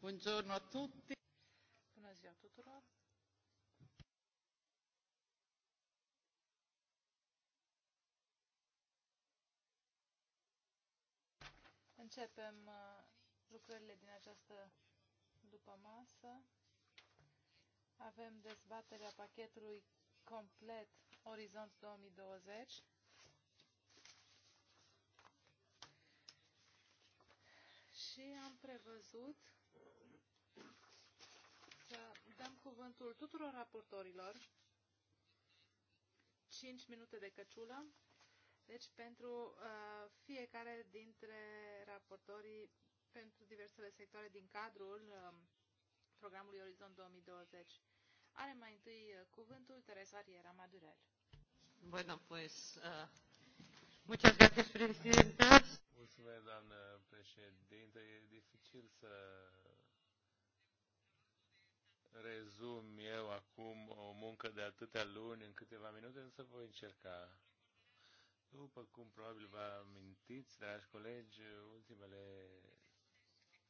Buongiorno a tutti. Bună ziua tuturor. Începem uh, lucrările din această după masă. Avem dezbaterea pachetului complet Orizont 2020. Și am prevăzut să dăm cuvântul tuturor raportorilor. 5 minute de căciulă. Deci pentru uh, fiecare dintre raportorii pentru diversele sectoare din cadrul um, programului Orizont 2020. Are mai întâi uh, cuvântul Teresa Riera Madurel. Bună, pues, uh, muchas gracias, presidenta. Mulțumesc, doamnă președinte. E dificil să rezum eu acum o muncă de atâtea luni în câteva minute, însă voi încerca. După cum probabil vă amintiți, dragi colegi, ultimele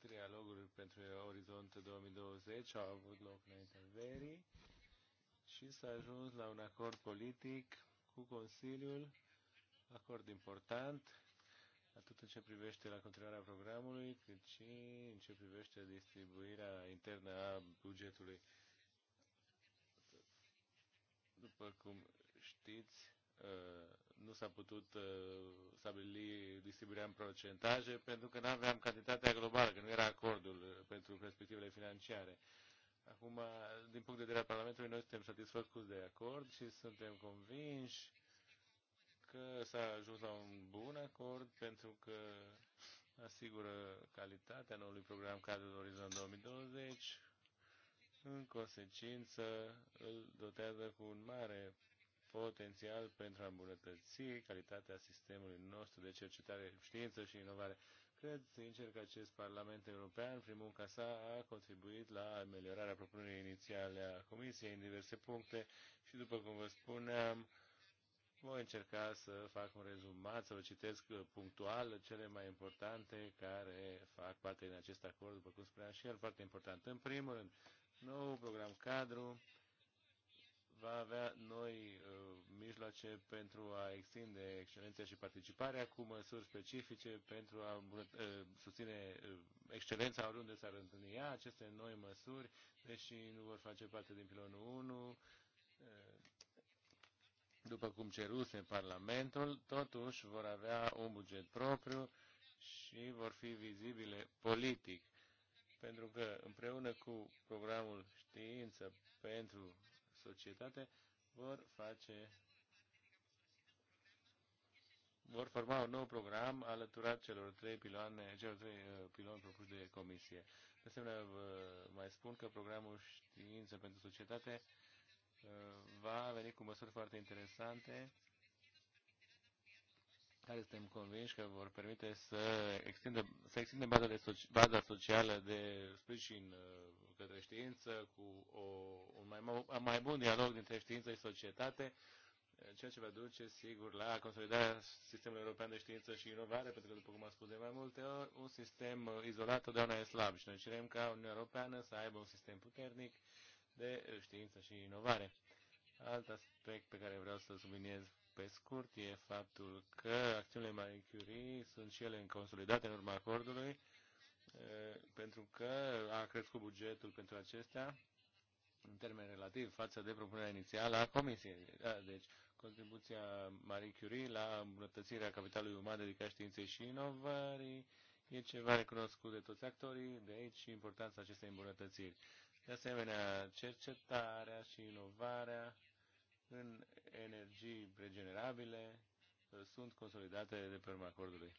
trialoguri pentru Orizont 2020 au avut loc înaintea verii și s-a ajuns la un acord politic cu Consiliul, acord important, atât în ce privește la continuarea programului, cât și în ce privește distribuirea internă a bugetului. După cum știți, uh, nu s-a putut uh, stabili distribuirea în procentaje pentru că nu aveam cantitatea globală, că nu era acordul uh, pentru perspectivele financiare. Acum, uh, din punct de vedere al Parlamentului, noi suntem satisfăcuți de acord și suntem convinși că s-a ajuns la un bun acord pentru că asigură calitatea noului program cadrul Orizont 2020. În consecință, îl dotează cu un mare potențial pentru a îmbunătăți calitatea sistemului nostru de cercetare, știință și inovare. Cred sincer că acest Parlament European, prin munca sa, a contribuit la ameliorarea propunerii inițiale a Comisiei în diverse puncte și, după cum vă spuneam, voi încerca să fac un rezumat, să vă citesc uh, punctual cele mai importante care fac parte din acest acord, după cum spuneam și el, foarte important. În primul rând, nou program cadru va avea noi uh, mijloace pentru a extinde excelența și participarea cu măsuri specifice pentru a uh, susține uh, excelența oriunde s-ar întâlni ea. Aceste noi măsuri, deși nu vor face parte din pilonul 1, uh, după cum ceruse Parlamentul, totuși vor avea un buget propriu și vor fi vizibile politic. Pentru că împreună cu programul Știință pentru societate vor face vor forma un nou program alăturat celor trei piloane, celor trei uh, piloni propuși de comisie. De asemenea, vă mai spun că programul Știință pentru Societate uh, va veni cu măsuri foarte interesante care suntem convinși că vor permite să extindă, să extindă baza, de baza socială de sprijin uh, către știință, cu o, un mai, mai bun dialog dintre știință și societate, ceea ce va duce, sigur, la consolidarea sistemului european de știință și inovare, pentru că, după cum am spus de mai multe ori, un sistem uh, izolat totdeauna e slab și noi cerem ca Uniunea Europeană să aibă un sistem puternic de uh, știință și inovare. Alt aspect pe care vreau să subliniez pe scurt e faptul că acțiunile Marie Curie sunt cele consolidate în urma acordului pentru că a crescut bugetul pentru acestea în termen relativ față de propunerea inițială a Comisiei. Da, deci, contribuția Marie Curie la îmbunătățirea capitalului uman dedicat științei și inovării e ceva recunoscut de toți actorii, de aici și importanța acestei îmbunătățiri. De asemenea, cercetarea și inovarea în energii regenerabile sunt consolidate de pe urma acordului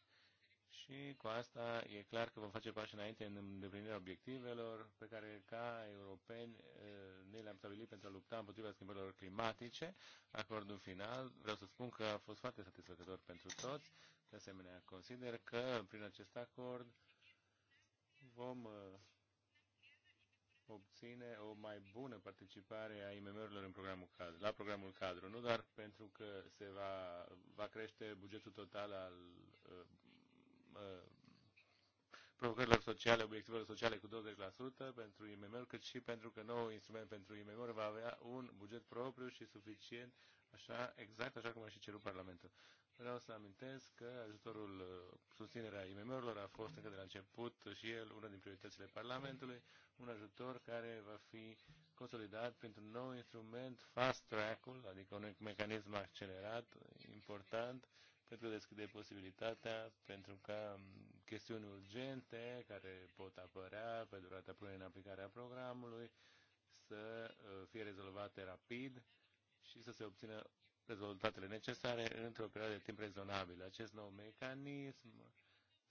și cu asta e clar că vom face pași înainte în îndeplinirea obiectivelor pe care ca europeni ne le-am stabilit pentru a lupta împotriva schimbărilor climatice. Acordul final, vreau să spun că a fost foarte satisfăcător pentru toți. De asemenea, consider că prin acest acord vom obține o mai bună participare a IMM-urilor în programul cadru, la programul cadru, nu doar pentru că se va, va crește bugetul total al Uh, provocărilor sociale, obiectivelor sociale cu 20% pentru IMM-uri, cât și pentru că nou instrument pentru IMM-uri va avea un buget propriu și suficient, așa, exact așa cum a și cerut Parlamentul. Vreau să amintesc că ajutorul uh, susținerea IMM-urilor a fost încă de la început și el una din prioritățile Parlamentului, un ajutor care va fi consolidat pentru un nou instrument, fast track-ul, adică un mecanism accelerat, important, Cred că deschide posibilitatea pentru ca chestiuni urgente care pot apărea pe durata până în aplicarea programului să uh, fie rezolvate rapid și să se obțină rezultatele necesare într-o perioadă de timp rezonabilă. Acest nou mecanism,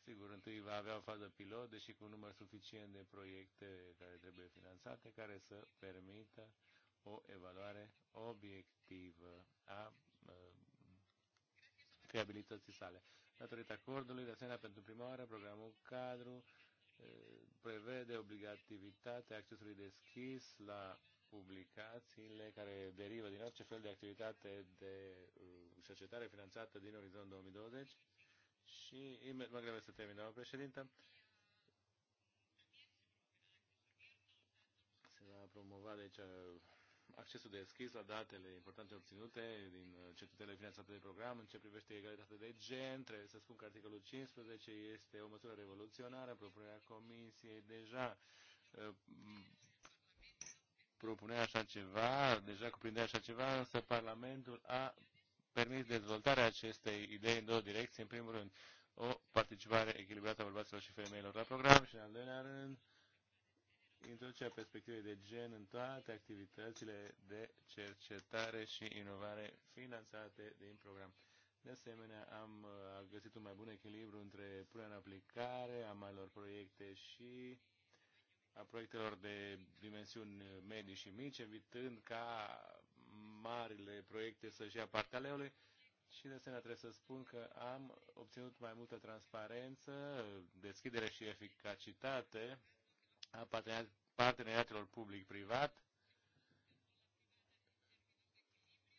sigur, întâi va avea o fază pilot, deși cu un număr suficient de proiecte care trebuie finanțate, care să permită o evaluare obiectivă a uh, fiabilității sale. Datorită acordului, de asemenea, pentru prima oară, programul cadru prevede obligativitatea accesului deschis la publicațiile care derivă din orice fel de activitate de cercetare finanțată din Orizont 2020 și mă greu să termin, doamnă președintă. Se va promova, deci, accesul deschis la datele importante obținute din uh, cercetările finanțate de program în ce privește egalitatea de gen. Trebuie să spun că articolul 15 este o măsură revoluționară, propunerea Comisiei deja uh, propunea așa ceva, deja cuprindea așa ceva, însă Parlamentul a permis dezvoltarea acestei idei în două direcții. În primul rând, o participare echilibrată a bărbaților și femeilor la program și, în al doilea rând, introducerea perspectivei de gen în toate activitățile de cercetare și inovare finanțate din program. De asemenea, am uh, găsit un mai bun echilibru între punerea în aplicare a marilor proiecte și a proiectelor de dimensiuni medii și mici, evitând ca marile proiecte să-și ia partea leului. Și de asemenea trebuie să spun că am obținut mai multă transparență, deschidere și eficacitate a parteneriatelor public-privat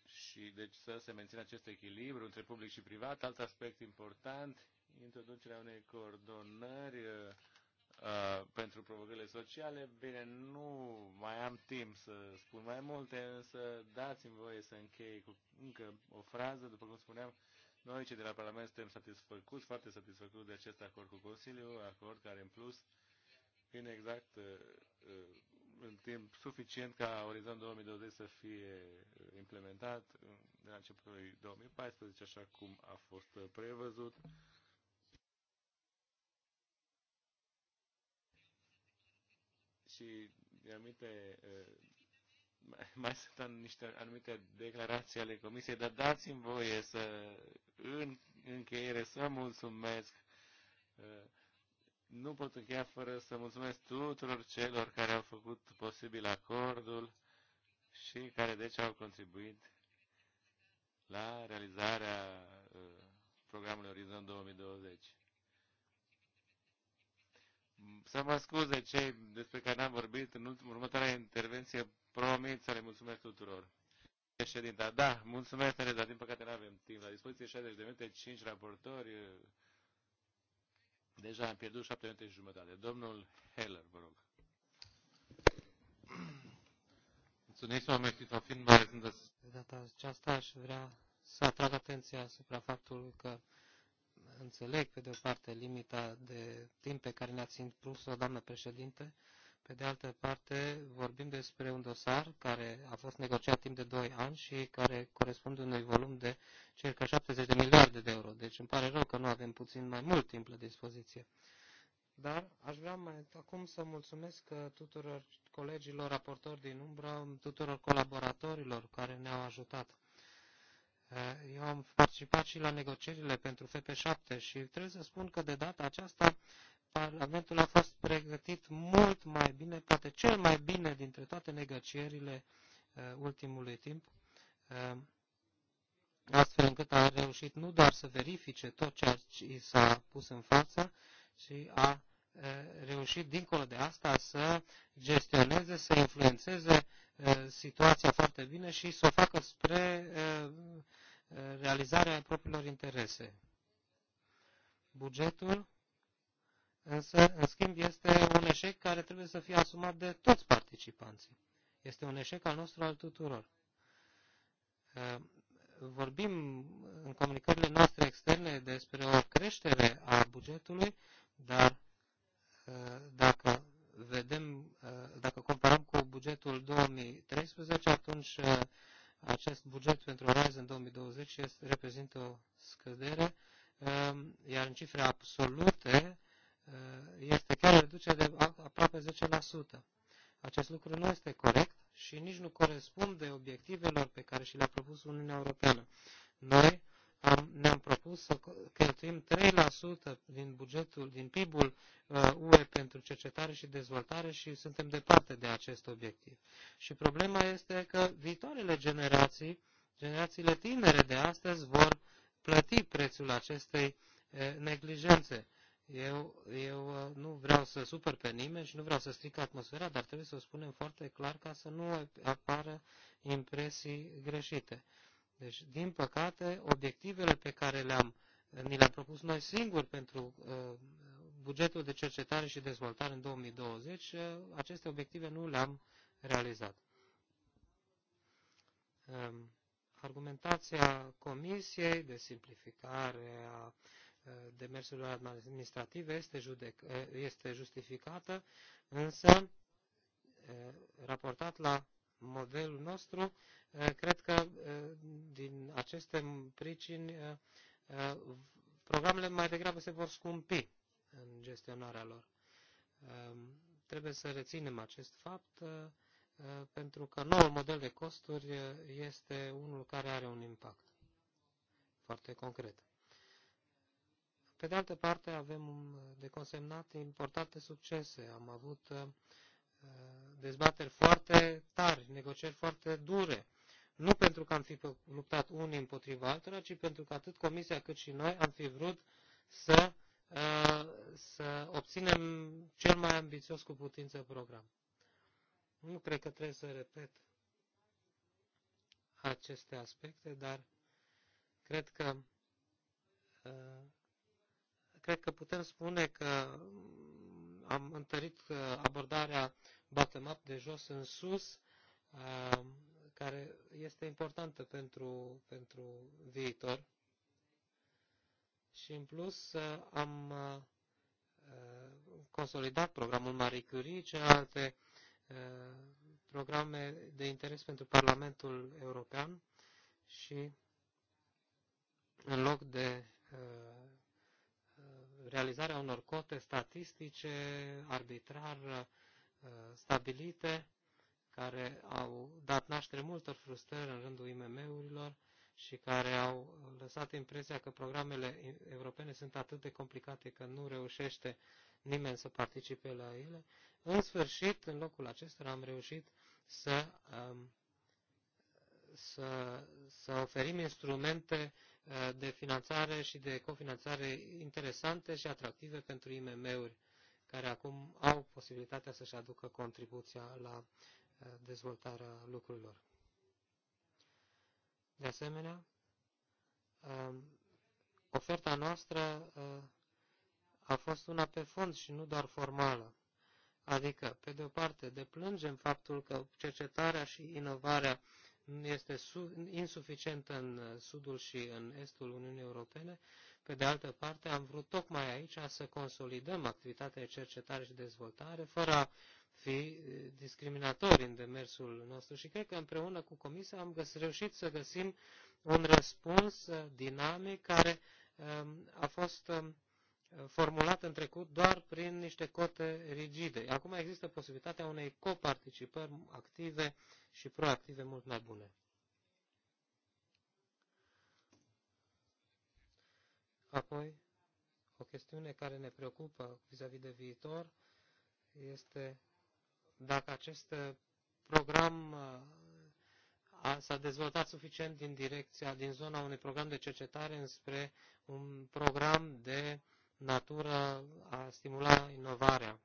și deci să se mențină acest echilibru între public și privat. Alt aspect important, introducerea unei coordonări Uh, pentru provocările sociale. Bine, nu mai am timp să spun mai multe, însă dați-mi voie să închei cu încă o frază. După cum spuneam, noi cei de la Parlament suntem satisfăcuți, foarte satisfăcuți de acest acord cu Consiliul, acord care în plus vine exact uh, uh, în timp suficient ca Orizont 2020 să fie uh, implementat de la începutul 2014, așa cum a fost prevăzut. Și de anumite, mai sunt niște anumite declarații ale Comisiei, dar dați-mi voie să, în încheiere, să mulțumesc nu pot încheia fără să mulțumesc tuturor celor care au făcut posibil acordul și care deci au contribuit la realizarea uh, programului Orizont 2020. Să mă scuze cei despre care n-am vorbit în următoarea intervenție. Promit să le mulțumesc tuturor. Președinta, da, mulțumesc, Tereza. Din păcate nu avem timp la dispoziție. 60 de minute, 5 raportori, uh, Deja am pierdut șapte minute și jumătate. Domnul Heller, vă rog. Mulțumesc, mal möchte ich darauf mai dass de data aceasta aș vrea să atrag atenția asupra faptului că înțeleg, pe de o parte, limita de timp pe care ne-ați impus-o, doamnă președinte, pe de altă parte, vorbim despre un dosar care a fost negociat timp de 2 ani și care corespunde unui volum de circa 70 de miliarde de euro. Deci îmi pare rău că nu avem puțin mai mult timp la dispoziție. Dar aș vrea mai acum să mulțumesc uh, tuturor colegilor raportori din umbră, tuturor colaboratorilor care ne-au ajutat. Uh, eu am participat și la negocierile pentru FP7 și trebuie să spun că de data aceasta Parlamentul a fost pregătit mult mai bine, poate cel mai bine dintre toate negocierile uh, ultimului timp, uh, astfel încât a reușit nu doar să verifice tot ceea ce i s-a pus în față, ci a uh, reușit dincolo de asta să gestioneze, să influențeze uh, situația foarte bine și să o facă spre uh, uh realizarea propriilor interese. Bugetul însă, în schimb, este un eșec care trebuie să fie asumat de toți participanții. Este un eșec al nostru, al tuturor. Ă, vorbim în comunicările noastre externe despre o creștere a bugetului, dar ă, dacă vedem, ă, dacă comparăm cu bugetul 2013, atunci acest buget pentru Horizon 2020 este, reprezintă o scădere, iar în cifre absolute Uh, este chiar reducere de aproape 10%. Acest lucru nu este corect și nici nu corespunde obiectivelor pe care și le-a propus Uniunea Europeană. Noi am, ne-am propus să cheltuim 3% din bugetul, din PIB-ul uh, UE pentru cercetare și dezvoltare și suntem departe de acest obiectiv. Și problema este că viitoarele generații, generațiile tinere de astăzi vor plăti prețul acestei uh, neglijențe eu, eu uh, nu vreau să supăr pe nimeni și nu vreau să stric atmosfera, dar trebuie să o spunem foarte clar ca să nu apară impresii greșite. Deci, din păcate, obiectivele pe care le-am, ni le-am propus noi singuri pentru uh, bugetul de cercetare și dezvoltare în 2020, uh, aceste obiective nu le-am realizat. Um, argumentația Comisiei de simplificare a demersurilor administrative este, judec, este justificată, însă raportat la modelul nostru, cred că din aceste pricini programele mai degrabă se vor scumpi în gestionarea lor. Trebuie să reținem acest fapt pentru că noul model de costuri este unul care are un impact foarte concret. Pe de altă parte, avem uh, de consemnat importante succese. Am avut uh, dezbateri foarte tari, negocieri foarte dure. Nu pentru că am fi luptat unii împotriva altora, ci pentru că atât Comisia cât și noi am fi vrut să, uh, să obținem cel mai ambițios cu putință program. Nu cred că trebuie să repet aceste aspecte, dar cred că cred că putem spune că mm, am întărit uh, abordarea bottom-up de jos în sus, uh, care este importantă pentru, pentru viitor. Și în plus uh, am consolidat programul Marie Curie, celelalte programe de interes pentru Parlamentul European și în loc de realizarea unor cote statistice arbitrar uh, stabilite, care au dat naștere multor frustrări în rândul IMM-urilor și care au lăsat impresia că programele europene sunt atât de complicate că nu reușește nimeni să participe la ele. În sfârșit, în locul acestor, am reușit să, um, să, să oferim instrumente de finanțare și de cofinanțare interesante și atractive pentru IMM-uri care acum au posibilitatea să-și aducă contribuția la eh, dezvoltarea lucrurilor. De asemenea, eh, oferta noastră eh, a fost una pe fond și nu doar formală. Adică, pe de o parte, deplângem faptul că cercetarea și inovarea este insuficientă în uh, sudul și în estul Uniunii Europene. Pe de altă parte, am vrut tocmai aici să consolidăm activitatea de cercetare și dezvoltare, fără a fi uh, discriminatori în demersul nostru. Și cred că împreună cu Comisia am găs- reușit să găsim un răspuns uh, dinamic care um, a fost um, formulat în trecut doar prin niște cote rigide. Acum există posibilitatea unei coparticipări active și proactive mult mai bune. Apoi, o chestiune care ne preocupă vis-a-vis -vis de viitor este dacă acest uh, program uh, s-a dezvoltat suficient din direcția, din zona unui program de cercetare înspre un program de uh, natură a stimula inovarea.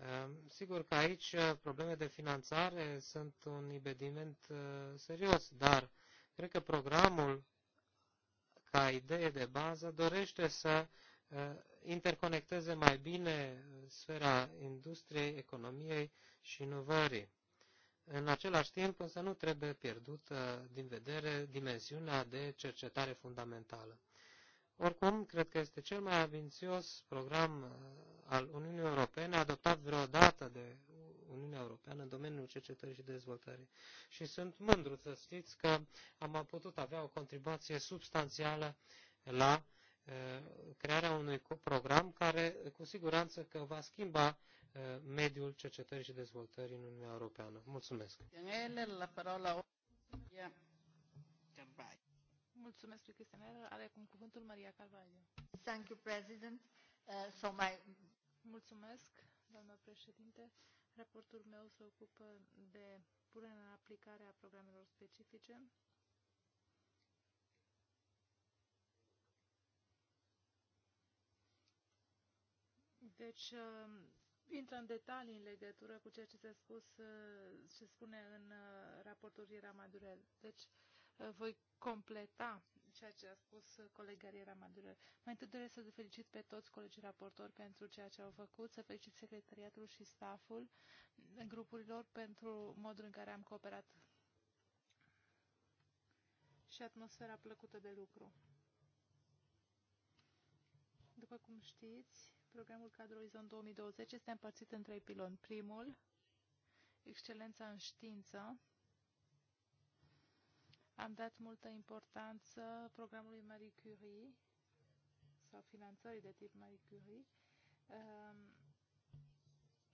Ehm, sigur că aici eh, probleme de finanțare sunt un impediment eh, serios, dar cred că programul ca idee de bază dorește să eh, interconecteze mai bine sfera industriei, economiei și inovării. În același timp, însă, nu trebuie pierdută din vedere dimensiunea de cercetare fundamentală. Oricum, cred că este cel mai avințios program uh, al Uniunii Europene adoptat vreodată de Uniunea Europeană în domeniul cercetării și dezvoltării. Și sunt mândru să știți că am putut avea o contribuție substanțială la uh, crearea unui program care cu siguranță că va schimba uh, mediul cercetării și dezvoltării în Uniunea Europeană. Mulțumesc! Mulțumesc lui Cristian Are cum cuvântul Maria Carvalho. Thank you, President. Uh, so my... Mulțumesc, doamnă președinte. Raportul meu se ocupă de punerea în aplicare a programelor specifice. Deci, uh, intră în detalii în legătură cu ceea ce se spus, uh, ce spune în uh, raportul Ira Madurel. Deci, Uh, voi completa ceea ce a spus colega Riera Madură. Mai întâi doresc să felicit pe toți colegii raportori pentru ceea ce au făcut, să felicit secretariatul și staful grupurilor pentru modul în care am cooperat și atmosfera plăcută de lucru. După cum știți, programul cadru Orizont 2020 este împărțit în trei piloni. Primul, excelența în știință, am dat multă importanță programului Marie Curie sau finanțării de tip Marie Curie um,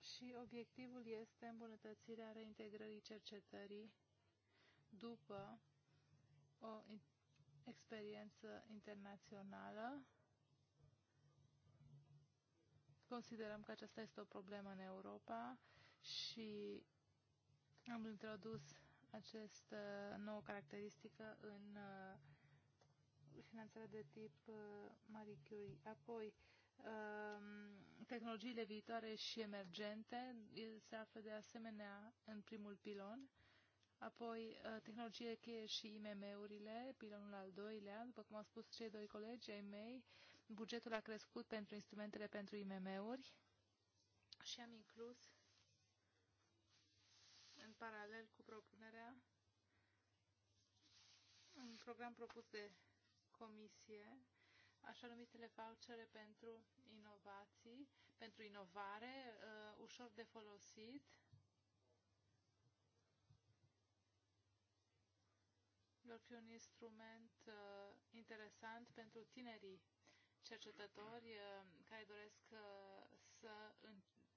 și obiectivul este îmbunătățirea reintegrării cercetării după o experiență internațională. Considerăm că aceasta este o problemă în Europa și am introdus această nouă caracteristică în uh, finanțarea de tip uh, Marie Curie. Apoi, um, tehnologiile viitoare și emergente se află de asemenea în primul pilon. Apoi, uh, tehnologie cheie și IMM-urile, pilonul al doilea, după cum au spus cei doi colegi ai mei, bugetul a crescut pentru instrumentele pentru IMM-uri și am inclus în paralel cu propunerea program propus de comisie, așa numitele vouchere pentru inovații, pentru inovare, uh, ușor de folosit, vor fi un instrument uh, interesant pentru tinerii cercetători uh, care doresc uh, să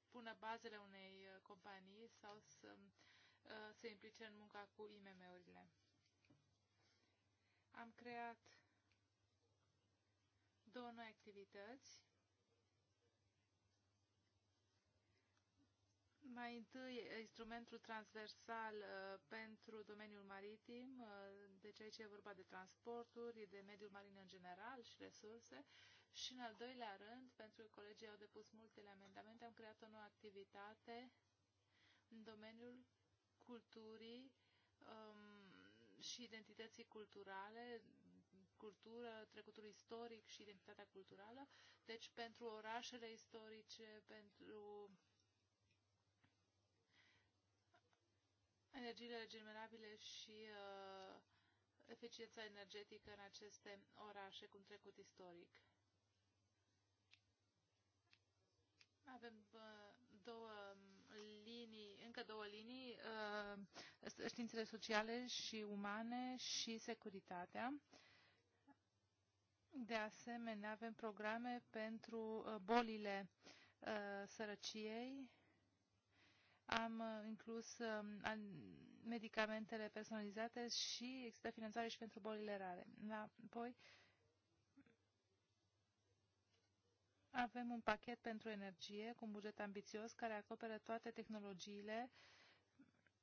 pună bazele unei uh, companii sau să uh, se implice în munca cu IMM-urile. Am creat două noi activități. Mai întâi, instrumentul transversal uh, pentru domeniul maritim, uh, deci aici e vorba de transporturi, de mediul marin în general și resurse. Și în al doilea rând, pentru că colegii au depus multe amendamente, am creat o nouă activitate în domeniul culturii, um, și identității culturale, cultură, trecutul istoric și identitatea culturală, deci pentru orașele istorice, pentru energiile regenerabile și uh, eficiența energetică în aceste orașe cu trecut istoric. Avem uh, aceste două linii, uh, științele sociale și umane și securitatea. De asemenea, avem programe pentru uh, bolile uh, sărăciei. Am inclus um, medicamentele personalizate și există finanțare și pentru bolile rare. Apoi, Avem un pachet pentru energie cu un buget ambițios care acoperă toate tehnologiile.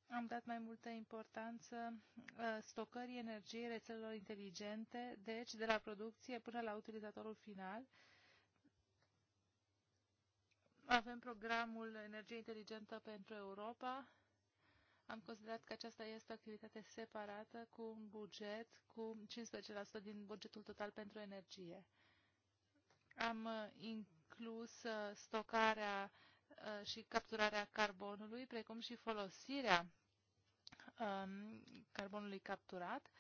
Am dat mai multă importanță uh, stocării energiei rețelelor inteligente, deci de la producție până la utilizatorul final. Avem programul Energie Inteligentă pentru Europa. Am considerat că aceasta este o activitate separată cu un buget cu 15% din bugetul total pentru energie. Am uh, inclus uh, stocarea uh, și capturarea carbonului, precum și folosirea um, carbonului capturat.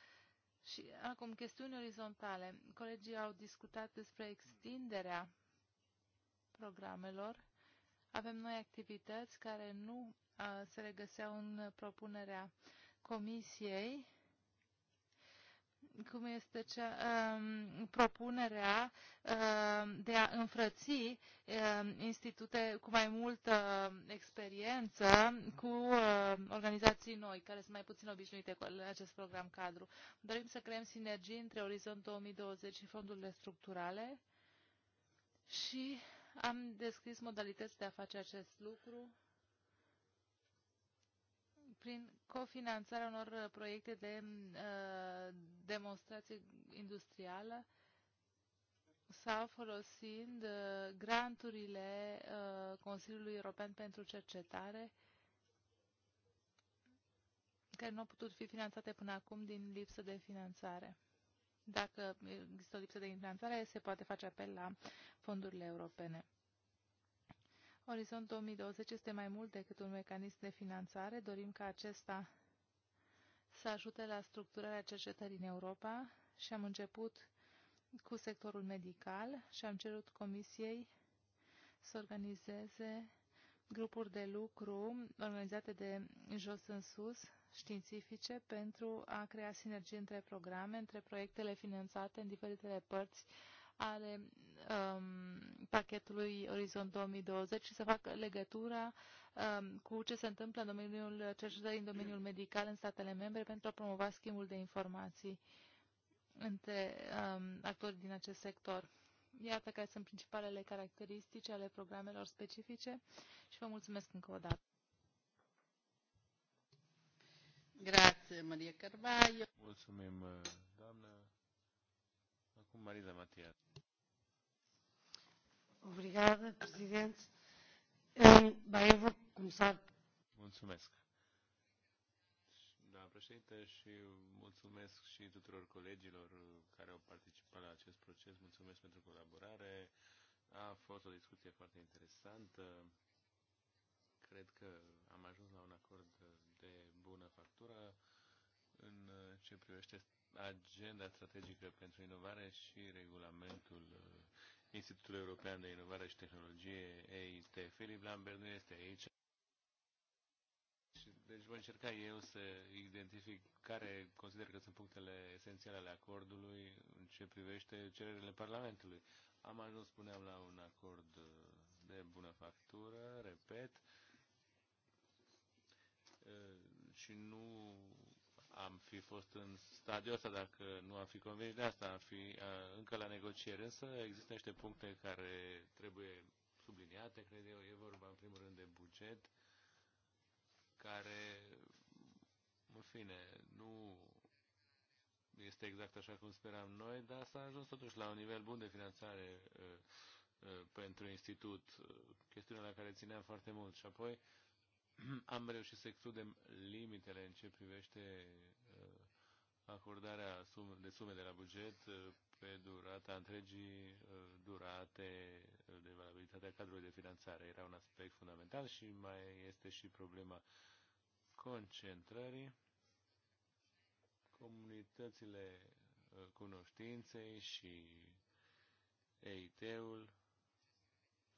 Și acum, chestiuni orizontale. Colegii au discutat despre extinderea programelor. Avem noi activități care nu se regăseau în propunerea comisiei cum este cea, uh, propunerea uh, de a înfrăți uh, institute cu mai multă experiență cu uh, organizații noi, care sunt mai puțin obișnuite cu acest program cadru. Dorim să creăm sinergii între Orizont 2020 și fondurile structurale și am descris modalități de a face acest lucru prin cofinanțarea unor uh, proiecte de uh, demonstrație industrială sau folosind uh, granturile uh, Consiliului European pentru Cercetare care nu au putut fi finanțate până acum din lipsă de finanțare. Dacă există o lipsă de finanțare, se poate face apel la fondurile europene. Orizont 2020 este mai mult decât un mecanism de finanțare. Dorim ca acesta să ajute la structurarea cercetării în Europa și am început cu sectorul medical și am cerut Comisiei să organizeze grupuri de lucru organizate de jos în sus, științifice, pentru a crea sinergii între programe, între proiectele finanțate în diferitele părți ale um, pachetului Orizont 2020 și să facă legătura um, cu ce se întâmplă în domeniul cercetării în domeniul medical în statele membre pentru a promova schimbul de informații între um, actorii din acest sector. Iată care sunt principalele caracteristici ale programelor specifice și vă mulțumesc încă o dată. Grazie, Maria Carvaio. Mulțumim, uh, doamnă. Acum Marina Matias. Obrigada, Presidente. Um, bem, eu vou começar. Mulțumesc. Doamna președintă, și mulțumesc și tuturor colegilor care au participat la acest proces. Mulțumesc pentru colaborare. A fost o discuție foarte interesantă. Cred că am ajuns la un acord de bună factură în ce privește agenda strategică pentru inovare și regulamentul uh, Institutul European de Inovare și Tehnologie, EIT. Filip Lambert nu este aici. Deci voi încerca eu să identific care consider că sunt punctele esențiale ale acordului în ce privește cererile Parlamentului. Am ajuns, spuneam, la un acord uh, de bună factură, repet, uh, și nu am fi fost în stadiul ăsta dacă nu am fi convenit de asta, am fi uh, încă la negocieri, însă există niște puncte care trebuie subliniate, cred eu, e vorba în primul rând de buget, care, în fine, nu este exact așa cum speram noi, dar s-a ajuns totuși la un nivel bun de finanțare uh, uh, pentru institut, chestiunea la care țineam foarte mult. Și apoi, am reușit să excludem limitele în ce privește uh, acordarea de sume de la buget uh, pe durata întregii uh, durate de valabilitatea cadrului de finanțare. Era un aspect fundamental și mai este și problema concentrării. Comunitățile cunoștinței și EIT-ul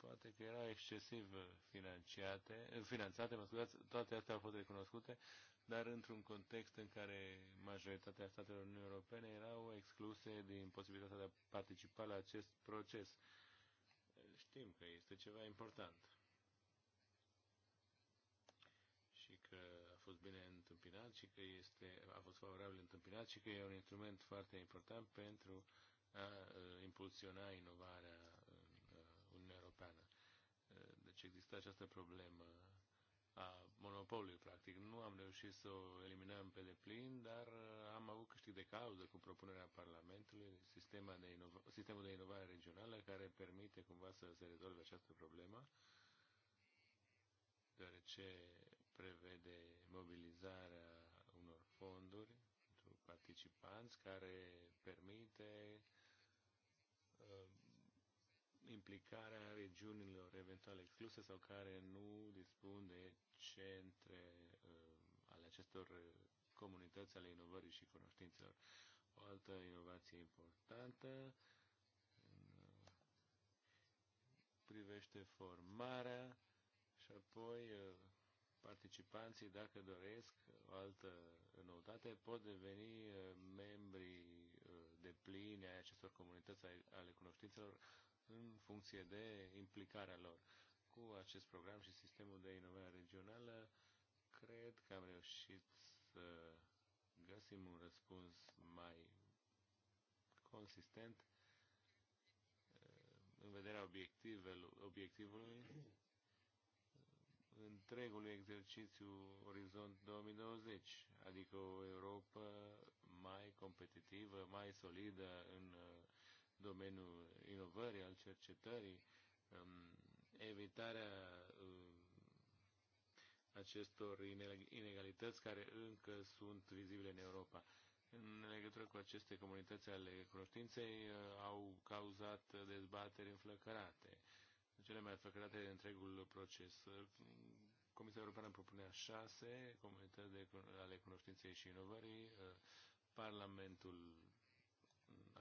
poate că erau excesiv financiate, finanțate, mă scuzați, toate astea au fost recunoscute, dar într-un context în care majoritatea statelor Uniunii Europene erau excluse din posibilitatea de a participa la acest proces. Știm că este ceva important și că a fost bine întâmpinat și că este, a fost favorabil întâmpinat și că e un instrument foarte important pentru a uh, impulsiona inovarea deci există această problemă a monopolului, practic. Nu am reușit să o eliminăm pe deplin, dar uh, am avut câștig de cauză cu propunerea Parlamentului, sistema de inova- sistemul de inovare regională, care permite cumva să se rezolve această problemă, deoarece prevede mobilizarea unor fonduri pentru participanți, care permite implicarea regiunilor eventual excluse sau care nu dispun de centre uh, ale acestor uh, comunități ale inovării și cunoștințelor. O altă inovație importantă uh, privește formarea și apoi uh, participanții, dacă doresc o altă noutate, pot deveni membri de plini ai acestor comunități ale cunoștințelor în funcție de implicarea lor. Cu acest program și sistemul de inovare regională, cred că am reușit să găsim un răspuns mai consistent uh, în vederea obiectivului uh, întregului exercițiu Orizont 2020, adică o Europa mai competitivă, mai solidă în uh, domeniul inovării, al cercetării, um, evitarea um, acestor inegalități care încă sunt vizibile în Europa. În legătură cu aceste comunități ale cunoștinței uh, au cauzat dezbateri înflăcărate, cele mai înflăcărate de întregul proces. Comisia Europeană propunea șase comunități de, ale cunoștinței și inovării, uh, Parlamentul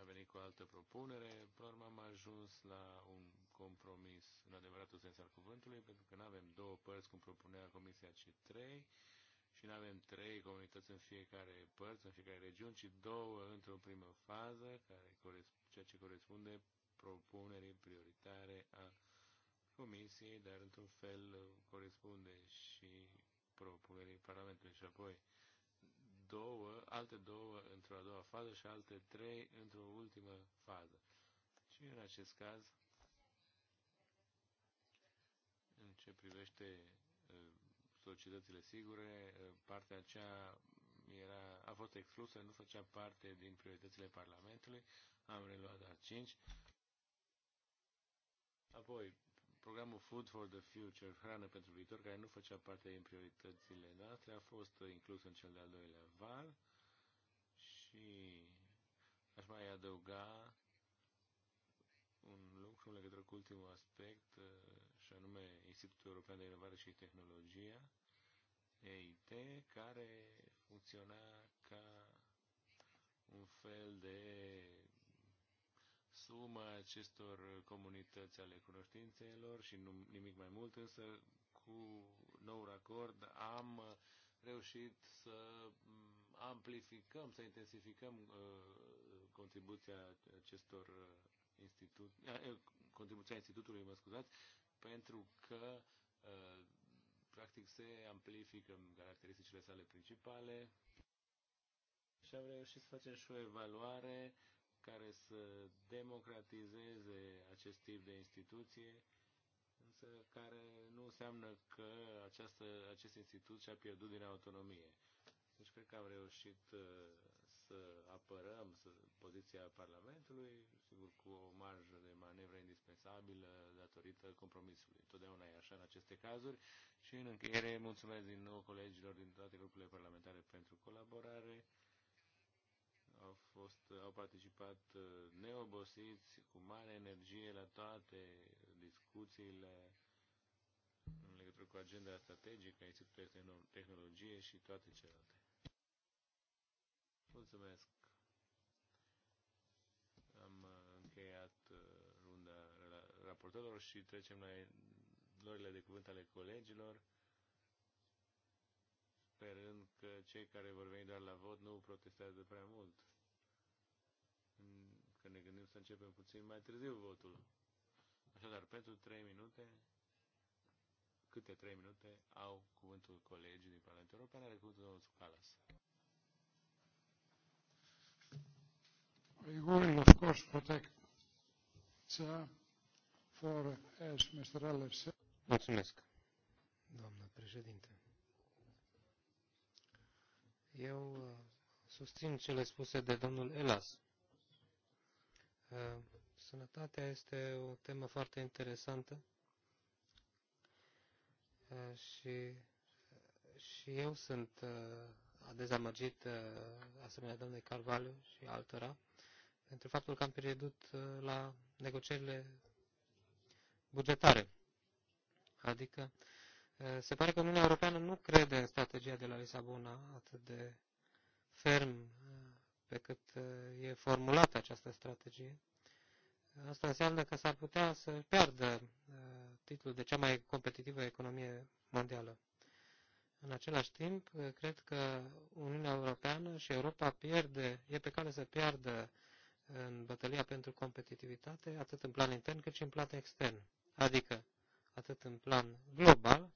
a venit cu o altă propunere. Până la urmă am ajuns la un compromis în adevăratul sens al cuvântului, pentru că nu avem două părți, cum propunea Comisia, ci trei și nu avem trei comunități în fiecare părți, în fiecare regiune, ci două într-o primă fază, care, ceea ce corespunde propunerii prioritare a Comisiei, dar într-un fel corespunde și propunerii Parlamentului. Și apoi două, alte două într-o a doua fază și alte trei într-o ultimă fază. Și în acest caz, în ce privește uh, societățile sigure, uh, partea aceea era, a fost exclusă, nu făcea parte din prioritățile Parlamentului, am reluat la 5. Apoi, programul Food for the Future, hrană pentru viitor, care nu făcea parte din prioritățile noastre, a fost inclus în cel de-al doilea val și aș mai adăuga un lucru în legătură cu ultimul aspect, uh, și anume Institutul European de Inovare și Tehnologia, EIT, care funcționa ca un fel de suma acestor comunități ale cunoștințelor și nu, nimic mai mult, însă cu noul acord am reușit să amplificăm, să intensificăm uh, contribuția acestor uh, institut, uh, contribuția institutului, mă scuzați, pentru că uh, practic se amplifică caracteristicile sale principale și am reușit să facem și o evaluare care să democratizeze acest tip de instituție, însă care nu înseamnă că această, acest institut și-a pierdut din autonomie. Deci cred că am reușit uh, să apărăm să, poziția Parlamentului, sigur cu o marjă de manevră indispensabilă datorită compromisului. Totdeauna e așa în aceste cazuri și în încheiere mulțumesc din nou colegilor din toate grupurile parlamentare pentru colaborare au, fost, au participat uh, neobosiți, cu mare energie la toate discuțiile în legătură cu agenda strategică a Institutului Tehnologie și toate celelalte. Mulțumesc! Am uh, încheiat uh, runda raportorilor și trecem la lorile de cuvânt ale colegilor sperând că cei care vor veni doar la vot nu protestează prea mult. Că ne gândim să începem puțin mai târziu votul. Așadar, pentru trei minute, câte trei minute au cuvântul colegii din Parlamentul European, are cuvântul domnul Tsukalas. We will, of course, protect uh, for, as Mr. Eller said. Mulțumesc, doamnă președinte. Eu uh, susțin cele spuse de domnul Elas. Uh, sănătatea este o temă foarte interesantă uh, și, și eu sunt dezamăgit asemenea domnului Carvalho și altora pentru faptul că am pierdut la negocierile bugetare. Adică Eh, se pare că Uniunea Europeană nu crede în strategia de la Lisabona atât de ferm eh, pe cât eh, e formulată această strategie. Asta înseamnă că s-ar putea să piardă titlul de cea mai competitivă economie mondială. În același timp, cred că Uniunea Europeană și Europa pierde, e pe cale să piardă în bătălia pentru competitivitate, atât în plan intern cât și în plan extern. Adică, atât în plan global,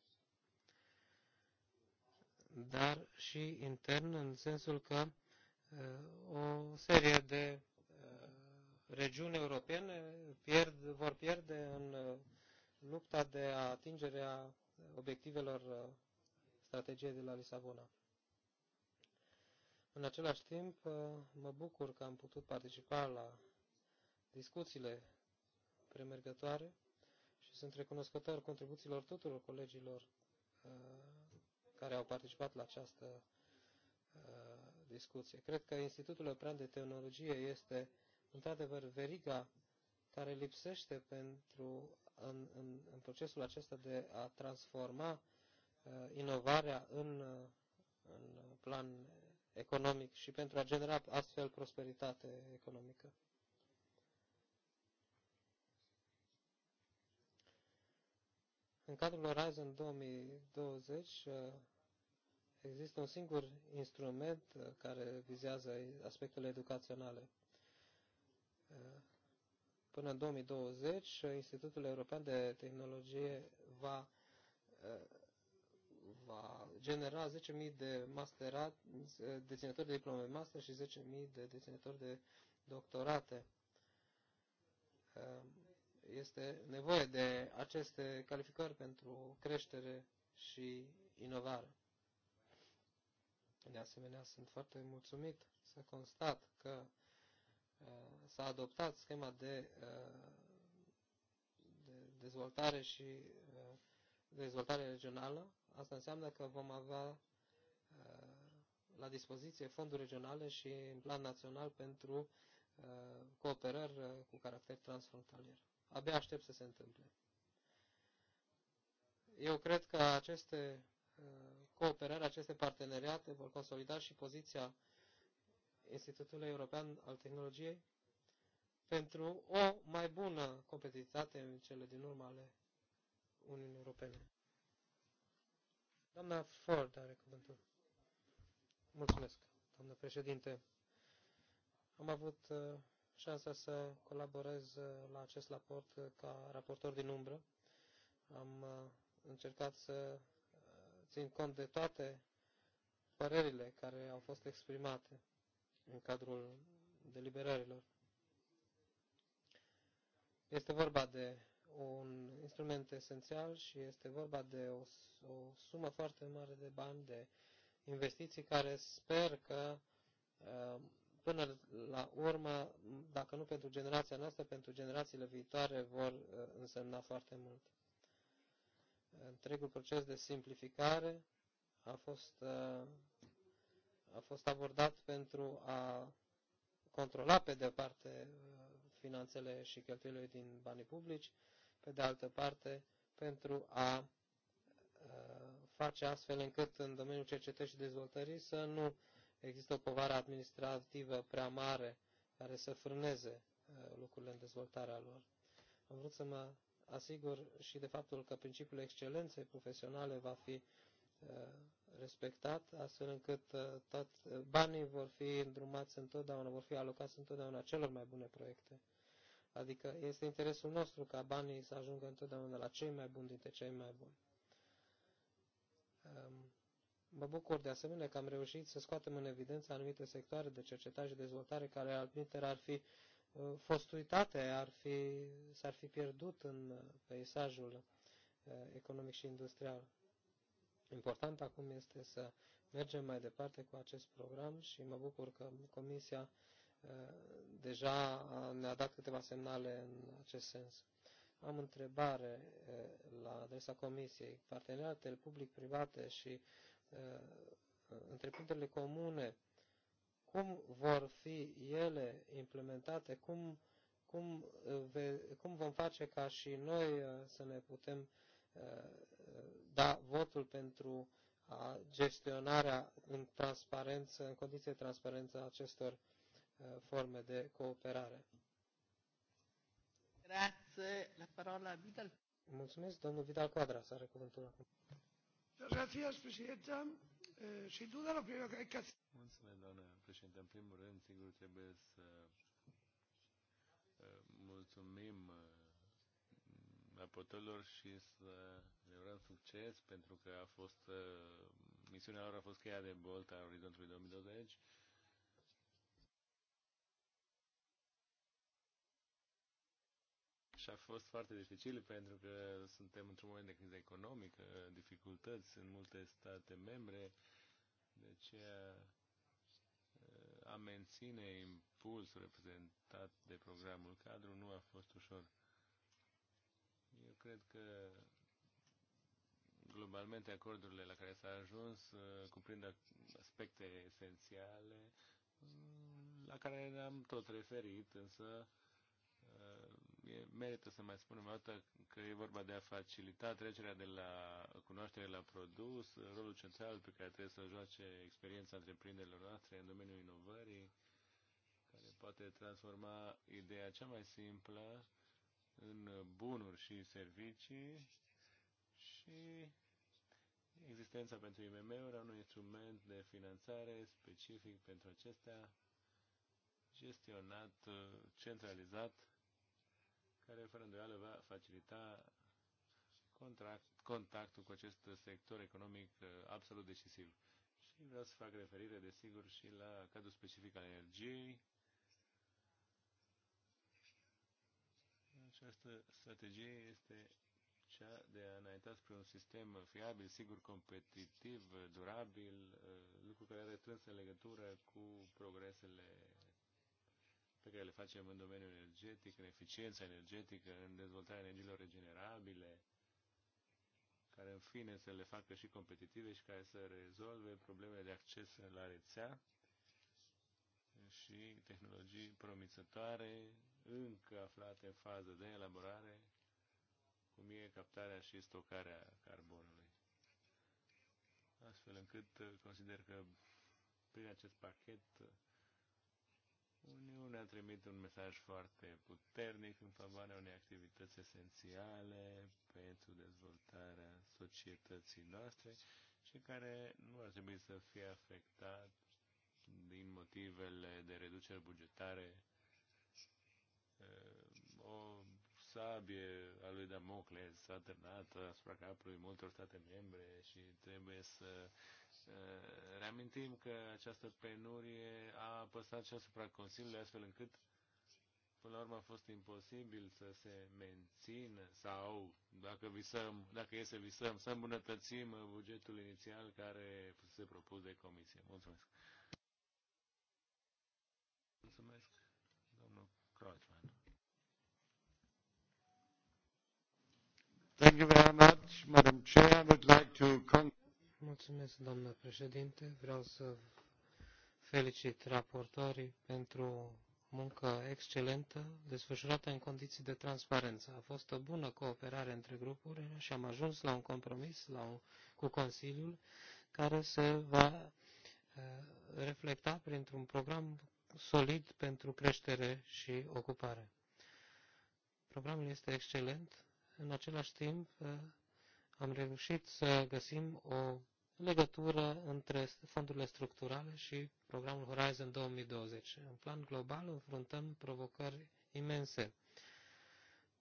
dar și intern, în sensul că uh, o serie de uh, regiuni europene pierd, vor pierde în uh, lupta de atingere a obiectivelor strategiei de la Lisabona. În același timp, mă bucur că am putut participa la discuțiile premergătoare și sunt recunoscător contribuțiilor tuturor colegilor care au participat la această uh, discuție. Cred că Institutul European de Teologie este, într-adevăr, veriga care lipsește pentru, în, în, în procesul acesta de a transforma uh, inovarea în, uh, în plan economic și pentru a genera astfel prosperitate economică. În cadrul Horizon 2020, există un singur instrument uh, care vizează aspectele educaționale. Uh, până în 2020, uh, Institutul European de Tehnologie va, va genera 10.000 de masterat, deținători de diplome master și 10.000 de deținători de doctorate este nevoie de aceste calificări pentru creștere și inovare. De asemenea, sunt foarte mulțumit să constat că uh, s-a adoptat schema de, uh, de dezvoltare și uh, dezvoltare regională. Asta înseamnă că vom avea la dispoziție fonduri regionale și în plan național pentru cooperări cu caracter transfrontalier. Abia aștept să se întâmple. Eu cred că aceste cooperare, aceste parteneriate vor consolida și poziția Institutului European al Tehnologiei pentru o mai bună competitivitate în cele din urmă ale Uniunii Europene. Doamna Ford are cuvântul. Mulțumesc, doamnă președinte. Am avut uh, șansa să colaborez uh, la acest raport uh, ca raportor din umbră. Am încercat să țin cont de toate părerile care au fost exprimate în cadrul deliberărilor. Este vorba de un instrument esențial și este vorba de o, o sumă foarte mare de bani, de investiții care sper că uh, până la urmă, dacă nu pentru generația noastră, pentru generațiile viitoare vor uh, însemna foarte mult întregul proces de simplificare a fost, uh, a fost abordat pentru a controla, pe de parte, uh, finanțele și cheltuielile din banii publici, pe de altă parte, pentru a uh, face astfel încât în domeniul cercetării și dezvoltării să nu există o povară administrativă prea mare care să frâneze lucrurile în dezvoltarea lor. Am vrut să mă asigur și de faptul că principiul excelenței profesionale va fi uh, respectat, astfel încât uh, tot uh, banii vor fi îndrumați întotdeauna, vor fi alocați întotdeauna celor mai bune proiecte. Adică este interesul nostru ca banii să ajungă întotdeauna la cei mai buni dintre cei mai buni. Um, mă bucur de asemenea că am reușit să scoatem în evidență anumite sectoare de cercetare și dezvoltare care altminte ar fi Uh, fost ar fi, s-ar fi pierdut în uh, peisajul uh, economic și industrial. Important acum este să mergem mai departe cu acest program și mă bucur că Comisia deja ne-a dat câteva semnale în acest sens. Am întrebare la adresa Comisiei. Parteneriatele public-private și întreprinderile comune cum vor fi ele implementate, cum, cum, uh, ve, cum vom face ca și noi uh, să ne putem uh, da votul pentru a gestionarea în transparență, în condiții de transparență a acestor forme de cooperare. Grazie. La parola Vidal. Mulțumesc, domnul Vidal Quadras are cuvântul acum. Gracias, presidenta. Eh, sin duda, lo primero que hay que hacer... Mulțumesc, doamnă președinte. În primul rând, sigur, trebuie să uh, mulțumim uh, raportorilor și să le urăm succes pentru că a fost, uh, misiunea lor a fost cheia de bolt a Orizontului 2020. Și a fost foarte dificil pentru că suntem într-un moment de criză economică, dificultăți în multe state membre, de aceea a menține impulsul reprezentat de programul cadru nu a fost ușor. Eu cred că globalmente acordurile la care s-a ajuns uh, cuprind aspecte esențiale mm, la care ne-am tot referit, însă e, merită să mai spunem o dată că e vorba de a facilita trecerea de la cunoaștere la produs, rolul central pe care trebuie să joace experiența întreprinderilor noastre în domeniul inovării, care poate transforma ideea cea mai simplă în bunuri și servicii și existența pentru IMM-uri a unui instrument de finanțare specific pentru acestea, gestionat, centralizat, care fără îndoială va facilita contract, contactul cu acest sector economic uh, absolut decisiv. Și vreau să fac referire, desigur, și la cadrul specific al energiei. Această strategie este cea de a înainta spre un sistem fiabil, sigur, competitiv, durabil, uh, lucru care are strânsă legătură cu progresele pe care le facem în domeniul energetic, în eficiența energetică, în dezvoltarea energiilor regenerabile, care în fine să le facă și competitive și care să rezolve problemele de acces la rețea și tehnologii promițătoare, încă aflate în fază de elaborare, cum e captarea și stocarea carbonului. Astfel încât consider că prin acest pachet Uniunea trimite un mesaj foarte puternic în favoarea unei activități esențiale pentru dezvoltarea societății noastre și care nu ar trebui să fie afectat din motivele de reducere bugetare ehm, o sabie a lui Damocles târnat asupra capului multor state membre și trebuie să uh, Eh, reamintim că această penurie a apăsat și asupra Consiliului, astfel încât până la urmă a fost imposibil să se mențină sau, dacă visăm, dacă e să visăm, să îmbunătățim bugetul inițial care se propus de comisie. Mulțumesc. Mulțumesc, domnul Kreutzmann. Thank you very much, Madam Chair. I would like to conclude. Mulțumesc, doamnă președinte. Vreau să felicit raportorii pentru muncă excelentă, desfășurată în condiții de transparență. A fost o bună cooperare între grupuri și am ajuns la un compromis la un, cu Consiliul care se va eh, reflecta printr-un program solid pentru creștere și ocupare. Programul este excelent. În același timp, eh, am reușit să găsim o legătură între fondurile structurale și programul Horizon 2020. În plan global înfruntăm provocări imense.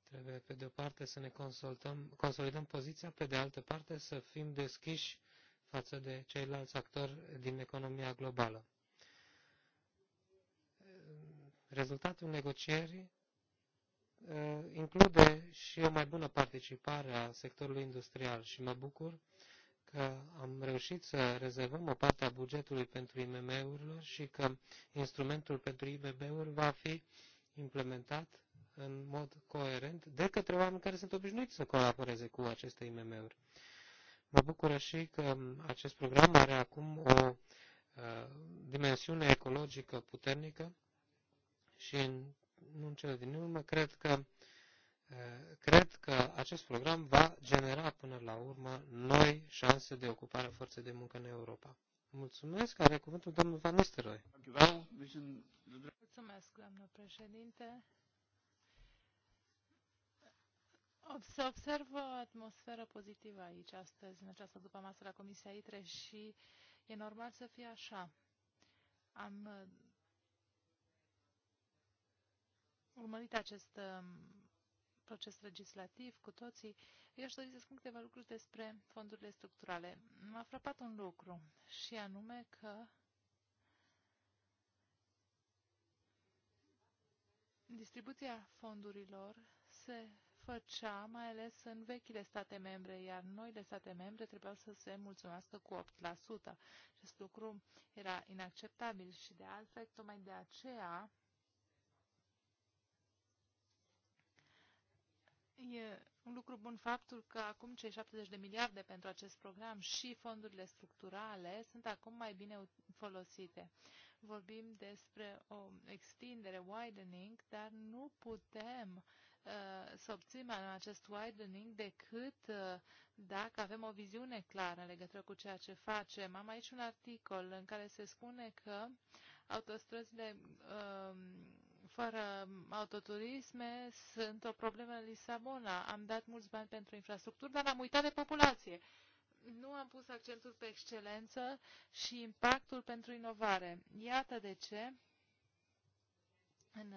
Trebuie, pe de o parte, să ne consultăm, consolidăm poziția, pe de altă parte, să fim deschiși față de ceilalți actori din economia globală. Rezultatul negocierii uh, include și o mai bună participare a sectorului industrial și mă bucur că am reușit să rezervăm o parte a bugetului pentru IMM-urilor și că instrumentul pentru IMM-uri va fi implementat în mod coerent de către oameni care sunt obișnuiți să colaboreze cu aceste IMM-uri. Mă bucură și că acest program are acum o uh, dimensiune ecologică puternică și în, în cele din urmă cred că Eh, cred că acest program va genera până la urmă noi șanse de ocupare a forței de muncă în Europa. Mulțumesc. Are cuvântul domnul Van Nistelrooy. Deci, Mulțumesc, doamnă președinte. Se observă o atmosferă pozitivă aici astăzi, în această după masă la Comisia ITRE și e normal să fie așa. Am eh, urmărit acest eh, proces legislativ cu toții, eu aș dori să spun câteva lucruri despre fondurile structurale. M-a frapat un lucru și anume că distribuția fondurilor se făcea mai ales în vechile state membre, iar noile state membre trebuiau să se mulțumească cu 8%. Acest lucru era inacceptabil și de altfel, tocmai de aceea, E un lucru bun faptul că acum cei 70 de miliarde pentru acest program și fondurile structurale sunt acum mai bine folosite. Vorbim despre o extindere, widening, dar nu putem uh, să obținem acest widening decât uh, dacă avem o viziune clară în legătură cu ceea ce facem. Am aici un articol în care se spune că autostrăzile uh, fără autoturisme sunt o problemă în Lisabona. Am dat mulți bani pentru infrastructură, dar am uitat de populație. Nu am pus accentul pe excelență și impactul pentru inovare. Iată de ce în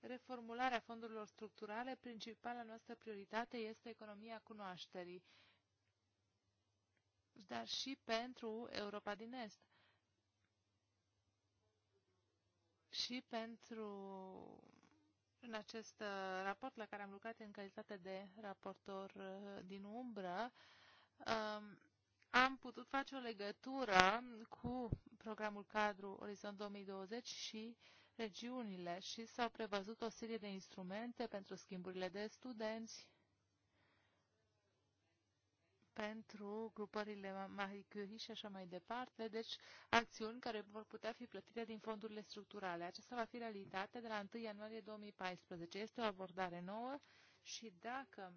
reformularea fondurilor structurale, principala noastră prioritate este economia cunoașterii, dar și pentru Europa din Est. și pentru în acest uh, raport la care am lucrat în calitate de raportor uh, din umbră, um, am putut face o legătură cu programul cadru Orizont 2020 și regiunile și s-au prevăzut o serie de instrumente pentru schimburile de studenți, pentru grupările Marie Curie și așa mai departe, deci acțiuni care vor putea fi plătite din fondurile structurale. Aceasta va fi realitate de la 1 ianuarie 2014. Este o abordare nouă și dacă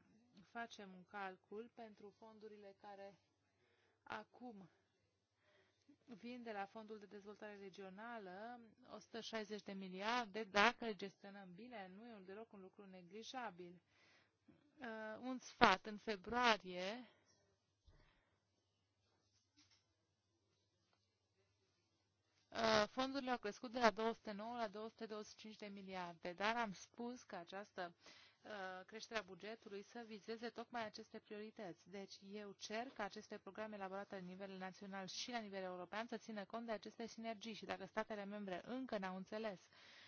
facem un calcul pentru fondurile care acum vin de la Fondul de Dezvoltare Regională 160 de miliarde, dacă le gestionăm bine, nu e deloc un lucru neglijabil. Uh, un sfat, în februarie Uh, fondurile au crescut de la 209 la 225 de miliarde, dar am spus că această uh, creșterea bugetului să vizeze tocmai aceste priorități. Deci eu cer ca aceste programe elaborate la nivel național și la nivel european să țină cont de aceste sinergii și dacă statele membre încă n-au înțeles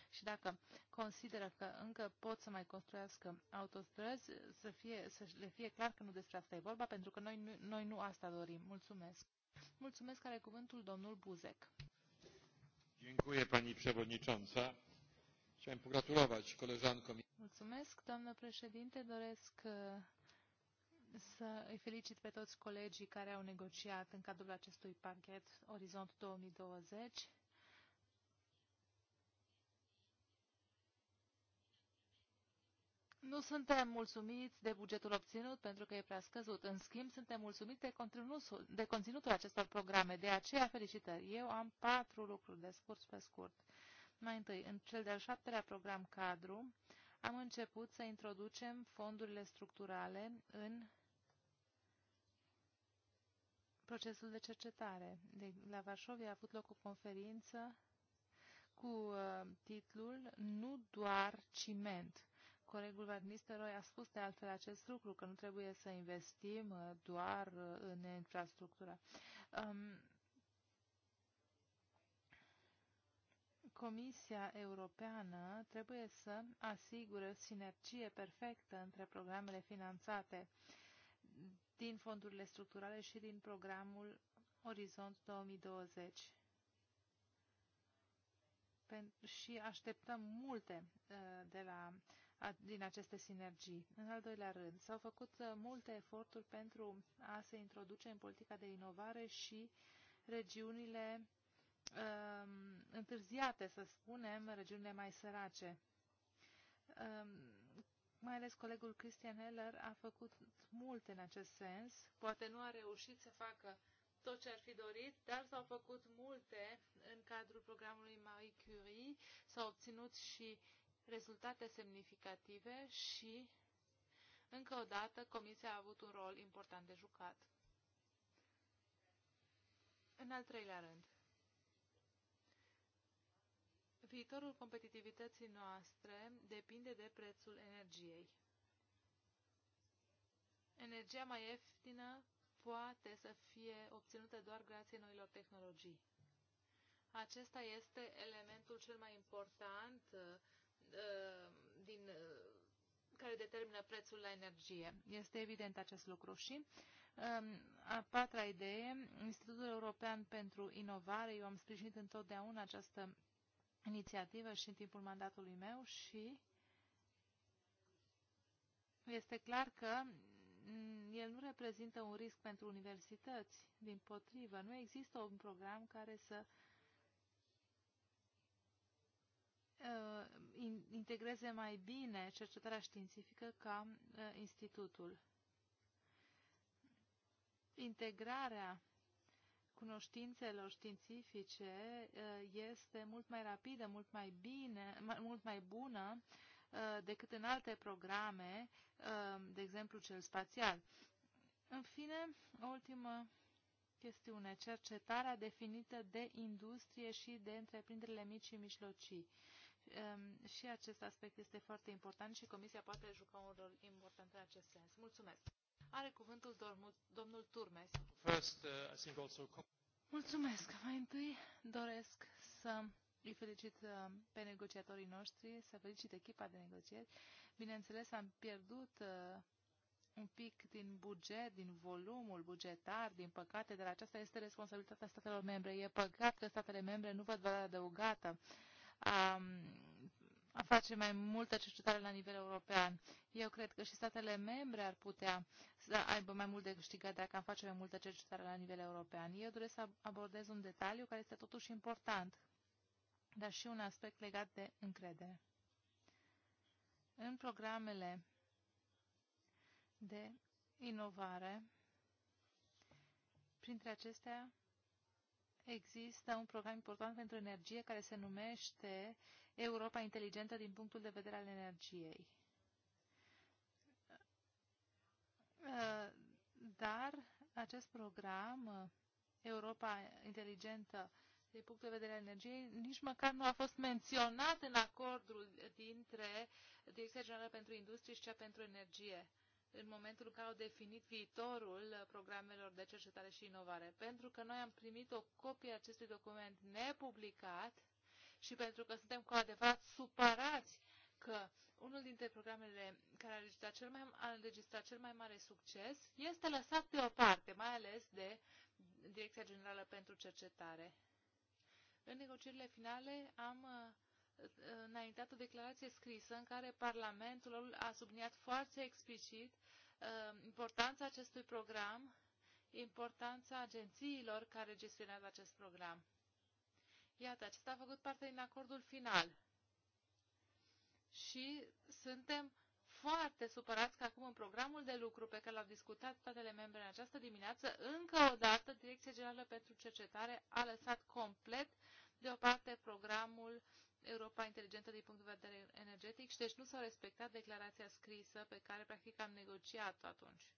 și dacă consideră că încă pot să mai construiască autostrăzi, să, fie, să le fie clar că nu despre asta e vorba, pentru că noi, noi nu asta dorim. Mulțumesc. Mulțumesc, care cuvântul domnul Buzec. Dziękuję pani przewodnicząca. Chciałem pogratulować koleżankom. Mulțumesc, doamnă președinte. Doresc să îi felicit pe toți colegii care au negociat în cadrul acestui pachet Orizont 2020 nu suntem mulțumiți de bugetul obținut pentru că e prea scăzut. În schimb, suntem mulțumiți de conținutul, de conținutul acestor programe. De aceea, felicitări. Eu am patru lucruri de scurt pe scurt. Mai întâi, în cel de-al șaptelea program cadru, am început să introducem fondurile structurale în procesul de cercetare. De, la Varșovia a avut loc o conferință cu uh, titlul Nu doar ciment. Colegul Van Nistelrooy a spus de altfel acest lucru, că nu trebuie să investim uh, doar uh, în infrastructură. Um, Comisia Europeană trebuie să asigure sinergie perfectă între programele finanțate din fondurile structurale și din programul Orizont 2020. Pen și așteptăm multe uh, de la din aceste sinergii. În al doilea rând, s-au făcut uh, multe eforturi pentru a se introduce în politica de inovare și regiunile um, întârziate, să spunem, regiunile mai sărace. Um, mai ales colegul Christian Heller a făcut mult în acest sens. Poate nu a reușit să facă tot ce ar fi dorit, dar s-au făcut multe în cadrul programului Marie Curie, s-au obținut și uh, rezultate semnificative și, încă o dată, Comisia a avut un rol important de jucat. În al treilea rând, viitorul competitivității noastre depinde de prețul energiei. Energia mai ieftină poate să fie obținută doar grație noilor tehnologii. Acesta este elementul cel mai important Uh, din, uh, care determină prețul la energie. Este evident acest lucru și um, a patra idee, Institutul European pentru Inovare, eu am sprijinit întotdeauna această inițiativă și în timpul mandatului meu și este clar că el nu reprezintă un risc pentru universități, din potrivă, nu există un program care să Uh, integreze mai bine cercetarea științifică ca uh, institutul. Integrarea cunoștințelor științifice uh, este mult mai rapidă, mult mai bine, mult mai bună decât în alte programe, de exemplu cel spațial. În fine, o ultimă chestiune, cercetarea definită de industrie și de întreprinderile mici și mijlocii um, și acest aspect este foarte important și Comisia poate juca un rol important în acest sens. Mulțumesc. Are cuvântul domnul, domnul Turmes. First, uh, I think also... Mulțumesc. Mai întâi doresc să îi felicit uh, pe negociatorii noștri, să felicit echipa de negocieri. Bineînțeles, am pierdut uh, un pic din buget, din volumul bugetar, din păcate, dar aceasta este responsabilitatea statelor membre. E păcat că statele membre nu văd valoarea adăugată uh, a, a face mai multă cercetare la nivel european. Eu cred că și statele membre ar putea să aibă mai mult de câștigat dacă am face mai multă cercetare la nivel european. Eu doresc să abordez un detaliu care este totuși important, dar și un aspect legat de încredere. În programele de inovare, printre acestea există un program important pentru energie care se numește Europa Inteligentă din punctul de vedere al energiei. Dar acest program, Europa Inteligentă din punctul de vedere al energiei, nici măcar nu a fost menționat în acordul dintre Direcția Generală pentru Industrie și cea pentru Energie în momentul în care au definit viitorul programelor de cercetare și inovare. Pentru că noi am primit o copie a acestui document nepublicat și pentru că suntem cu adevărat supărați că unul dintre programele care a înregistrat cel mai, a înregistrat cel mai mare succes este lăsat deoparte, mai ales de Direcția Generală pentru Cercetare. În negocierile finale am uh, înaintat o declarație scrisă în care Parlamentul a subliniat foarte explicit uh, importanța acestui program, importanța agențiilor care gestionează acest program. Iată, acesta a făcut parte din acordul final. Și suntem foarte supărați că acum în programul de lucru pe care l-au discutat statele membre în această dimineață, încă o dată Direcția Generală pentru Cercetare a lăsat complet deoparte programul Europa inteligentă din punct de vedere energetic și deci nu s-a respectat declarația scrisă pe care practic am negociat-o atunci.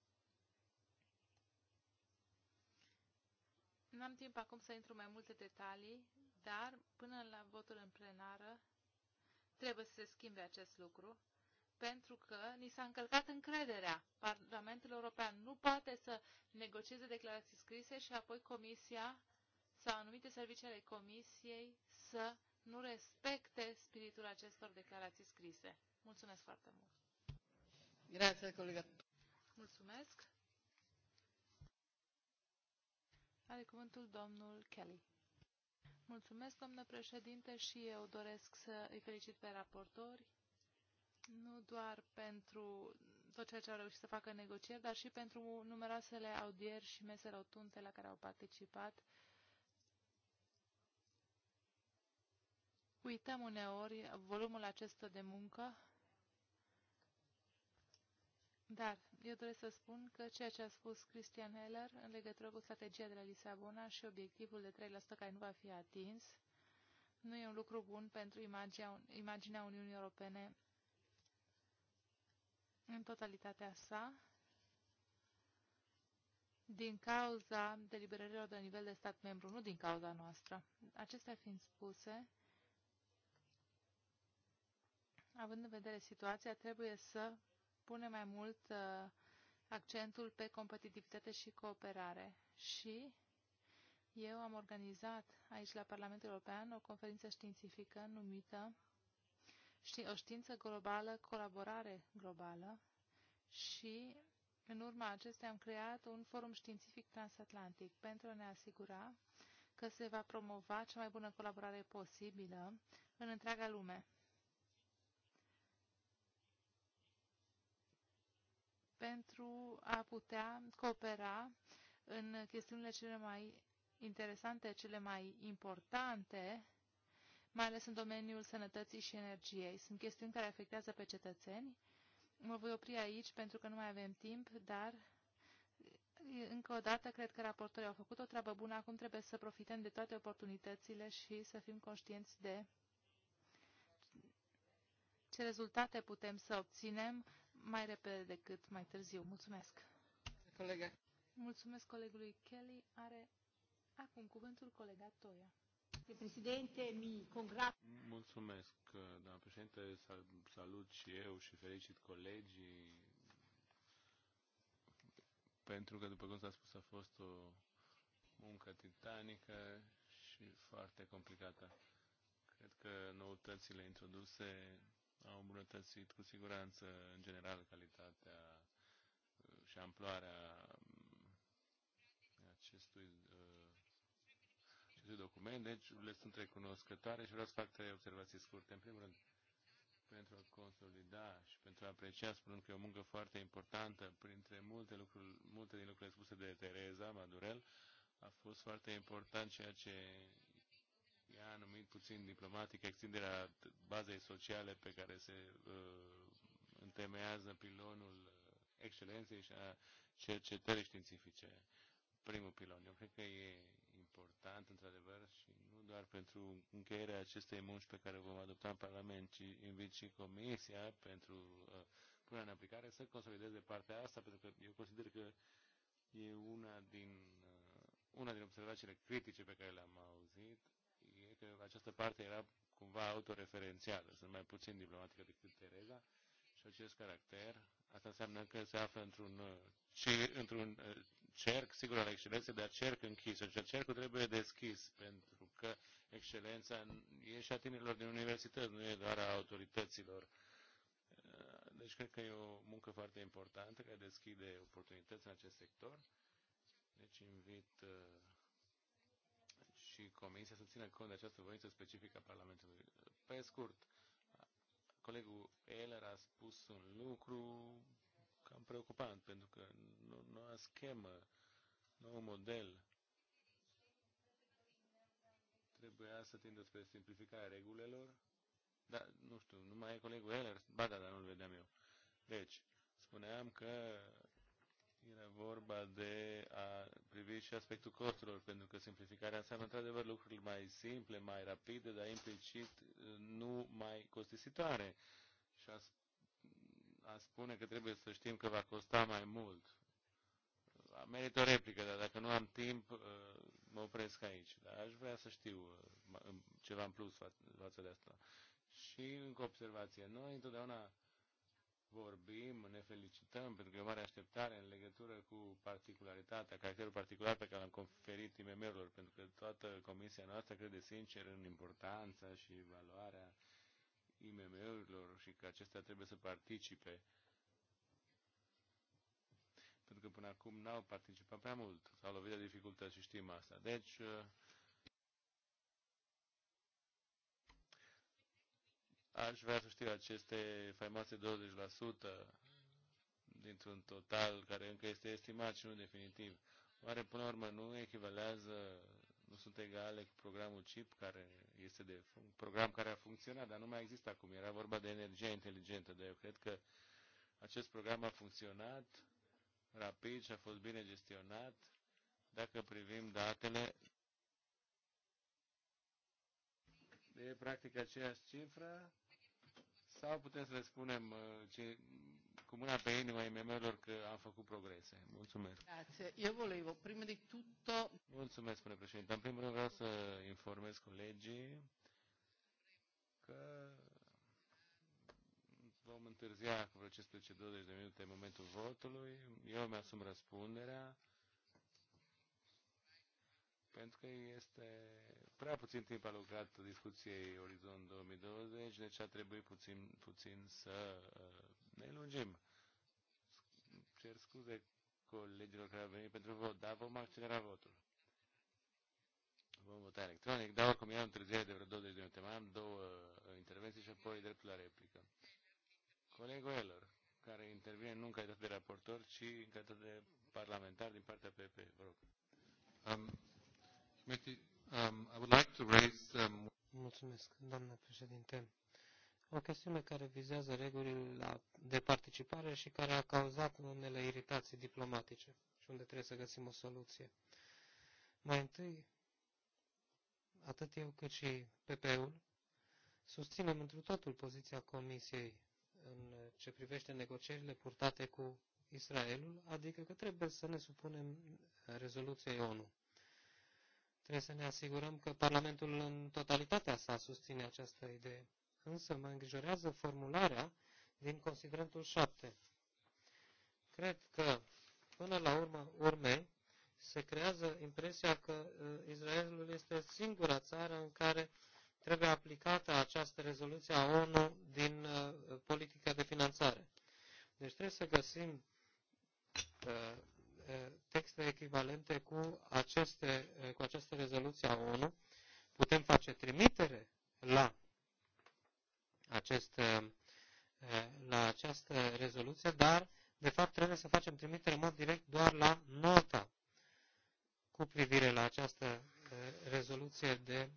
N-am timp acum să intru mai multe detalii, dar până la votul în plenară trebuie să se schimbe acest lucru, pentru că ni s-a încălcat încrederea. Parlamentul European nu poate să negocieze declarații scrise și apoi Comisia sau anumite servicii ale Comisiei să nu respecte spiritul acestor declarații scrise. Mulțumesc foarte mult! Grazie, colega. Mulțumesc! Are cuvântul domnul Kelly. Mulțumesc, domnule președinte, și eu doresc să îi felicit pe raportori, nu doar pentru tot ceea ce au reușit să facă negocieri, dar și pentru numeroasele audieri și mese rotunde la care au participat uităm uneori volumul acesta de muncă, dar eu doresc să spun că ceea ce a spus Christian Heller în legătură cu strategia de la Lisabona și obiectivul de 3% care nu va fi atins, nu e un lucru bun pentru imaginea, imaginea Uniunii Europene în totalitatea sa, din cauza deliberărilor de nivel de stat membru, nu din cauza noastră. Acestea fiind spuse, având în vedere situația, trebuie să punem mai mult uh, accentul pe competitivitate și cooperare. Și eu am organizat aici la Parlamentul European o conferință științifică numită o știință globală, colaborare globală și în urma acestei am creat un forum științific transatlantic pentru a ne asigura că se va promova cea mai bună colaborare posibilă în întreaga lume. pentru a putea coopera în chestiunile cele mai interesante, cele mai importante, mai ales în domeniul sănătății și energiei. Sunt chestiuni care afectează pe cetățeni. Mă voi opri aici pentru că nu mai avem timp, dar încă o dată cred că raportorii au făcut o treabă bună. Acum trebuie să profităm de toate oportunitățile și să fim conștienți de ce rezultate putem să obținem mai repede decât mai târziu. Mulțumesc! Colega. Mulțumesc colegului Kelly. Are acum cuvântul colega Toia. Președinte, mi congrat. Mulțumesc, doamna președinte. Salut și eu și felicit colegii pentru că, după cum s-a spus, a fost o muncă titanică și foarte complicată. Cred că noutățile introduse au îmbunătățit cu siguranță, în general, calitatea uh, și amploarea mm, acestui, uh, acestui document, deci le sunt recunoscătoare și vreau să fac trei observații scurte. În primul rând, pentru a consolida și pentru a aprecia, spunând că e o muncă foarte importantă, printre multe, lucruri, multe din lucrurile spuse de Tereza Madurel, a fost foarte important ceea ce ea a numit puțin diplomatic extinderea bazei sociale pe care se uh, întemeiază pilonul uh, excelenței și a cercetării științifice, primul pilon. Eu cred că e important, într-adevăr, și nu doar pentru încheierea acestei munci pe care vom adopta în Parlament, ci invit și Comisia pentru uh, punerea în aplicare să consolideze partea asta, pentru că eu consider că e una din, uh, una din observațiile critice pe care le-am auzit că această parte era cumva autoreferențială, sunt mai puțin diplomatică decât Tereza și acest caracter, asta înseamnă că se află într-un uh, într uh, cerc, sigur, al excelenței, dar cerc închis. Și deci, cercul trebuie deschis, pentru că excelența e și a tinerilor din universități, nu e doar a autorităților. Uh, deci cred că e o muncă foarte importantă care deschide oportunități în acest sector. Deci invit și Comisia să țină cont de această voință specifică a Parlamentului. Pe scurt, colegul Eller a spus un lucru cam preocupant, pentru că noua schemă, nou model trebuia să tindă spre simplificarea regulelor, dar nu știu, nu mai e colegul Eller, ba da, dar nu-l vedeam eu. Deci, spuneam că era vorba de a privi și aspectul costurilor, pentru că simplificarea înseamnă într-adevăr lucruri mai simple, mai rapide, dar implicit nu mai costisitoare. Și a, a spune că trebuie să știm că va costa mai mult. Merită o replică, dar dacă nu am timp, uh, mă opresc aici. Dar aș vrea să știu uh, ceva în plus față de asta. Și încă observație. Noi întotdeauna vorbim, ne felicităm pentru că mare așteptare în legătură cu particularitatea, caracterul particular pe care l-am conferit IMM-urilor, pentru că toată comisia noastră crede sincer în importanța și valoarea IMM-urilor și că acestea trebuie să participe. Pentru că până acum n-au participat prea mult, s-au lovit de dificultăți și știm asta. Deci, Aș vrea să știu aceste faimoase 20% dintr-un total care încă este estimat și nu definitiv. Oare până la urmă nu echivalează, nu sunt egale cu programul CIP, care este de un program care a funcționat, dar nu mai există acum. Era vorba de energia inteligentă, dar eu cred că acest program a funcționat rapid și a fost bine gestionat. Dacă privim datele, e practic aceeași cifră sau putem să le spunem uh, ce, cu mâna pe inima IMM-urilor că am făcut progrese. Mulțumesc. Grazie. Eu volevo, prima di tutto... Mulțumesc, spune președinte. În primul rând vreau să informez colegii că vom întârzia cu vreo 15-20 de minute în momentul votului. Eu mi-asum răspunderea pentru că este prea puțin timp alocat discuției Orizont 2020, deci a trebuit puțin, puțin să uh, ne lungim. Cer scuze colegilor care au venit pentru vot, dar vom accelera votul. Vom vota electronic, dar acum iau întârziere de vreo 20 de minute. Mai am două uh, intervenții și apoi dreptul la replică. Colegul care intervine nu în calitate de raportor, ci în calitate de parlamentar din partea PP. Vă rog. Um, Um, um, Mulțumesc, doamnă președinte. O chestiune care vizează regulile de participare și care a cauzat unele iritații diplomatice și unde trebuie să găsim o soluție. Mai întâi, atât eu cât și PP-ul, susținem întru totul poziția Comisiei în ce privește negocierile purtate cu Israelul, adică că trebuie să ne supunem rezoluției ONU. Trebuie să ne asigurăm că Parlamentul în totalitatea sa susține această idee. Însă mă îngrijorează formularea din considerentul 7. Cred că, până la urmă, urme, se creează impresia că uh, Israelul este singura țară în care trebuie aplicată această rezoluție a ONU din uh, politica de finanțare. Deci trebuie să găsim uh, Eh, texte echivalente cu, aceste, eh, cu această rezoluție a ONU. Putem face trimitere la, acest, eh, la această rezoluție, dar, de fapt, trebuie să facem trimitere în mod direct doar la nota cu privire la această rezoluție de,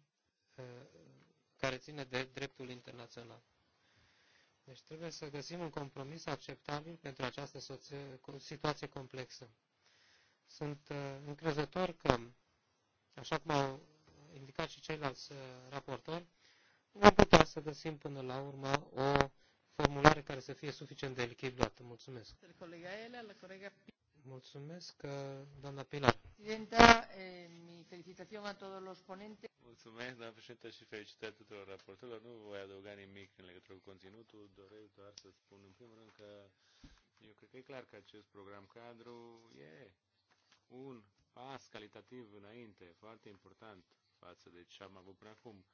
care ține de dreptul internațional. Deci trebuie să găsim un compromis acceptabil pentru această situație complexă. Sunt uh, încrezător că, așa cum au indicat și ceilalți uh, raportori, vom putea să găsim până la urmă o formulare care să fie suficient de echilibrată. Mulțumesc. Mulțumesc, uh, doamna Pilar. Eh, Mulțumesc, doamna președinte, și felicitări tuturor raportorilor. Nu voi adăuga nimic în legătură cu conținutul, doresc doar să spun în primul rând că eu cred că e clar că acest program cadru e un pas calitativ înainte, foarte important față de ce am avut până acum.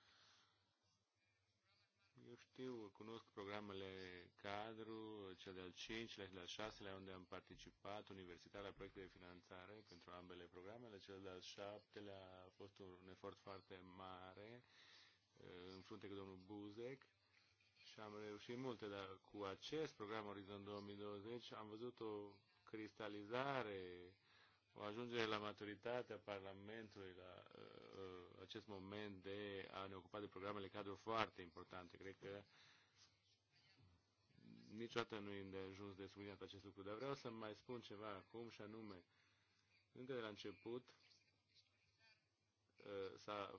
Eu știu, cunosc programele cadru, cel de-al cincilea și de-al șaselea, unde am participat universitar la proiecte de finanțare pentru ambele programele. Cel de-al șaptelea a fost un efort foarte mare în frunte cu domnul Buzek și am reușit multe, dar cu acest program Orizont 2020 am văzut o cristalizare o ajungere la maturitatea Parlamentului, la uh, uh, acest moment de a ne ocupa de programele cadru foarte importante. Cred că niciodată nu e ajuns de subliniat acest lucru, dar vreau să mai spun ceva acum și anume, încă de la început uh, s-a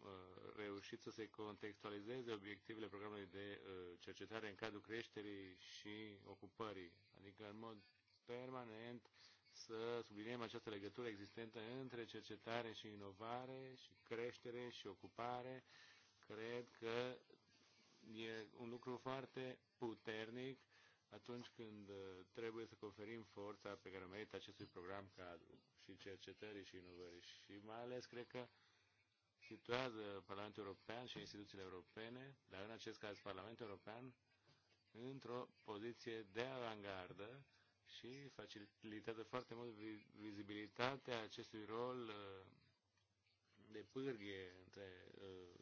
uh, reușit să se contextualizeze obiectivele programului de uh, cercetare în cadrul creșterii și ocupării, adică în mod permanent să subliniem această legătură existentă între cercetare și inovare și creștere și ocupare. Cred că e un lucru foarte puternic atunci când uh, trebuie să conferim forța pe care o merită acestui program cadru și cercetării și inovării. Și mai ales cred că situează Parlamentul European și instituțiile europene, dar în acest caz Parlamentul European, într-o poziție de avangardă și facilitează foarte mult vizibilitatea acestui rol uh, de pârghie între uh,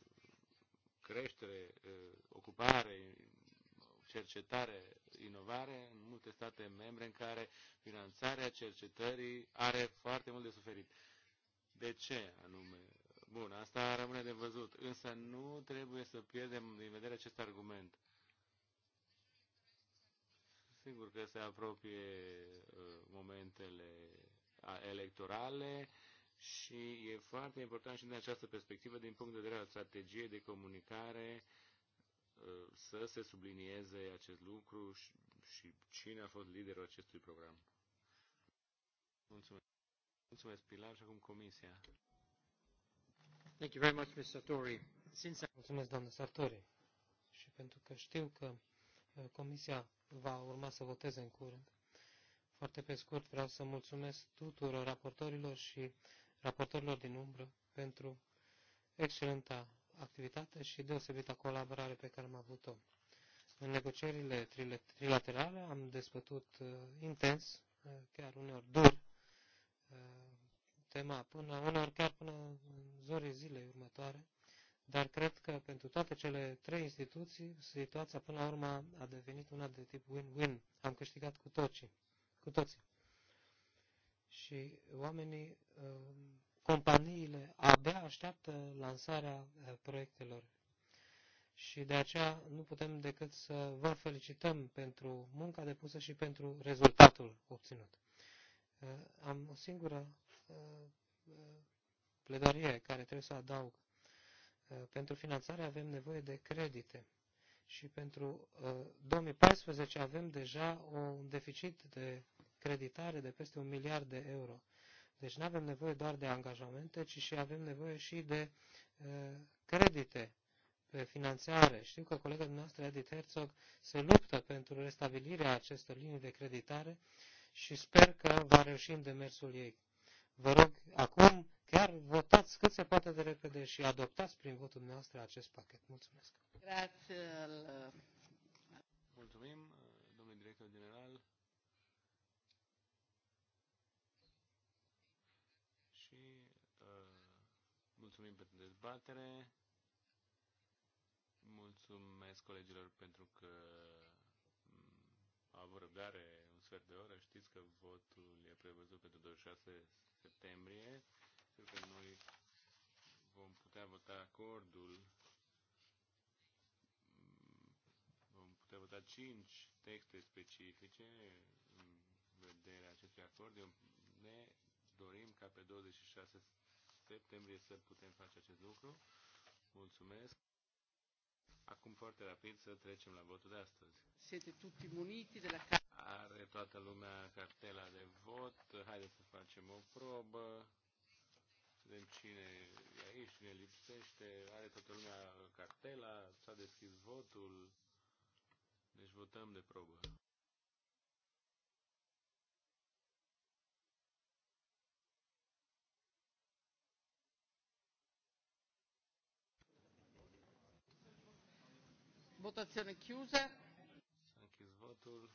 creștere, uh, ocupare, cercetare, inovare în multe state membre în care finanțarea cercetării are foarte mult de suferit. De ce anume? Bun, asta rămâne de văzut, însă nu trebuie să pierdem din vedere acest argument. Sigur că se apropie uh, momentele electorale și e foarte important și din această perspectivă, din punct de vedere al strategiei de comunicare, uh, să se sublinieze acest lucru și, cine a fost liderul acestui program. Mulțumesc. Mulțumesc, Pilar, și acum Comisia. Thank you very much, Mr. Sartori. Since... Mulțumesc, doamnă Sartori. Și pentru că știu că uh, Comisia va urma să voteze în curând. Foarte pe scurt vreau să mulțumesc tuturor raportorilor și raportorilor din umbră pentru excelenta activitate și deosebita colaborare pe care am avut-o. În negocierile trilaterale am dezbătut uh, intens, uh, chiar uneori dur, uh, tema până, uneori chiar până în zorii zilei următoare dar cred că pentru toate cele trei instituții, situația până la urmă a devenit una de tip win-win. Am câștigat cu toții. Cu toții. Și oamenii, um, companiile abia așteaptă lansarea uh, proiectelor. Și de aceea nu putem decât să vă felicităm pentru munca depusă și pentru rezultatul obținut. Uh, am o singură uh, pledoarie care trebuie să adaug Uh, pentru finanțare avem nevoie de credite și pentru 2014 uh, avem deja un deficit de creditare de peste un miliard de euro. Deci nu avem nevoie doar de angajamente, ci și avem nevoie și de uh, credite pe finanțare. Știu că colega noastră, Edith Herzog, se luptă pentru restabilirea acestor linii de creditare și sper că va reuși în demersul ei. Vă rog acum chiar votați cât se poate de repede și adoptați prin votul dumneavoastră acest pachet. Mulțumesc! Grație! Mulțumim, domnule director general. Și uh, mulțumim pentru dezbatere. Mulțumesc colegilor pentru că au avut răbdare un sfert de oră. Știți că votul e prevăzut pentru 26 septembrie. Sper că noi vom putea vota acordul, vom putea vota cinci texte specifice în vederea acestui acord. Eu ne dorim ca pe 26 septembrie să putem face acest lucru. Mulțumesc. Acum foarte rapid să trecem la votul de astăzi. Siete tutti muniti la. Are toată lumea cartela de vot. Haideți să facem o probă vedem cine e aici, cine lipsește, are toată lumea cartela, s-a deschis votul, deci votăm de probă. Votazione chiusa. s votul.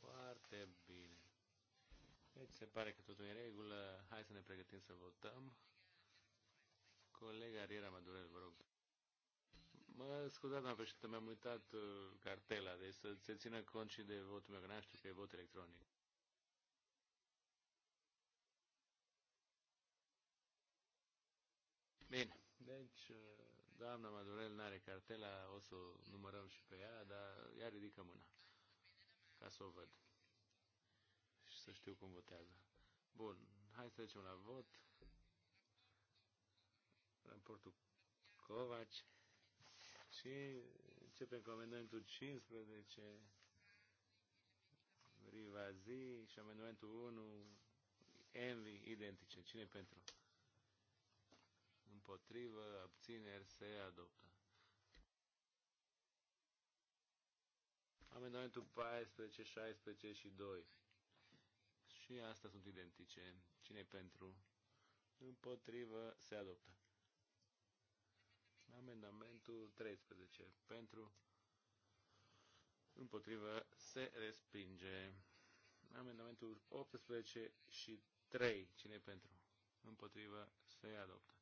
Foarte se pare că totul e în regulă. Hai să ne pregătim să votăm. Colega Ariera Madurel, vă rog. Mă scuzați, doamna președinte, mi-am uitat uh, cartela, deci să se țină cont și de votul meu, că n-am știut că e vot electronic. Bine, deci uh, doamna Madurel nu are cartela, o să o numărăm și pe ea, dar ea ridică mâna ca să o văd să știu cum votează. Bun, hai să trecem la vot. Raportul Covaci. Și începem cu amendamentul 15, Rivazi și amendamentul 1, Envy, identice. Cine pentru? Împotrivă, abțineri, se adoptă. Amendamentul 14, 16 și 2. Și asta sunt identice. cine pentru? Împotrivă se adoptă. Amendamentul 13. Pentru. Împotrivă se respinge. Amendamentul 18 și 3. cine pentru? Împotrivă se adoptă.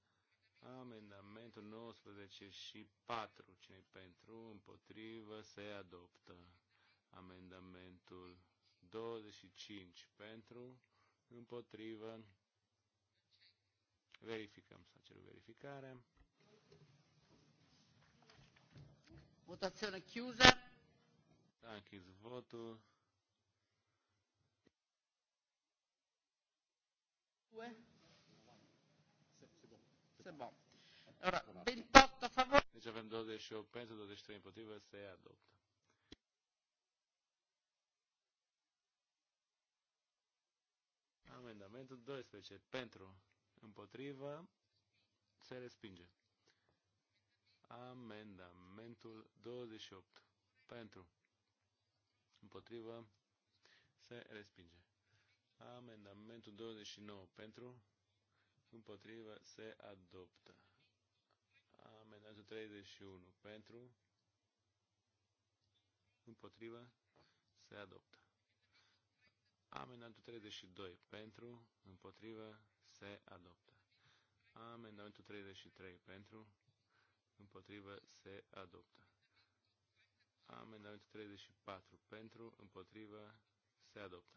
Amendamentul 19 și 4. cine pentru? Împotrivă se adoptă. Amendamentul 25 pentru, împotrivă, verificăm, să a verificare. Votazione chiusa. S-a închis votul. 2. C'est Allora, 28 a favore. Deci avem 28 pentru, 23 împotrivă, se adoptă. Amendamentul 12. Pentru. Împotrivă. Se respinge. Amendamentul 28. Pentru. Împotrivă. Se respinge. Amendamentul 29. Pentru. Împotrivă. Se adoptă. Amendamentul 31. Pentru. Împotrivă. Se adoptă. Amendamentul 32 pentru, împotrivă, se adoptă. Amendamentul 33 pentru, împotrivă, se adoptă. Amendamentul 34 pentru, împotrivă, se adoptă.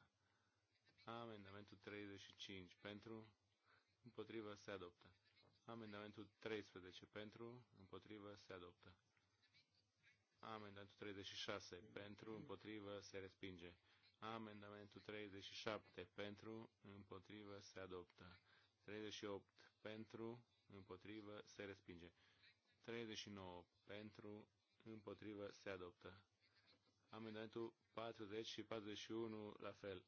Amendamentul 35 pentru, împotrivă, se adoptă. Amendamentul 13 pentru, împotrivă, se adoptă. Amendamentul 36 pentru, împotrivă, se respinge. Amendamentul 37 pentru, împotrivă, se adoptă. 38 pentru, împotrivă, se respinge. 39 pentru, împotrivă, se adoptă. Amendamentul 40 și 41 la fel.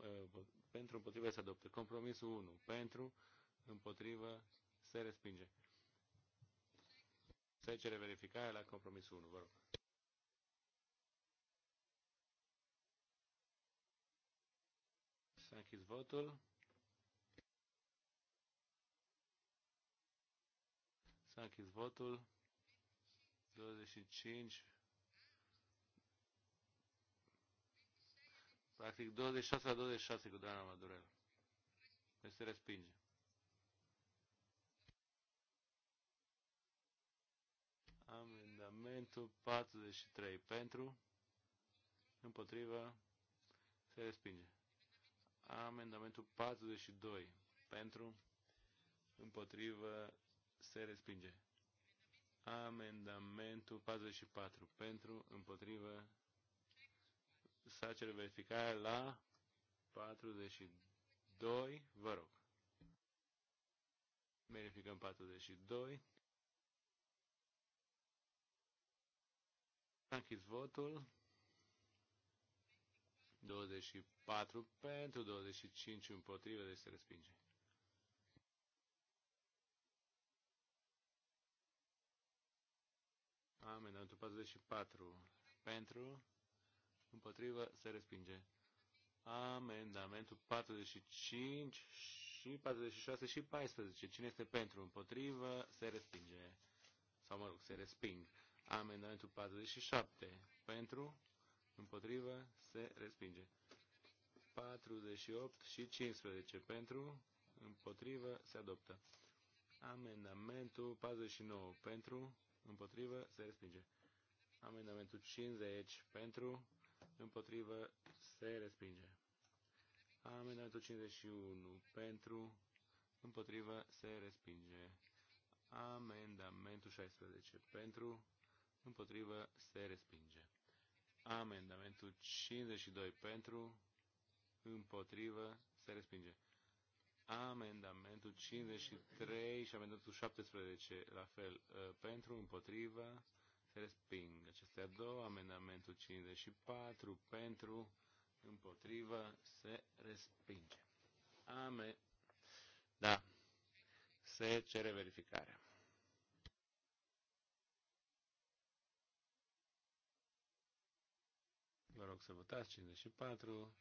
Ă, pentru, împotrivă, se adoptă. Compromisul 1 pentru, împotrivă, se respinge. Se cere verificarea la compromisul 1, vă rog. deschis votul. S-a închis votul. 25. Practic 26 la 26 cu Dana Madurel. Deci se respinge. Amendamentul 43 pentru, împotriva, se respinge. Amendamentul 42. Pentru, împotrivă, se respinge. Amendamentul 44. Pentru, împotrivă, s-a cerut verificarea la 42. Vă rog. Verificăm 42. Am închis votul. 24 pentru, 25 împotrivă, de deci se respinge. Amendamentul 44 pentru, împotrivă, se respinge. Amendamentul 45 și 46 și 14. Cine este pentru, împotrivă, se respinge. Sau mă rog, se resping. Amendamentul 47 pentru, Împotrivă se respinge. 48 și 15 pentru, împotrivă se adoptă. Amendamentul 49 pentru, împotrivă, se respinge. Amendamentul 50 pentru, împotrivă, se respinge. Amendamentul 51 pentru, împotrivă, se respinge. Amendamentul 16 pentru, împotrivă, se respinge. Amendamentul 52 pentru, împotrivă, se respinge. Amendamentul 53 și amendamentul 17, la fel, ă, pentru, împotrivă, se resping. Acestea două, amendamentul 54, pentru, împotrivă, se respinge. Ame. Da. Se cere verificarea. rog să votați. 54.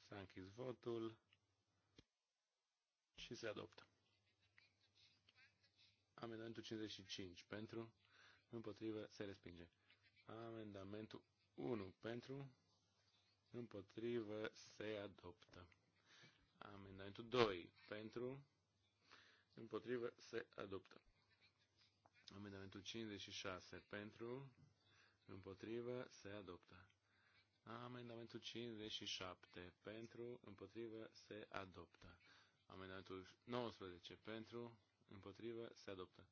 S-a închis votul și se adoptă. Amendamentul 55 pentru, împotrivă, se respinge. Amendamentul 1 pentru, împotrivă, se adoptă. Amendamentul 2 pentru, împotrivă, se adoptă. Amendamentul 56 pentru, împotrivă, se adoptă. Amendamentul 57 pentru, împotrivă, se adoptă. Amendamentul 19 pentru, împotrivă, se adoptă.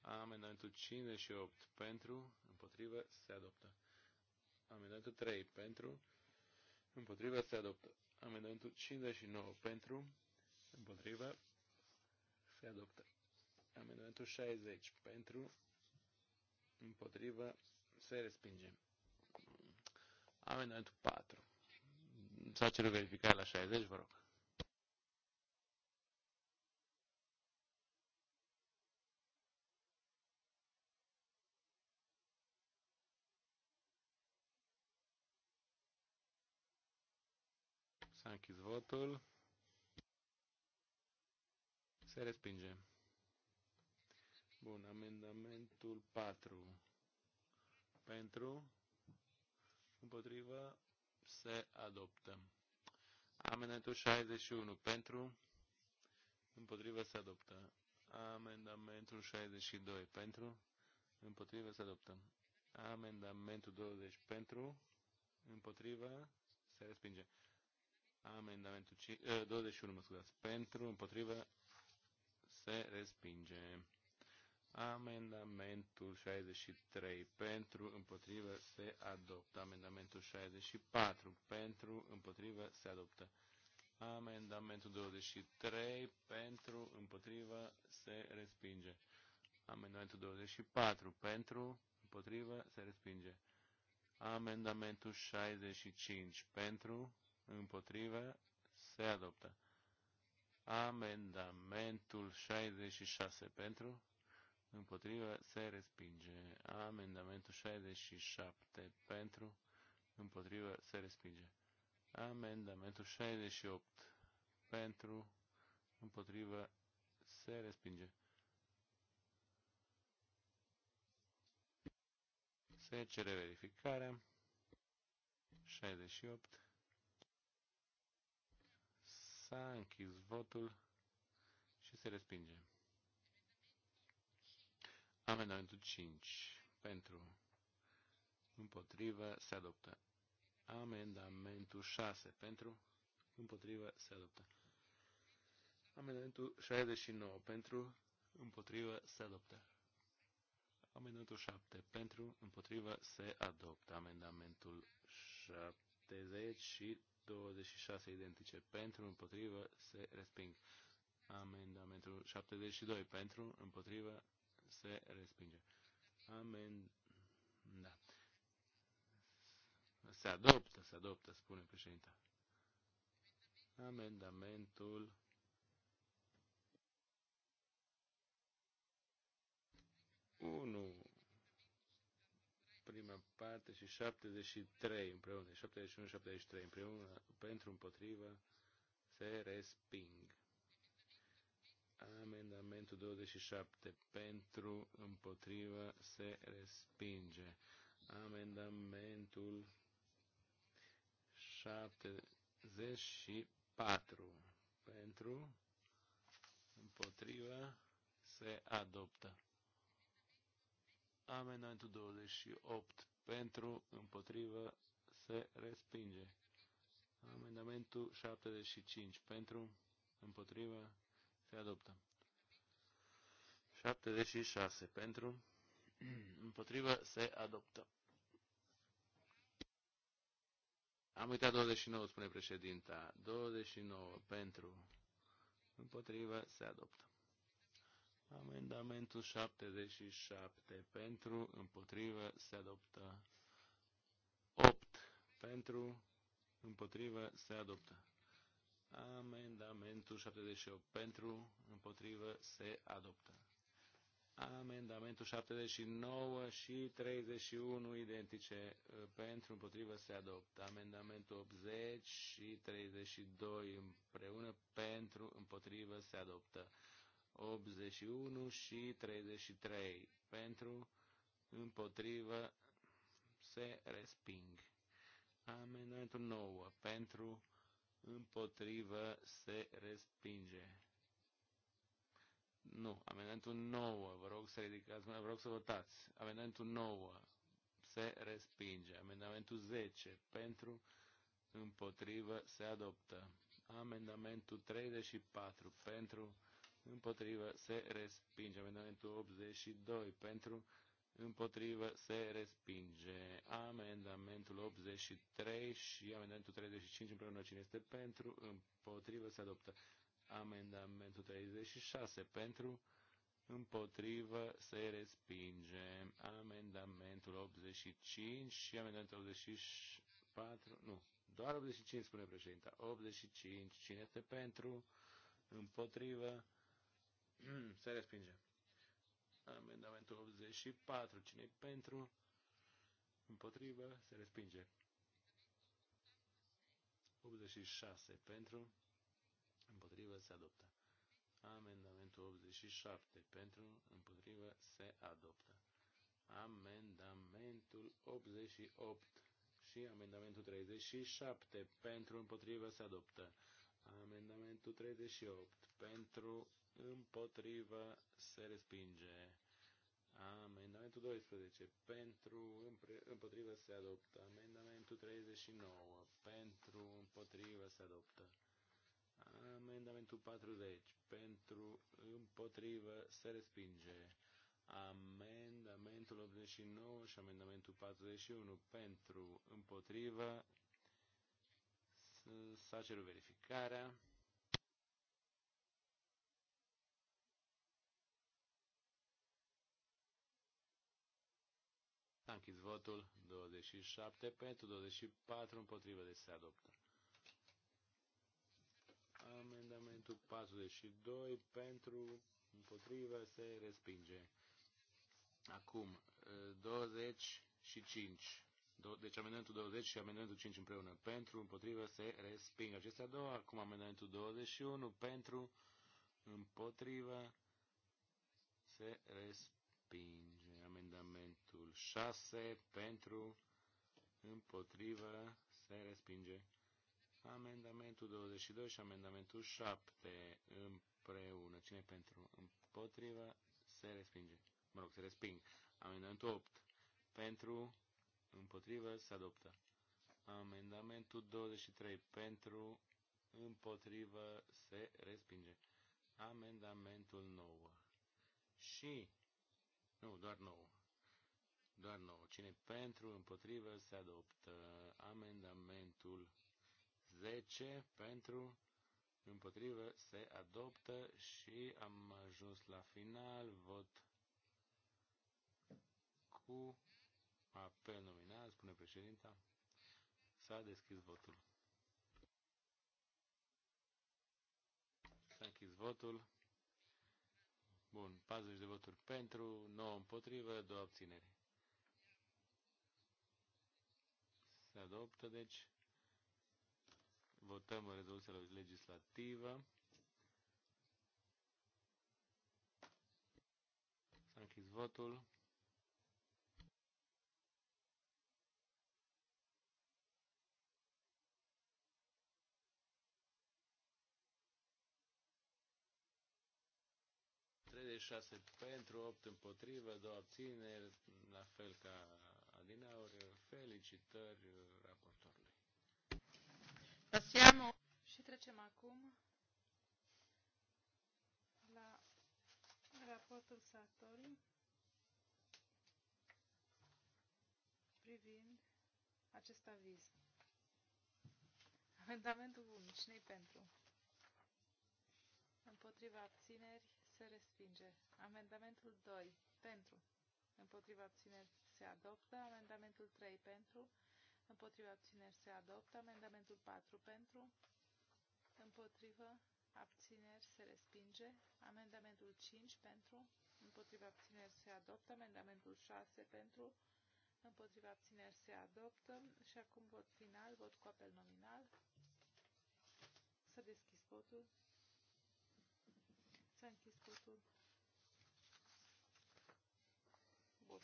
Amendamentul 58 pentru, împotrivă, se adoptă. Amendamentul 3 pentru, împotrivă, se adoptă. Amendamentul 59 pentru, împotrivă, se adoptă. Amendamentul 60 pentru, împotrivă, se respinge. Amendamentul 4. S-a cerut verificare la 60, vă rog. S-a închis votul. Se respinge. Bun, amendamentul 4. Pentru, împotrivă, se adoptă. Amendamentul 61 pentru, împotrivă, se adoptă. Amendamentul 62 pentru, împotrivă, se adoptă. Amendamentul 20 pentru, împotrivă, se respinge. Amendamentul 21, eh, mă scuzați, pentru, împotrivă, se respinge. Amendamentul 63 pentru, împotrivă, se adoptă. Amendamentul 64 pentru, împotrivă, se adoptă. Amendamentul 23 pentru, împotrivă, se respinge. Amendamentul 24 pentru, împotrivă, se respinge. Amendamentul 65 pentru, împotrivă, se adoptă. Amendamentul 66 pentru, împotrivă, se respinge. Amendamentul 67 pentru, împotrivă, se respinge. Amendamentul 68 pentru, împotrivă, se respinge. Se cere verificarea. 68. S-a închis votul și se respinge. Amendamentul 5 pentru împotrivă se adoptă. Amendamentul 6 pentru împotrivă se adoptă. Amendamentul 69 pentru împotrivă se adoptă. Amendamentul 7 pentru împotrivă se adoptă. Amendamentul 70 și 26 identice pentru împotrivă se resping. Amendamentul 72 pentru împotrivă se respinge. Amen. Da. Se adoptă, se adoptă, spune președinta. Amendamentul Unu prima parte și 73 împreună, 71-73 împreună, pentru împotrivă, se resping. Amendamentul 27 pentru, împotriva, se respinge. Amendamentul 74 pentru, împotriva, se adoptă. Amendamentul 28 pentru, împotrivă, se respinge. Amendamentul 75 pentru, împotrivă, se adoptă. 76 pentru. Împotrivă. Se adoptă. Am uitat 29, spune președinta. 29 pentru. Împotrivă. Se adoptă. Amendamentul 77 pentru, împotrivă, se adoptă. 8 pentru, împotrivă, se adoptă. Amendamentul 78 pentru, împotrivă, se adoptă. Amendamentul 79 și 31 identice pentru, împotrivă, se adoptă. Amendamentul 80 și 32 împreună pentru, împotrivă, se adoptă. 81 și 33 pentru, împotrivă, se resping. Amendamentul 9 pentru, împotrivă, se respinge. Nu, amendamentul 9, vă rog să ridicați mâna, vă rog să votați. Amendamentul 9 se respinge. Amendamentul 10 pentru, împotrivă, se adoptă. Amendamentul 34 pentru, împotrivă, se respinge. Amendamentul 82 pentru, împotrivă, se respinge. Amendamentul 83 și amendamentul 35 împreună cine este pentru, împotrivă, se adoptă. Amendamentul 36 pentru, împotrivă, se respinge. Amendamentul 85 și amendamentul 84, nu, doar 85 spune președinta. 85, cine este pentru, împotrivă, se respinge. Amendamentul 84. Cine pentru? Împotrivă? Se respinge. 86. Pentru? Împotrivă? Se adoptă. Amendamentul 87. Pentru? Împotrivă? Se adoptă. Amendamentul 88 și amendamentul 37. Pentru? Împotrivă? Se adoptă. Amendamentul 38 pentru împotrivă se respinge. Amendamentul 12 pentru împotrivă se adoptă. Amendamentul 39 pentru împotrivă se adoptă. Amendamentul 40 pentru împotrivă se respinge. Amendamentul 89 și amendamentul 41 pentru împotrivă să a verificarea. S-a închis votul 27 pentru 24 împotrivă, de deci se adoptă. Amendamentul 42 pentru împotrivă se respinge. Acum 25 deci amendamentul 20 și amendamentul 5 împreună. Pentru, împotrivă, se resping. Acestea două. Acum amendamentul 21. Pentru, împotrivă, se respinge. Amendamentul 6. Pentru, împotrivă, se respinge. Amendamentul 22 și amendamentul 7 împreună. Cine pentru? Împotrivă, se respinge. Mă rog, se resping. Amendamentul 8. Pentru, împotrivă, se adoptă. Amendamentul 23 pentru, împotrivă, se respinge. Amendamentul 9. Și, nu, doar 9. Doar 9. Cine pentru, împotrivă, se adoptă. Amendamentul 10 pentru, împotrivă, se adoptă și am ajuns la final. Vot cu Apel nominal, spune președinta. S-a deschis votul. S-a închis votul. Bun, 40 de voturi pentru, 9 împotrivă, 2 abțineri. Se adoptă, deci votăm rezoluția legislativă. S-a închis votul. 36 pentru, 8 împotrivă, 2 abțineri, la fel ca Adinauri. Felicitări raportorului. Pasiamo. Și trecem acum la raportul Sartori privind acest aviz. Amendamentul 1. Cine-i pentru? Împotriva abțineri se respinge. Amendamentul 2 pentru, împotriva abțineri se adoptă. Amendamentul 3 pentru, împotriva abțineri se adoptă. Amendamentul 4 pentru, împotriva abțineri se respinge. Amendamentul 5 pentru, împotriva abțineri se adoptă. Amendamentul 6 pentru, împotriva abțineri se adoptă. Și acum vot final, vot cu apel nominal. Să deschis votul. S-a închis votul. Bun.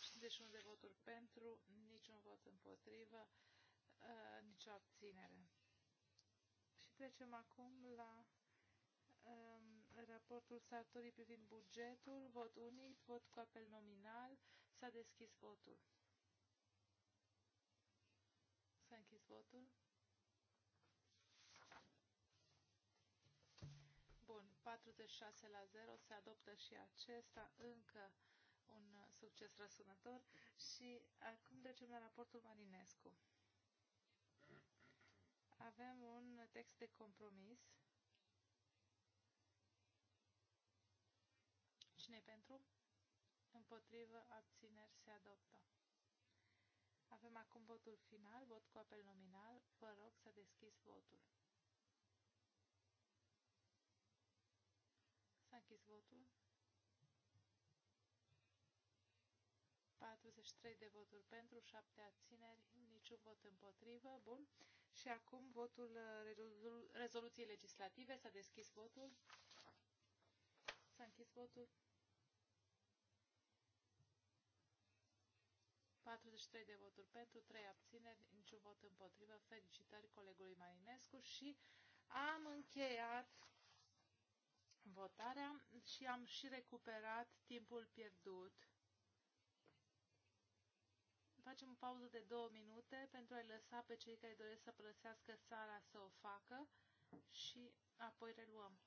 51 de voturi pentru, niciun vot împotrivă, uh, nicio abținere. Și trecem acum la um, raportul Sartori privind bugetul, vot unic, vot cu apel nominal, s-a deschis votul. S-a închis votul. 46 la 0 se adoptă și acesta încă un succes răsunător și acum trecem la raportul Marinescu. Avem un text de compromis. Cine pentru? Împotrivă, abțineri, se adoptă. Avem acum votul final, vot cu apel nominal. Vă rog să deschis votul. închis votul. 43 de voturi pentru, 7 abțineri, niciun vot împotrivă. Bun. Și acum votul uh, rezoluției legislative. S-a deschis votul. S-a închis votul. 43 de voturi pentru, 3 abțineri, niciun vot împotrivă. Felicitări colegului Marinescu și am încheiat votarea și am și recuperat timpul pierdut. Facem o pauză de două minute pentru a-i lăsa pe cei care doresc să părăsească sala să o facă și apoi reluăm.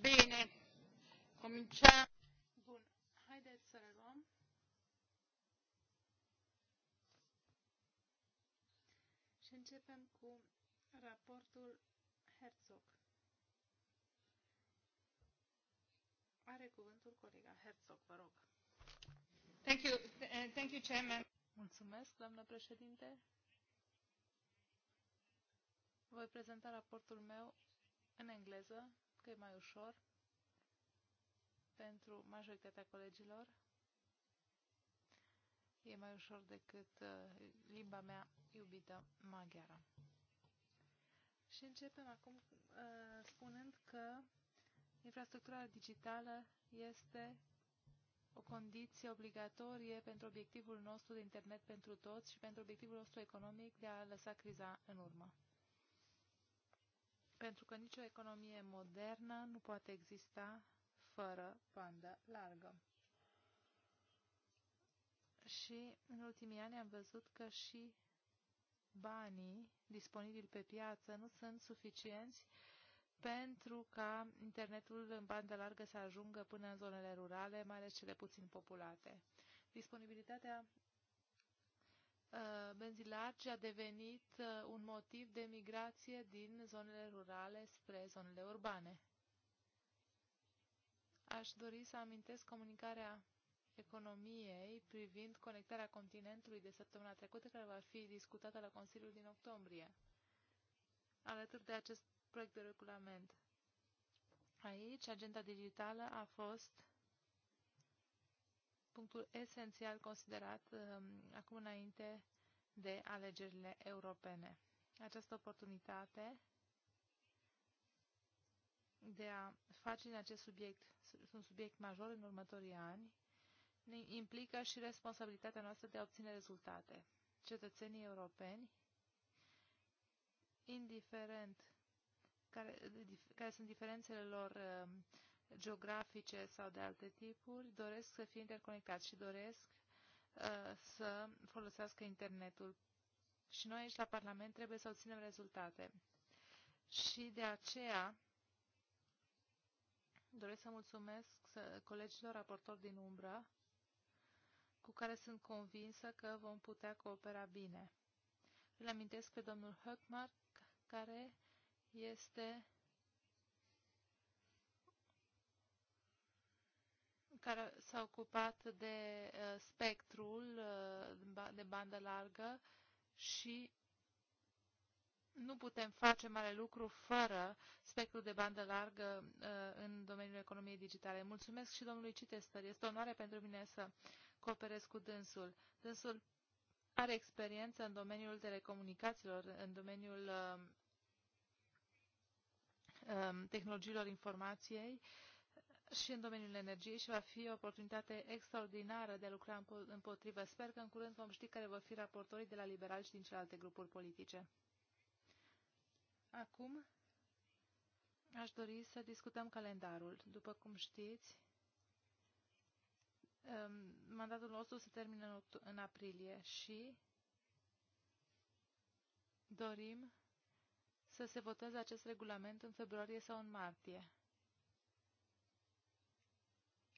Bine, cominciamo. Bun, haideți să reluăm. Și începem cu raportul Herzog. Are cuvântul colega Herzog, vă rog. Thank you, eh, thank you, Chairman. Mulțumesc, doamnă președinte. Voi prezenta raportul meu în engleză că e mai ușor pentru majoritatea colegilor. E mai ușor decât uh, limba mea iubită maghiară. Și începem acum uh, spunând că infrastructura digitală este o condiție obligatorie pentru obiectivul nostru de internet pentru toți și pentru obiectivul nostru economic de a lăsa criza în urmă pentru că nicio economie modernă nu poate exista fără bandă largă. Și în ultimii ani am văzut că și banii disponibili pe piață nu sunt suficienți pentru ca internetul în bandă largă să ajungă până în zonele rurale, mai ales cele puțin populate. Disponibilitatea benzii uh, a devenit uh, un motiv de migrație din zonele rurale spre zonele urbane. Aș dori să amintesc comunicarea economiei privind conectarea continentului de săptămâna trecută, care va fi discutată la Consiliul din octombrie, alături de acest proiect de regulament. Aici, agenda digitală a fost punctul esențial considerat um, acum înainte de alegerile europene. Această oportunitate de a face din acest subiect un subiect major în următorii ani ne implică și responsabilitatea noastră de a obține rezultate. Cetățenii europeni, indiferent care, care sunt diferențele lor um, geografice sau de alte tipuri, doresc să fie interconectați și doresc uh, să folosească internetul. Și noi aici la Parlament trebuie să obținem rezultate. Și de aceea doresc să mulțumesc uh, colegilor raportori din umbră, cu care sunt convinsă că vom putea coopera bine. Îl amintesc pe domnul Höckmark, care este care s-a ocupat de uh, spectrul uh, de bandă largă și nu putem face mare lucru fără spectrul de bandă largă uh, în domeniul economiei digitale. Mulțumesc și domnului Citestăr. Este o onoare pentru mine să cooperez cu dânsul. Dânsul are experiență în domeniul telecomunicațiilor, în domeniul um, tehnologiilor informației și în domeniul energiei și va fi o oportunitate extraordinară de a lucra împotrivă. Sper că în curând vom ști care vor fi raportorii de la liberali și din celelalte grupuri politice. Acum aș dori să discutăm calendarul. După cum știți, um, mandatul nostru se termină în aprilie și dorim să se voteze acest regulament în februarie sau în martie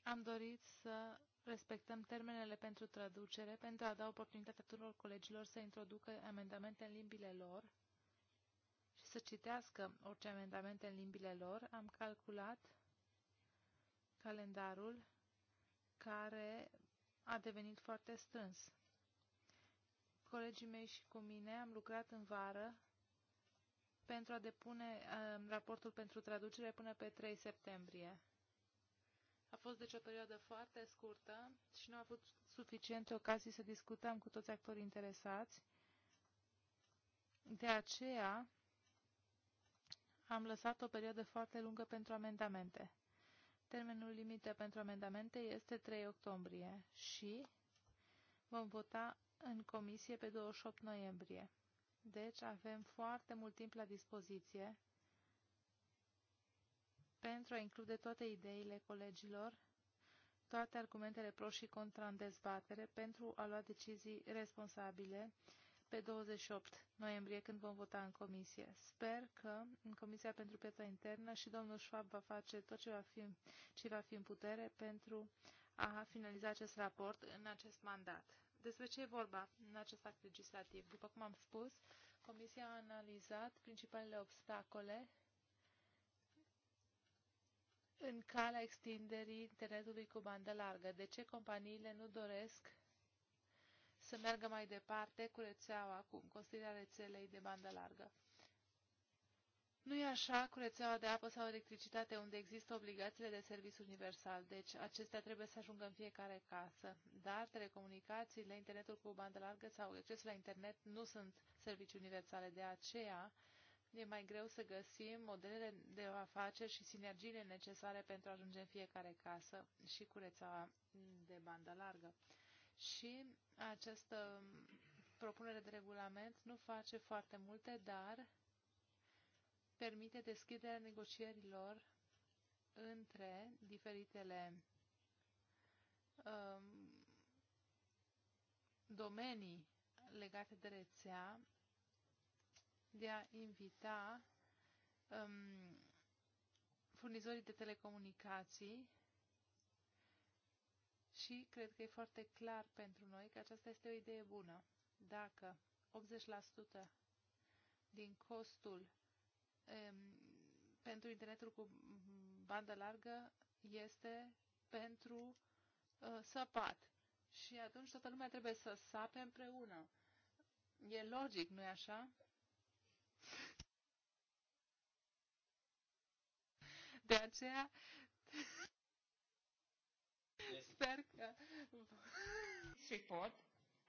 am dorit să respectăm termenele pentru traducere, pentru a da oportunitatea tuturor colegilor să introducă amendamente în limbile lor și să citească orice amendamente în limbile lor. Am calculat calendarul care a devenit foarte strâns. Colegii mei și cu mine am lucrat în vară pentru a depune uh, raportul pentru traducere până pe 3 septembrie. A fost deci o perioadă foarte scurtă și nu a avut suficiente ocazii să discutăm cu toți actorii interesați. De aceea am lăsat o perioadă foarte lungă pentru amendamente. Termenul limită pentru amendamente este 3 octombrie și vom vota în comisie pe 28 noiembrie. Deci avem foarte mult timp la dispoziție pentru a include toate ideile colegilor, toate argumentele pro și contra în dezbatere, pentru a lua decizii responsabile pe 28 noiembrie, când vom vota în comisie. Sper că în Comisia pentru Piața Internă și domnul Schwab va face tot ce va fi, ce va fi în putere pentru a finaliza acest raport în acest mandat. Despre ce e vorba în acest act legislativ? După cum am spus, Comisia a analizat principalele obstacole în calea extinderii internetului cu bandă largă? De ce companiile nu doresc să meargă mai departe cu rețeaua, cu construirea rețelei de bandă largă? Nu e așa cu rețeaua de apă sau electricitate, unde există obligațiile de serviciu universal, deci acestea trebuie să ajungă în fiecare casă. Dar telecomunicațiile, internetul cu bandă largă sau accesul la internet nu sunt servicii universale, de aceea e mai greu să găsim modelele de afaceri și sinergiile necesare pentru a ajunge în fiecare casă și cu rețeaua de bandă largă. Și această propunere de regulament nu face foarte multe, dar permite deschiderea negocierilor între diferitele um, domenii legate de rețea de a invita um, furnizorii de telecomunicații și cred că e foarte clar pentru noi că aceasta este o idee bună. Dacă 80% din costul um, pentru internetul cu bandă largă este pentru uh, săpat. Și atunci toată lumea trebuie să sape împreună. E logic, nu-i așa? De aceea sper că report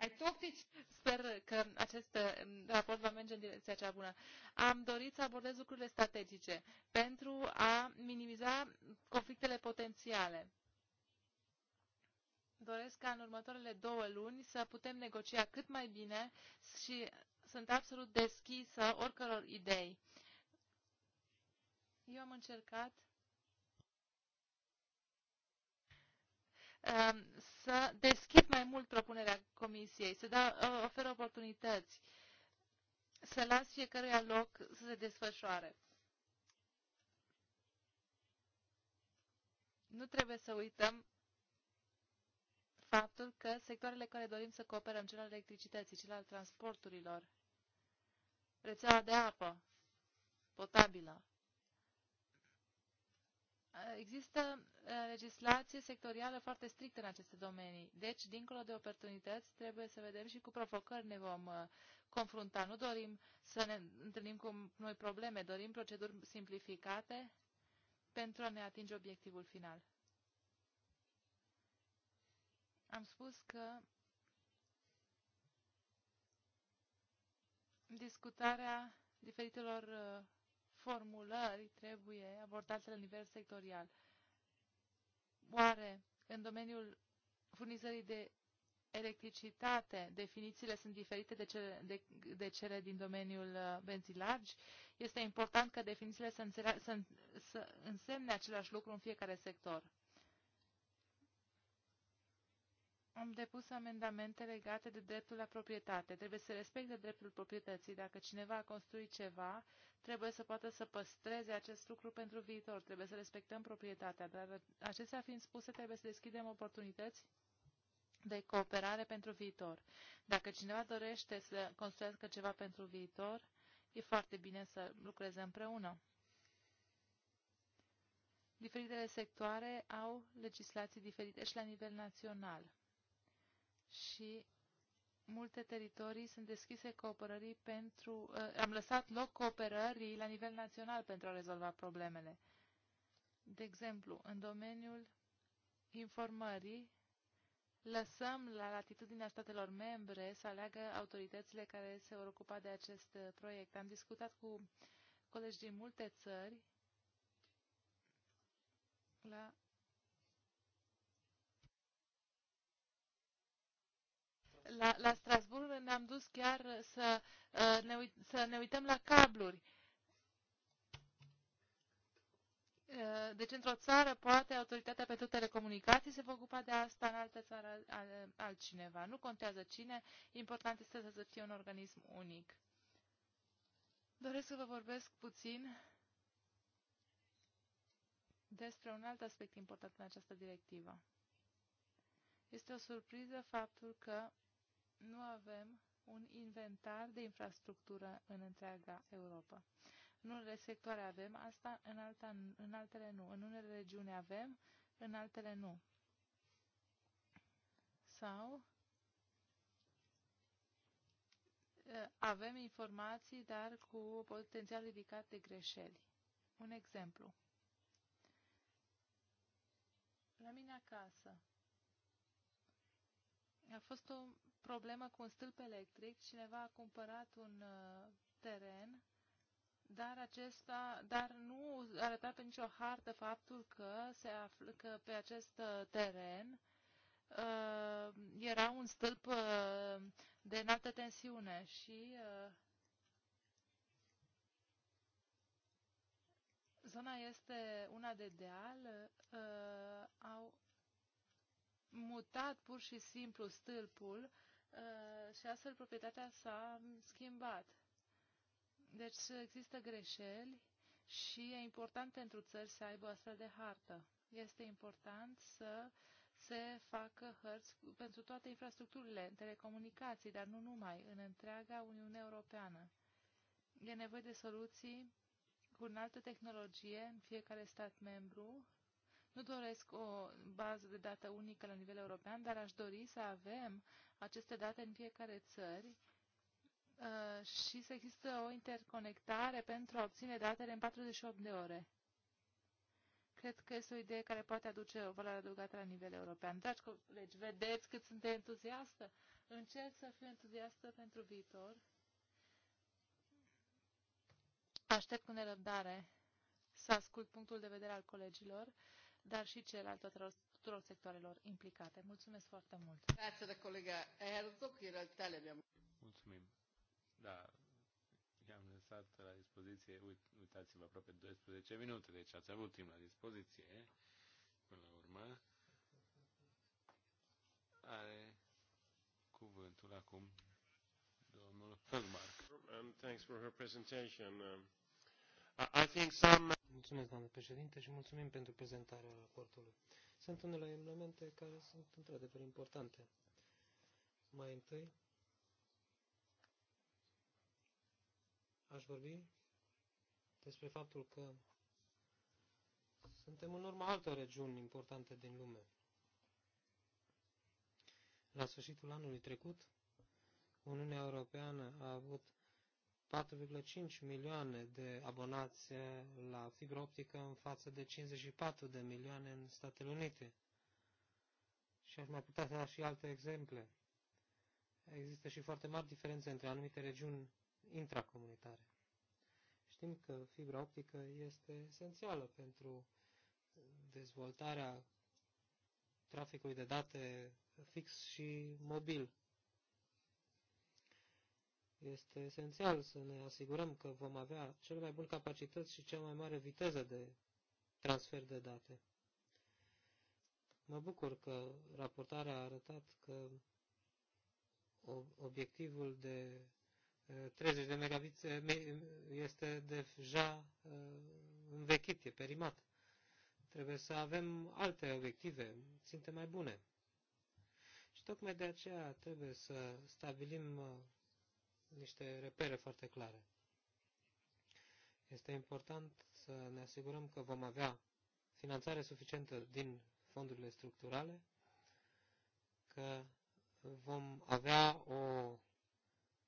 I talked it. Sper că acest um, raport va merge în direcția cea bună. Am dorit să abordez lucrurile strategice pentru a minimiza conflictele potențiale. Doresc ca în următoarele două luni să putem negocia cât mai bine și sunt absolut deschisă oricăror idei. Eu am încercat Um, să deschid mai mult propunerea comisiei, să da, uh, ofer oportunități, să las fiecăruia loc să se desfășoare. Nu trebuie să uităm faptul că sectoarele care dorim să cooperăm, cel al electricității, cel al transporturilor, rețeaua de apă potabilă, Uh, există uh, legislație sectorială foarte strictă în aceste domenii. Deci, dincolo de oportunități, trebuie să vedem și cu provocări ne vom uh, confrunta. Nu dorim să ne întâlnim cu noi probleme, dorim proceduri simplificate pentru a ne atinge obiectivul final. Am spus că discutarea diferitelor formulări trebuie abordate la nivel sectorial. Oare în domeniul furnizării de electricitate, definițiile sunt diferite de cele, de, de cele din domeniul uh, benzii largi. Este important ca definițiile să, înțelea, să, să însemne același lucru în fiecare sector. Am depus amendamente legate de dreptul la proprietate. Trebuie să respecte dreptul proprietății. Dacă cineva a construit ceva, trebuie să poată să păstreze acest lucru pentru viitor. Trebuie să respectăm proprietatea, dar acestea fiind spuse, trebuie să deschidem oportunități de cooperare pentru viitor. Dacă cineva dorește să construiască ceva pentru viitor, e foarte bine să lucreze împreună. Diferitele sectoare au legislații diferite și la nivel național. Și multe teritorii sunt deschise cooperării pentru, eh, am lăsat loc cooperării la nivel național pentru a rezolva problemele. De exemplu, în domeniul informării, lăsăm la latitudinea statelor membre să aleagă autoritățile care se vor ocupa de acest eh, proiect. Am discutat cu colegi din multe țări la la, la Strasburg ne-am dus chiar să, uh, ne uit, să ne uităm la cabluri. Uh, deci, într-o țară, poate autoritatea pentru telecomunicații se va ocupa de asta, în altă țară altcineva. Nu contează cine, important este să fie un organism unic. Doresc să vă vorbesc puțin despre un alt aspect important în această directivă. Este o surpriză faptul că nu avem un inventar de infrastructură în întreaga Europa. În unele sectoare avem asta, în, alta, în altele nu. În unele regiuni avem, în altele nu. Sau ă, avem informații, dar cu potențial ridicat de greșeli. Un exemplu. La mine acasă a fost o problemă cu un stâlp electric. Cineva a cumpărat un uh, teren, dar acesta, dar nu arăta pe nicio hartă faptul că, se află, că pe acest uh, teren uh, era un stâlp uh, de înaltă tensiune și uh, zona este una de deal, uh, au mutat pur și simplu stâlpul Uh, și astfel proprietatea s-a schimbat. Deci există greșeli și e important pentru țări să aibă astfel de hartă. Este important să se facă hărți pentru toate infrastructurile, în telecomunicații, dar nu numai, în întreaga Uniune Europeană. E nevoie de soluții cu înaltă tehnologie în fiecare stat membru. Nu doresc o bază de dată unică la nivel european, dar aș dori să avem aceste date în fiecare țări uh, și să există o interconectare pentru a obține datele în 48 de ore. Cred că este o idee care poate aduce o valoare adăugată la nivel european. Dragi colegi, vedeți cât sunt entuziastă? Încerc să fiu entuziastă pentru viitor. Aștept cu nerăbdare să ascult punctul de vedere al colegilor, dar și cel al tuturor, tuturor sectoarelor implicate. Mulțumesc foarte mult! Grazie colega Herzog, în realitate le abbiamo... Mulțumim! Da, i-am lăsat la dispoziție, uit, uitați-vă, aproape 12 minute, deci ați avut timp la dispoziție, până la urmă. Are cuvântul acum domnul Hölmark. Um, thanks for her presentation. Um, I think some... Mulțumesc, doamnă președinte, și mulțumim pentru prezentarea raportului. Sunt unele elemente care sunt într-adevăr importante. Mai întâi, aș vorbi despre faptul că suntem în urma altor regiuni importante din lume. La sfârșitul anului trecut, Uniunea Europeană a avut 4,5 milioane de abonați eh, la fibra optică în față de 54 de milioane în Statele Unite. Și aș mai putea să da și alte exemple. Există și foarte mari diferențe între anumite regiuni intracomunitare. Știm că fibra optică este esențială pentru dezvoltarea traficului de date fix și mobil. Este esențial să ne asigurăm că vom avea cele mai bune capacități și cea mai mare viteză de transfer de date. Mă bucur că raportarea a arătat că obiectivul de 30 de megabit este deja învechit, e perimat. Trebuie să avem alte obiective, ținte mai bune. Și tocmai de aceea trebuie să stabilim niște repere foarte clare. Este important să ne asigurăm că vom avea finanțare suficientă din fondurile structurale, că vom avea o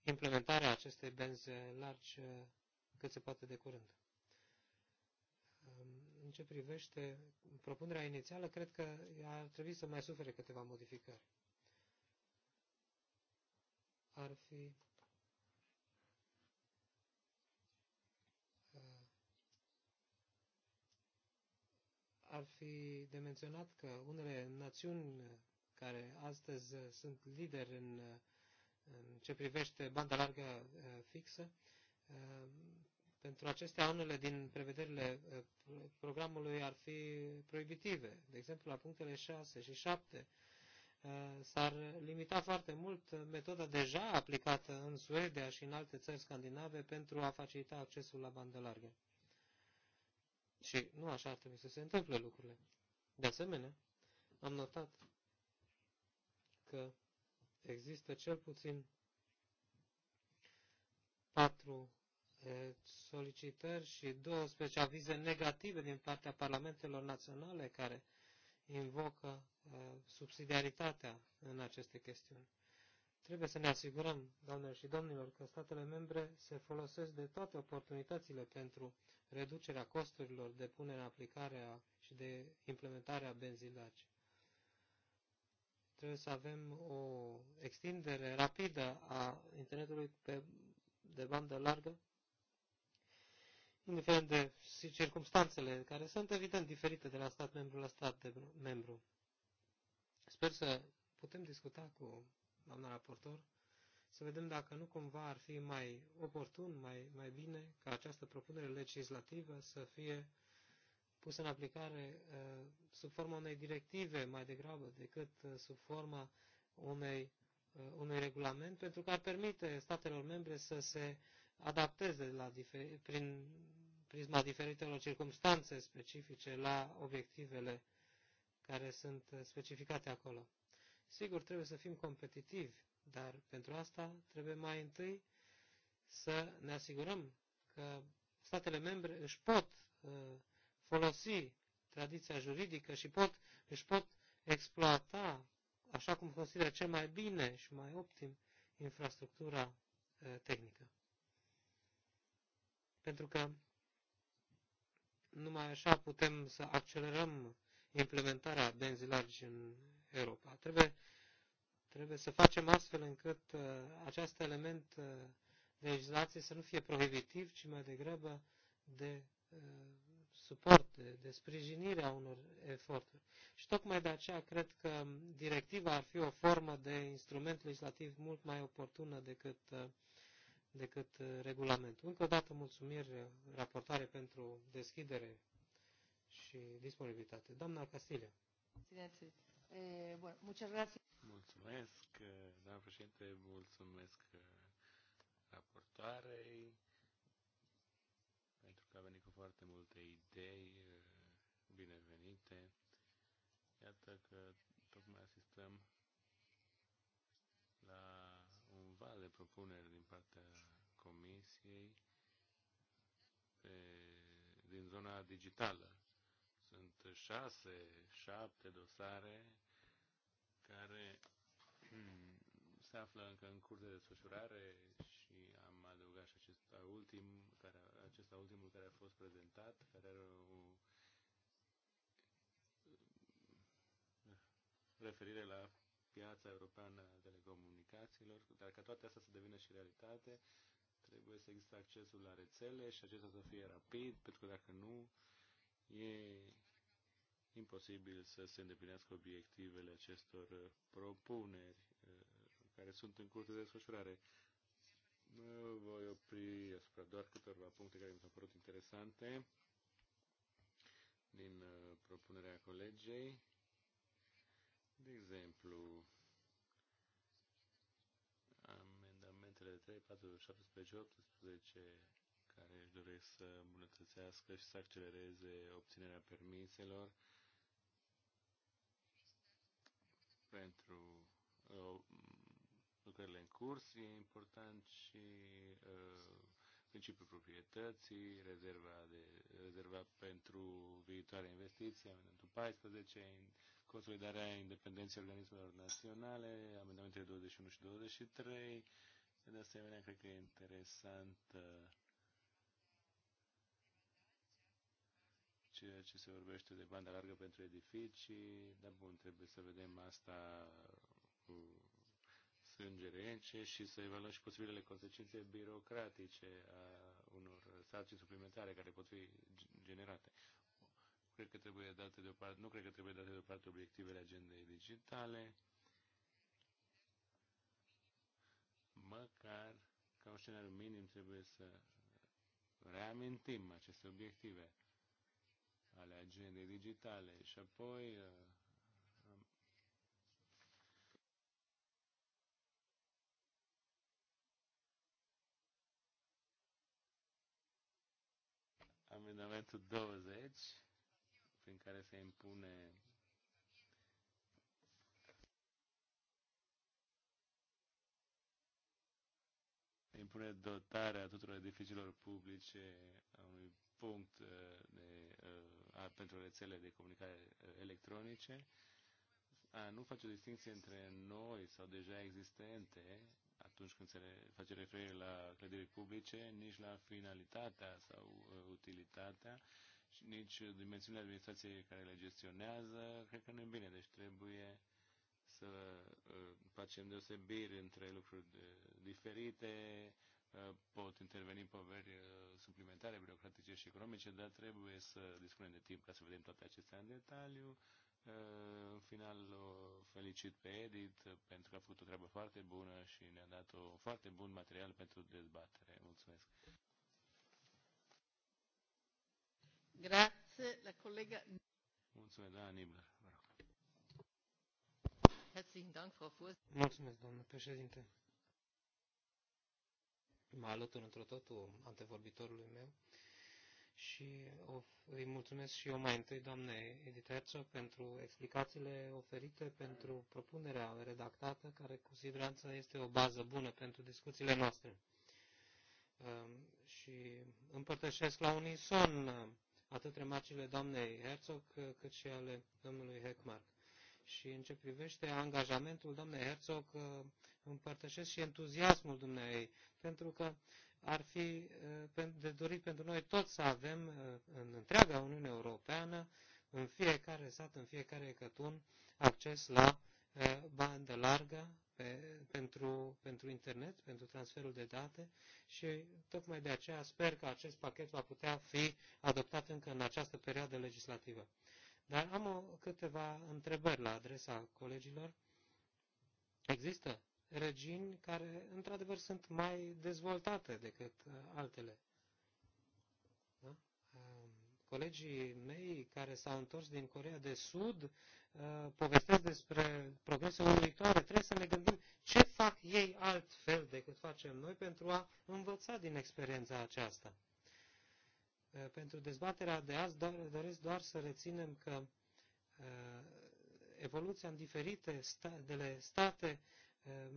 implementare a acestei benze largi uh, cât se poate de curând. Um, în ce privește propunerea inițială, cred că ar trebui să mai sufere câteva modificări. Ar fi ar fi de menționat că unele națiuni care astăzi sunt lideri în, în ce privește banda largă uh, fixă, uh, pentru acestea unele din prevederile uh, programului ar fi proibitive. De exemplu, la punctele 6 și 7 s-ar limita foarte mult metoda deja aplicată în Suedia și în alte țări scandinave pentru a facilita accesul la bandă largă. Și nu așa ar trebui să se întâmple lucrurile. De asemenea, am notat că există cel puțin patru solicitări și 12 avize negative din partea parlamentelor naționale care invocă subsidiaritatea în aceste chestiuni. Trebuie să ne asigurăm, doamnelor și domnilor, că statele membre se folosesc de toate oportunitățile pentru reducerea costurilor de punere în aplicare și de implementare a benzilaci. Trebuie să avem o extindere rapidă a internetului pe, de bandă largă, indiferent de circumstanțele care sunt evident diferite de la stat membru la stat de membru. Sper să putem discuta cu doamna raportor să vedem dacă nu cumva ar fi mai oportun, mai, mai bine ca această propunere legislativă să fie pusă în aplicare uh, sub forma unei directive mai degrabă decât uh, sub forma unei, uh, unui regulament, pentru că ar permite statelor membre să se adapteze la difer- prin prisma diferitelor circumstanțe specifice la obiectivele care sunt uh, specificate acolo. Sigur, trebuie să fim competitivi dar pentru asta trebuie mai întâi să ne asigurăm că statele membre își pot uh, folosi tradiția juridică și pot, își pot exploata, așa cum consideră cel mai bine și mai optim, infrastructura uh, tehnică. Pentru că numai așa putem să accelerăm implementarea benzii largi în Europa. Trebuie Trebuie să facem astfel încât uh, acest element uh, de legislație să nu fie prohibitiv, ci mai degrabă de uh, suport, de, de sprijinire a unor eforturi. Și tocmai de aceea cred că directiva ar fi o formă de instrument legislativ mult mai oportună decât, decât regulamentul. Încă o dată mulțumiri raportare pentru deschidere și disponibilitate. Doamna Castilio. Mulțumesc. Eh, bueno, muchas gracias. Mulțumesc, eh, doamnă președinte, mulțumesc eh, raportoarei pentru că a venit cu foarte multe idei binevenite. Iată că tocmai asistăm la un val de propuneri din partea Comisiei pe, din zona digitală. Sunt șase, șapte dosare care hmm, se află încă în curs de desfășurare și am adăugat și acesta ultim, care, acesta ultimul care a fost prezentat, care are o referire la piața europeană a telecomunicațiilor, dar ca toate astea să devină și realitate, trebuie să există accesul la rețele și acesta să fie rapid, pentru că dacă nu, e imposibil să se îndeplinească obiectivele acestor uh, propuneri uh, care sunt în curs de desfășurare. Mă voi opri asupra doar câteva puncte care mi s-au părut interesante din uh, propunerea colegei. De exemplu, amendamentele 3, 4, 17, 18, care își doresc să îmbunătățească și să accelereze obținerea permiselor, pentru uh, lucrările în curs. E important și uh, principiul proprietății, rezerva, de, rezerva pentru viitoare investiții, amendamentul 14, consolidarea independenței organismelor naționale, amendamentele 21 și 23. De asemenea, cred că e interesant uh, ceea ce se vorbește de bandă largă pentru edificii, dar bun, trebuie să vedem asta cu sânge rece și să evaluăm și posibilele consecințe birocratice a unor sarcini suplimentare care pot fi generate. Cred că trebuie date deoparte, nu cred că trebuie date deoparte obiectivele agendei digitale, măcar ca un scenariu minim trebuie să reamintim aceste obiective ale agendei digitale și apoi uh, amendamentul 20 prin care se impune se impune dotarea tuturor edificiilor publice a unui punct uh, de uh, pentru rețele de comunicare electronice a nu face o distinție între noi sau deja existente atunci când se face referire la clădiri publice, nici la finalitatea sau utilitatea, nici dimensiunea administrației care le gestionează, cred că nu e bine. Deci trebuie să facem deosebiri între lucruri diferite, pot interveni poveri uh, suplimentare, birocratice și economice, dar trebuie să dispunem de timp ca să vedem toate acestea în detaliu. Uh, în final, o felicit pe Edit pentru că a făcut o treabă foarte bună și ne-a dat o foarte bun material pentru dezbatere. Mulțumesc! Grazie, la collega... Mulțumesc, da, Nibler, vă rog. Mulțumesc, doamnă președinte mă alătur într totul antevorbitorului meu și o, îi mulțumesc și eu mai întâi doamne Edith Herzog pentru explicațiile oferite, pentru propunerea redactată, care cu siguranță este o bază bună pentru discuțiile noastre. Ehm, și împărtășesc la unison atât remarcile doamnei Herzog cât și ale domnului Heckmark. Și în ce privește angajamentul doamnei Herzog, împărtășesc și entuziasmul dumneavoastră, pentru că ar fi uh, de dorit pentru noi toți să avem uh, în întreaga Uniune Europeană, în fiecare sat, în fiecare cătun, acces la uh, bandă largă pe, pentru, pentru internet, pentru transferul de date și tocmai de aceea sper că acest pachet va putea fi adoptat încă în această perioadă legislativă. Dar am o, câteva întrebări la adresa colegilor. Există regiuni care, într-adevăr, sunt mai dezvoltate decât uh, altele. Da? Um, colegii mei care s-au întors din Corea de Sud uh, povestesc despre progrese uluitoare. Trebuie să ne gândim ce fac ei altfel decât facem noi pentru a învăța din experiența aceasta. Uh, pentru dezbaterea de azi doresc doar să reținem că evoluția în diferite statele, state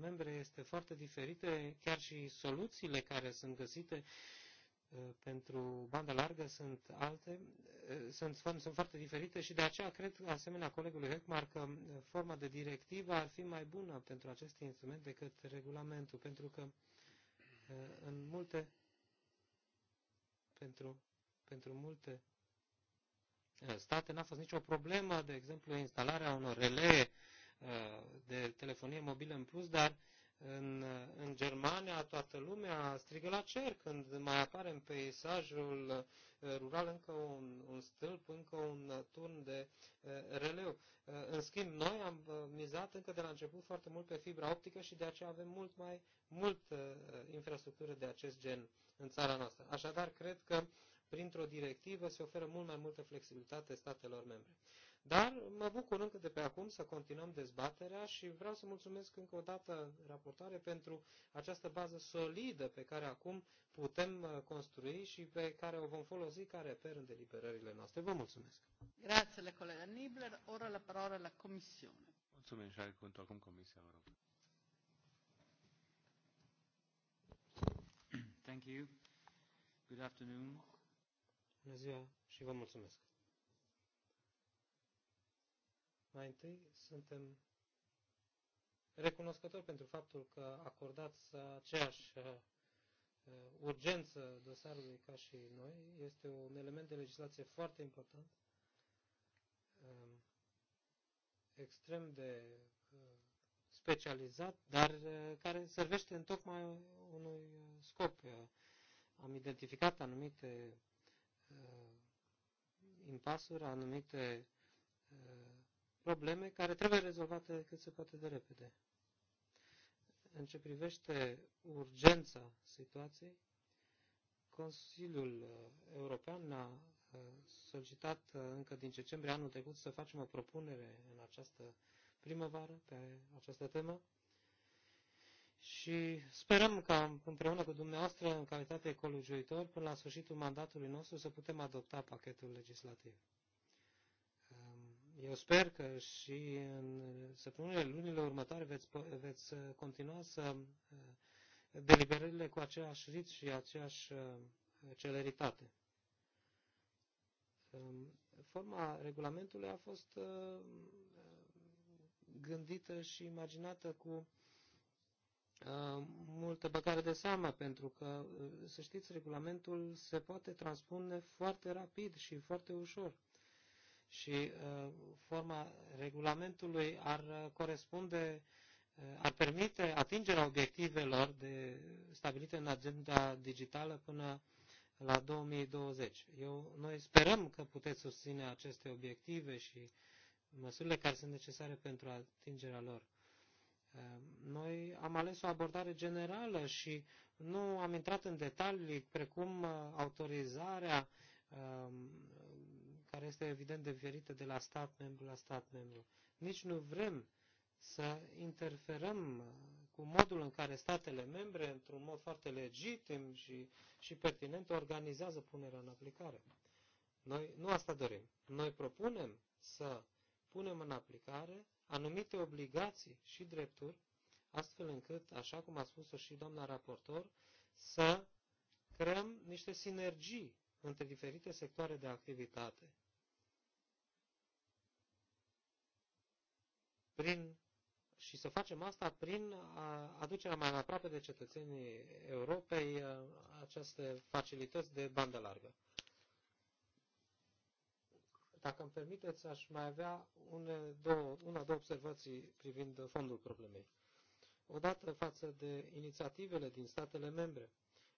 membre este foarte diferită, chiar și soluțiile care sunt găsite pentru bandă largă sunt alte, sunt, sunt foarte diferite și de aceea cred, asemenea colegului Heckmar, că forma de directivă ar fi mai bună pentru acest instrument decât regulamentul, pentru că în multe pentru, pentru multe state n-a fost nicio problemă, de exemplu, instalarea unor relee Uh, de telefonie mobilă în plus, dar în, uh, în Germania toată lumea strigă la cer când mai apare în peisajul uh, rural încă un, un stâlp, încă un turn de releu. În schimb, noi am mizat încă de la început foarte mult pe fibra optică și de aceea avem mult mai mult infrastructură de acest gen în țara noastră. Așadar, cred că printr-o directivă se oferă mult mai multă flexibilitate statelor membre. Dar mă bucur încă de pe acum să continuăm dezbaterea și vreau să mulțumesc încă o dată raportare pentru această bază solidă pe care acum putem uh, construi și pe care o vom folosi ca reper în deliberările noastre. Vă mulțumesc! Grazie le colega Nibler. Ora la parola la Comisione. Mulțumim și are cuvântul acum Comisia, vă Thank you. Good afternoon. Bună ziua și vă mulțumesc. Mai întâi, suntem recunoscători pentru faptul că acordați aceeași uh, uh, urgență dosarului ca și noi. Este un element de legislație foarte important, um, extrem de uh, specializat, dar care servește în tocmai unui scop. Am identificat anumite impasuri, anumite probleme care trebuie rezolvate cât se poate de repede. În ce privește urgența situației, Consiliul uh, European a uh, solicitat uh, încă din decembrie anul trecut să facem o propunere în această primăvară pe această temă și sperăm ca împreună cu dumneavoastră, în calitate de până la sfârșitul mandatului nostru să putem adopta pachetul legislativ eu sper că și în săptămânile, lunile următoare veți, veți uh, continua să uh, deliberările cu aceeași ritm și aceeași uh, celeritate. Um, forma regulamentului a fost gândită și imaginată cu multă băgare de seamă, pentru că, să știți, regulamentul se poate transpune foarte rapid și foarte ușor și uh, forma regulamentului ar uh, corespunde, uh, ar permite atingerea obiectivelor de, stabilite în agenda digitală până la 2020. Eu, noi sperăm că puteți susține aceste obiective și măsurile care sunt necesare pentru atingerea lor. Noi am ales o abordare generală și nu am intrat în detalii precum autorizarea care este evident de diferită de la stat membru la stat membru. Nici nu vrem să interferăm cu modul în care statele membre, într-un mod foarte legitim și, și pertinent, organizează punerea în aplicare. Noi nu asta dorim. Noi propunem să punem în aplicare anumite obligații și drepturi, astfel încât, așa cum a spus-o și doamna raportor, să creăm niște sinergii între diferite sectoare de activitate. Prin, și să facem asta prin aducerea mai aproape de cetățenii Europei uh, aceste facilități de bandă largă. Dacă îmi permiteți, aș mai avea une, două, una, două observații privind fondul problemei. Odată față de inițiativele din statele membre,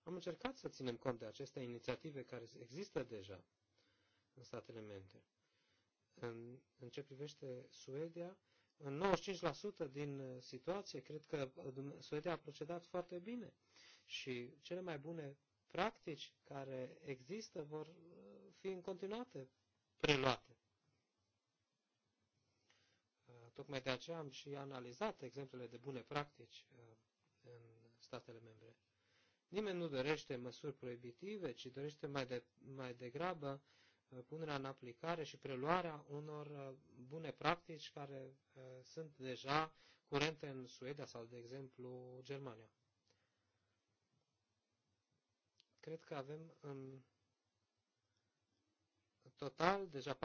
am încercat să ținem cont de aceste inițiative care există deja în statele membre. În, în ce privește Suedia, în 95% din uh, situație, cred că uh, Suedia a procedat foarte bine și cele mai bune practici care există vor uh, fi în continuate preluate. Tocmai de aceea am și analizat exemplele de bune practici în statele membre. Nimeni nu dorește măsuri proibitive, ci dorește mai, de, mai degrabă uh, punerea în aplicare și preluarea unor uh, bune practici care uh, sunt deja curente în Suedia sau, de exemplu, Germania. Cred că avem în total deja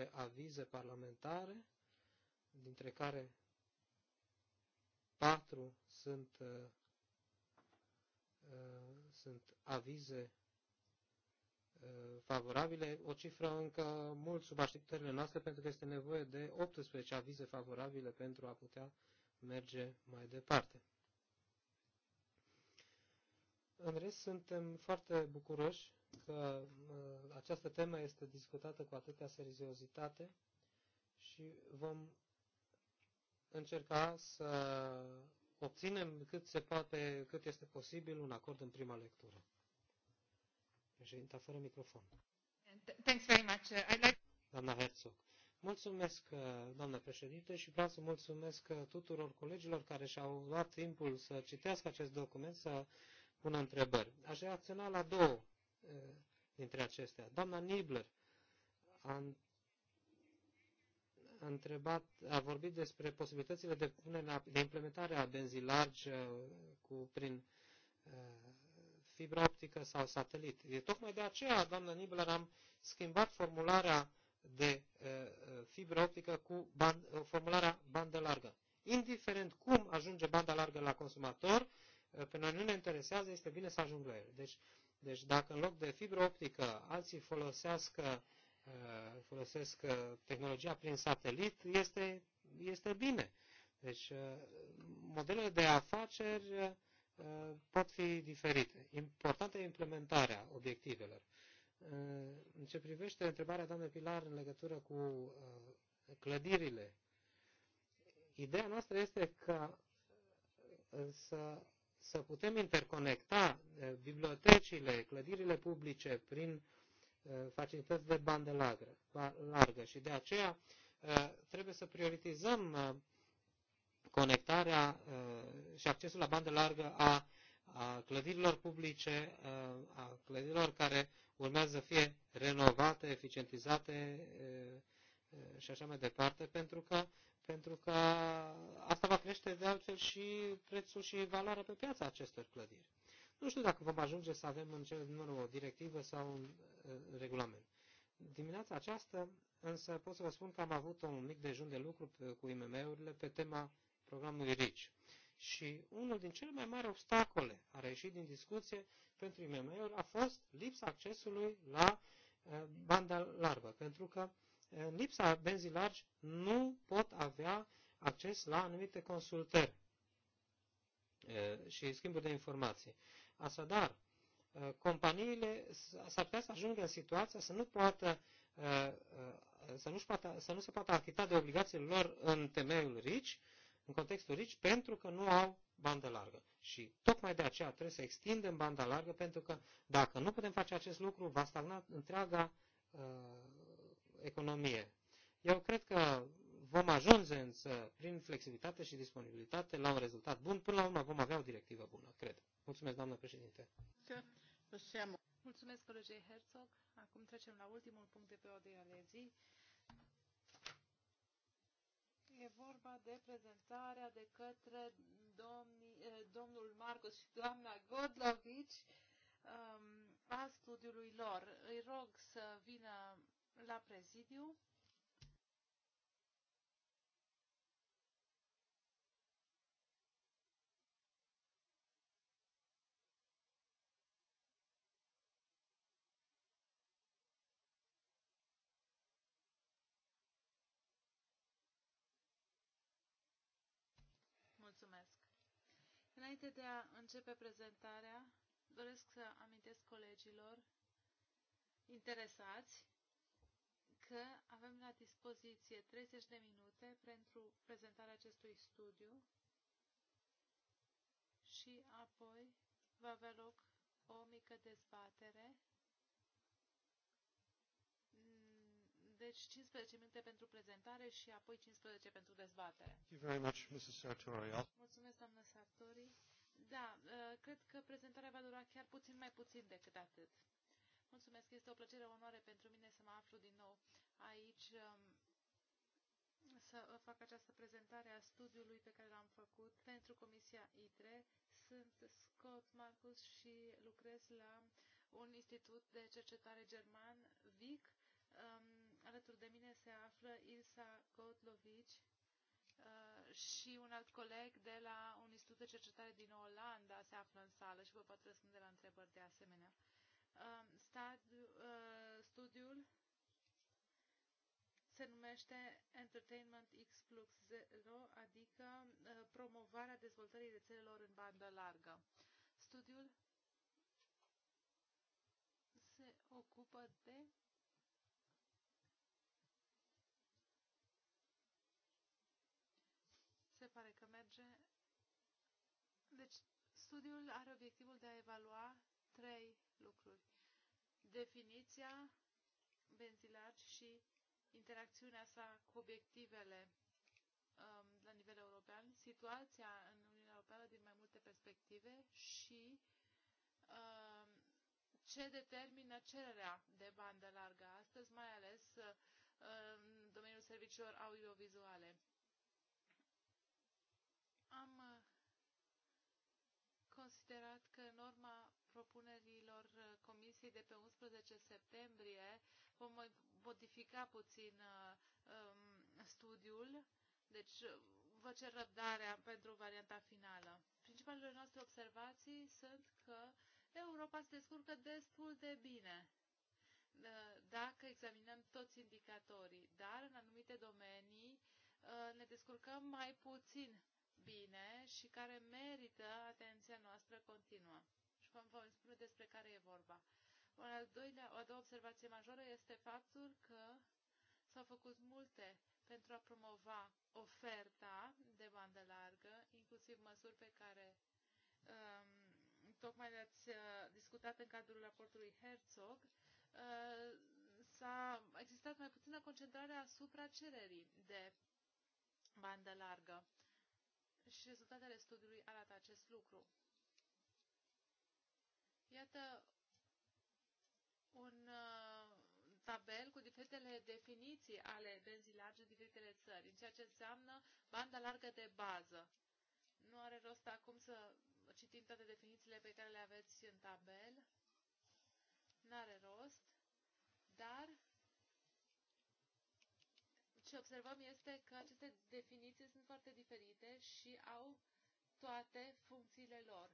14-15 avize parlamentare, dintre care patru sunt Uh, sunt avize uh, favorabile, o cifră încă mult sub așteptările noastre, pentru că este nevoie de 18 avize favorabile pentru a putea merge mai departe. În rest, suntem foarte bucuroși că uh, această temă este discutată cu atâta seriozitate și vom încerca să obținem cât se poate, cât este posibil, un acord în prima lectură. Președinte, fără microfon. Thanks very much. Uh, I'd like... Doamna Herzog. Mulțumesc, uh, doamnă președinte, și vreau să mulțumesc uh, tuturor colegilor care și-au luat timpul să citească acest document, să pună întrebări. Aș reacționa la două dintre acestea. Doamna Nibler a a, întrebat, a vorbit despre posibilitățile de, punere, de implementare a benzii largi uh, cu, prin uh, fibra optică sau satelit. E tocmai de aceea, doamnă Nibler, am schimbat formularea de uh, fibra optică cu band, formularea bandă largă. Indiferent cum ajunge banda largă la consumator, pe noi nu ne interesează, este bine să ajungă la el. Deci, deci dacă în loc de fibră optică alții folosească Uh, folosesc uh, tehnologia prin satelit, este, este bine. Deci, uh, modelele de afaceri pot fi diferite. Importantă e implementarea obiectivelor. În ce privește întrebarea doamnei Pilar în legătură cu clădirile, ideea noastră este că să, să putem interconecta bibliotecile, clădirile publice prin uh, Uh, facilități de bandă largă, largă și de aceea uh, trebuie să prioritizăm uh, conectarea și accesul la bandă largă a, a clădirilor publice, a clădirilor care urmează să fie renovate, eficientizate și așa mai departe, pentru că, pentru că asta va crește de altfel și prețul și valoarea pe piața acestor clădiri. Nu știu dacă vom ajunge să avem în cele din urmă o directivă sau un uh, regulament. Dimineața aceasta, însă pot să vă spun că am avut un mic dejun de lucru pe, cu IMM-urile pe tema programului RICI. Și unul din cele mai mari obstacole a ieșit din discuție pentru IMM-uri a fost lipsa accesului la uh, banda largă, pentru că uh, în lipsa benzii largi nu pot avea acces la anumite consultări uh, și schimburi de informații. Așadar, uh, companiile s-ar putea să ajungă în situația să nu poată uh, uh, să nu, poată, să nu se poată achita de obligațiile lor în temeiul RICI, în contextul RICI, pentru că nu au bandă largă. Și tocmai de aceea trebuie să extindem banda largă, pentru că dacă nu putem face acest lucru, va stagna întreaga uh, economie. Eu cred că Vom ajunge însă, prin flexibilitate și disponibilitate, la un rezultat bun. Până la urmă vom avea o directivă bună, cred. Mulțumesc, doamnă președinte. Mulțumesc, colegii Herzog. Acum trecem la ultimul punct de pe ordinea de zi. E vorba de prezentarea de către domni, eh, domnul Marcus și doamna Godlovici um, a studiului lor. Îi rog să vină la prezidiu. Înainte de a începe prezentarea, doresc să amintesc colegilor interesați că avem la dispoziție 30 de minute pentru prezentarea acestui studiu și apoi va avea loc o mică dezbatere deci 15 minute pentru prezentare și apoi 15 pentru dezbatere. Mulțumesc, doamnă Sartori. Da, ă, cred că prezentarea va dura chiar puțin mai puțin decât atât. Mulțumesc, este o plăcere, o onoare pentru mine să mă aflu din nou aici ă, să fac această prezentare a studiului pe care l-am făcut pentru Comisia ITRE. Sunt Scott Marcus și lucrez la un institut de cercetare german, VIC, um, Alături de mine se află Ilsa Kotlovici uh, și un alt coleg de la un institut de cercetare din Olanda se află în sală și vă pot răspunde la întrebări de asemenea. Um, uh, studiul se numește Entertainment X plus 0, adică uh, promovarea dezvoltării rețelelor în bandă largă. Studiul se ocupă de Studiul are obiectivul de a evalua trei lucruri. Definiția, benzilar și interacțiunea sa cu obiectivele um, la nivel european, situația în Uniunea Europeană din mai multe perspective și um, ce determină cererea de bandă largă astăzi, mai ales uh, în domeniul serviciilor audiovizuale. Am uh, considerat că în urma propunerilor uh, Comisiei de pe 11 septembrie vom modifica puțin uh, um, studiul, deci uh, vă cer răbdarea pentru varianta finală. Principalele noastre observații sunt că Europa se descurcă destul de bine dacă examinăm toți indicatorii, dar în anumite domenii ne descurcăm mai puțin bine și care merită atenția noastră continuă. Și vom, vom spune despre care e vorba. Un al doilea, o a doua observație majoră este faptul că s-au făcut multe pentru a promova oferta de bandă largă, inclusiv măsuri pe care um, tocmai le-ați uh, discutat în cadrul raportului Herzog, uh, s-a existat mai puțină concentrare asupra cererii de bandă largă și rezultatele studiului arată acest lucru. Iată un uh, tabel cu diferitele definiții ale benzii largi în diferitele țări, în ceea ce înseamnă banda largă de bază. Nu are rost acum să citim toate definițiile pe care le aveți în tabel, n-are rost, dar ce observăm este că aceste definiții sunt foarte diferite și au toate funcțiile lor.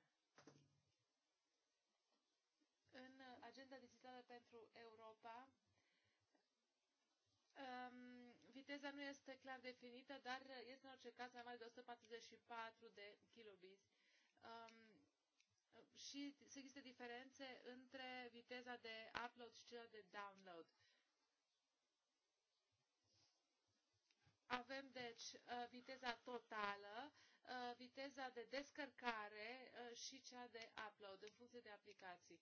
În agenda digitală pentru Europa, um, viteza nu este clar definită, dar este în orice caz mai mare de 144 de kilobits. Um, și există diferențe între viteza de upload și cea de download. Avem, deci, uh, viteza totală, uh, viteza de descărcare uh, și cea de upload, în funcție de aplicații.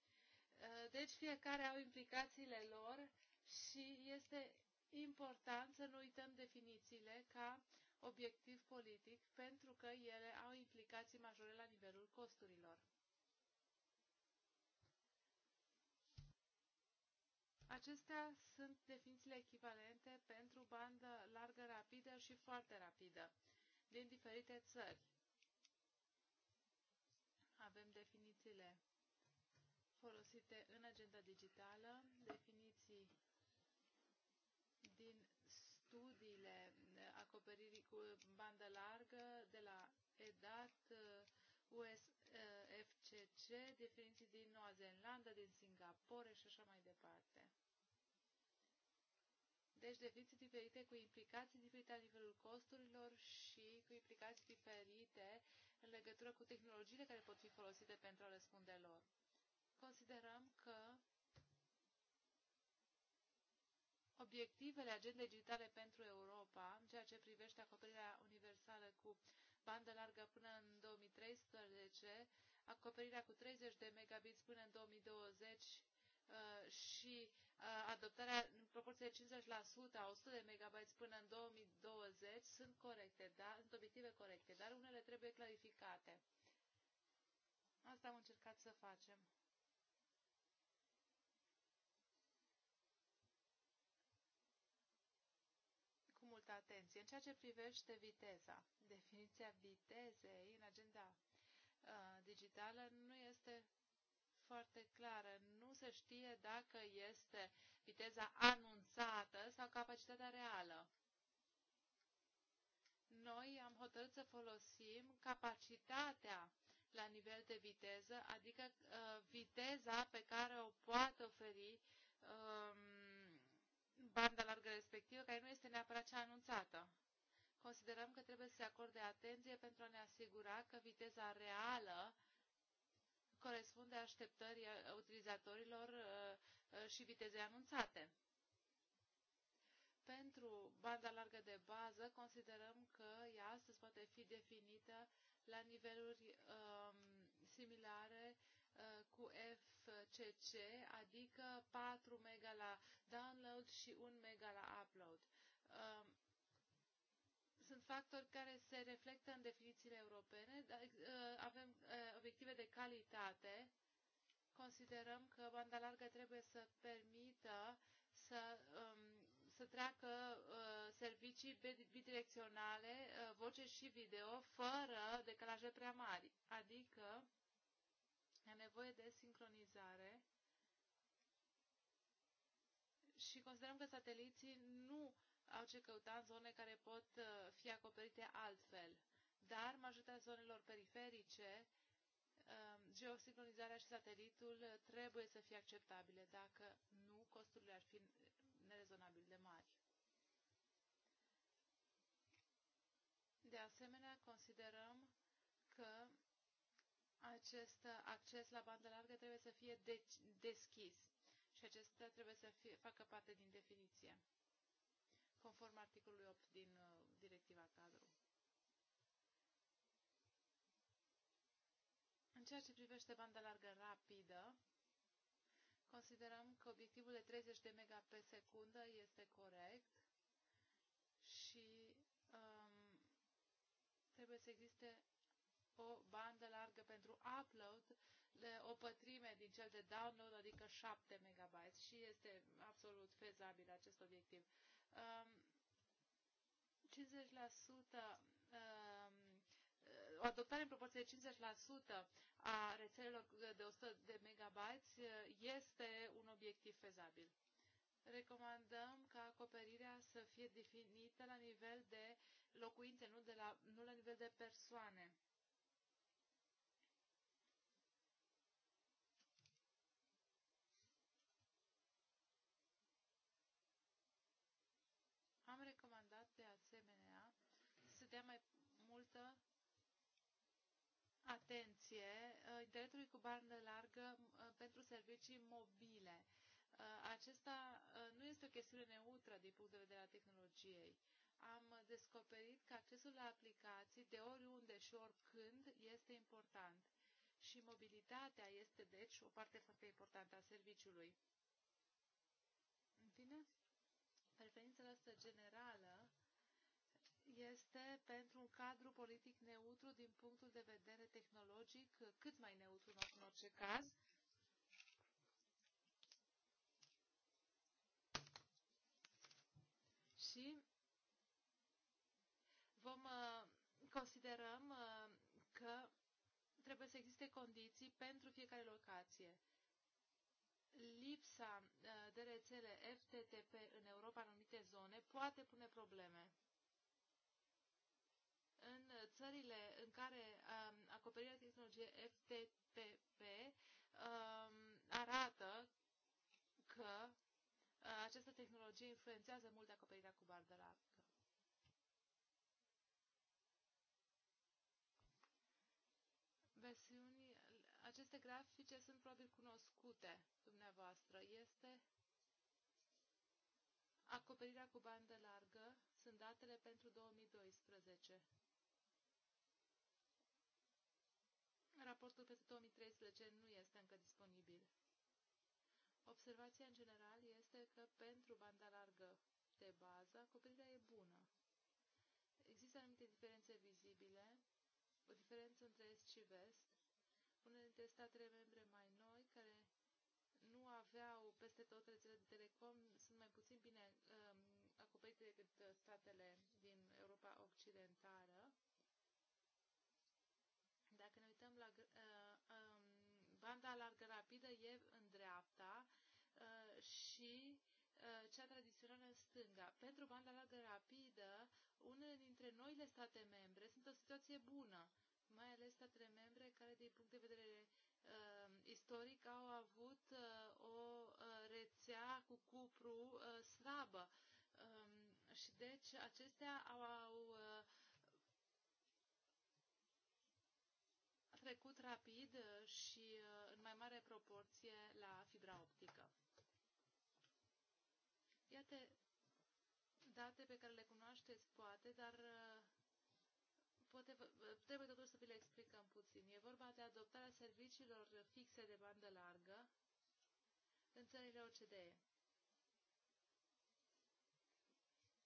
Deci, fiecare au implicațiile lor și este important să nu uităm definițiile ca obiectiv politic, pentru că ele au implicații majore la nivelul costurilor. Acestea sunt definițiile echivalente pentru bandă largă rapidă și foarte rapidă din diferite țări. Avem definițiile folosite în agenda digitală, definiții din studiile acoperirii cu bandă largă de la EDAT, US OMC, definiții din Noua Zeelandă, din Singapore și așa mai departe. Deci definiții diferite cu implicații diferite la nivelul costurilor și cu implicații diferite în legătură cu tehnologiile care pot fi folosite pentru a răspunde lor. Considerăm că obiectivele agendei digitale pentru Europa, în ceea ce privește acoperirea universală cu bandă largă până în 2013, acoperirea cu 30 de megabits până în 2020 uh, și uh, adoptarea în proporție de 50% a 100 de megabytes până în 2020 sunt corecte, da? sunt obiective corecte, dar unele trebuie clarificate. Asta am încercat să facem. atenție. În ceea ce privește viteza, definiția vitezei în agenda uh, digitală nu este foarte clară. Nu se știe dacă este viteza anunțată sau capacitatea reală. Noi am hotărât să folosim capacitatea la nivel de viteză, adică uh, viteza pe care o poate oferi um, banda largă respectivă, care nu este neapărat cea anunțată. Considerăm că trebuie să se acorde atenție pentru a ne asigura că viteza reală corespunde așteptării uh, utilizatorilor uh, uh, și vitezei anunțate. Pentru banda largă de bază, considerăm că ea astăzi poate fi definită la niveluri um, similare uh, cu FCC, adică 4 mega la download și un mega la upload. Um, sunt factori care se reflectă în definițiile europene. Uh, avem uh, obiective de calitate. Considerăm că banda largă trebuie să permită să, um, să treacă uh, servicii bidirecționale, voce și video, fără decalaje prea mari. Adică e nevoie de sincronizare și considerăm că sateliții nu au ce căuta în zone care pot uh, fi acoperite altfel. Dar majoritatea zonelor periferice, um, geosincronizarea și satelitul uh, trebuie să fie acceptabile. Dacă nu, costurile ar fi nerezonabil de mari. De asemenea, considerăm că acest acces la bandă largă trebuie să fie de deci, deschis și acestea trebuie să fie, facă parte din definiție, conform articolului 8 din uh, Directiva Cadru. În ceea ce privește banda largă rapidă, considerăm că obiectivul de 30 de mega pe secundă este corect și um, trebuie să existe o bandă largă pentru upload de o pătrime din cel de download, adică 7 MB și este absolut fezabil acest obiectiv. 50% um, um, uh, o adoptare în proporție de 50% a rețelelor de 100 de megabytes uh, este un obiectiv fezabil. Recomandăm ca acoperirea să fie definită la nivel de locuințe, nu, de la, nu la nivel de persoane. atenție internetului uh, cu bandă largă uh, pentru servicii mobile. Uh, acesta nu este o chestiune neutră din punct de vedere al tehnologiei. Am descoperit că accesul la aplicații, de oriunde și oricând, este important și mobilitatea este, deci, o parte foarte importantă a serviciului. În fine, preferința noastră generală este pentru un cadru politic neutru din punctul de vedere tehnologic, cât mai neutru în orice caz. Și vom uh, considerăm uh, că trebuie să existe condiții pentru fiecare locație. Lipsa uh, de rețele FTTP în Europa în anumite zone poate pune probleme țările în care um, acoperirea tehnologiei um, arată că uh, această tehnologie influențează mult acoperirea cu bandă largă. Versiuni, aceste grafice sunt probabil cunoscute dumneavoastră. Este acoperirea cu bandă largă, sunt datele pentru 2012. raportul pentru 2013 nu este încă disponibil. Observația în general este că pentru banda largă de bază, acoperirea e bună. Există anumite diferențe vizibile, o diferență între est și vest. Unele dintre statele membre mai noi, care nu aveau peste tot rețele de telecom, sunt mai puțin bine um, acoperite decât statele din Europa Occidentală. Banda largă rapidă e în dreapta uh, și uh, cea tradițională în stânga. Pentru banda largă rapidă, unele dintre noile state membre sunt o situație bună, mai ales statele membre care, din punct de vedere uh, istoric, au avut uh, o uh, rețea cu cupru uh, slabă. Um, și deci acestea au, au uh, trecut rapid uh, și uh, în mai mare proporție la fibra optică. Iată date pe care le cunoașteți, poate, dar uh, poate, trebuie totuși să vi le explicăm puțin. E vorba de adoptarea serviciilor fixe de bandă largă în țările OCDE.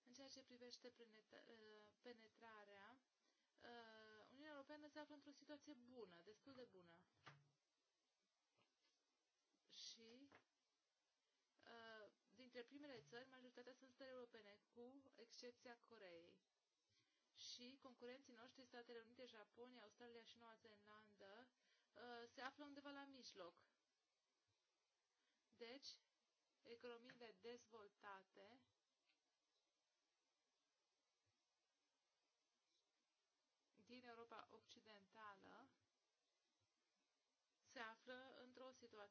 În ceea ce privește penetrarea, Uniunea Europeană se află într-o situație bună, destul de bună. Și uh, dintre primele țări, majoritatea sunt țări europene, cu excepția Coreei. Și concurenții noștri, Statele Unite, Japonia, Australia și Noua Zeelandă, uh, se află undeva la mijloc. Deci, economiile dezvoltate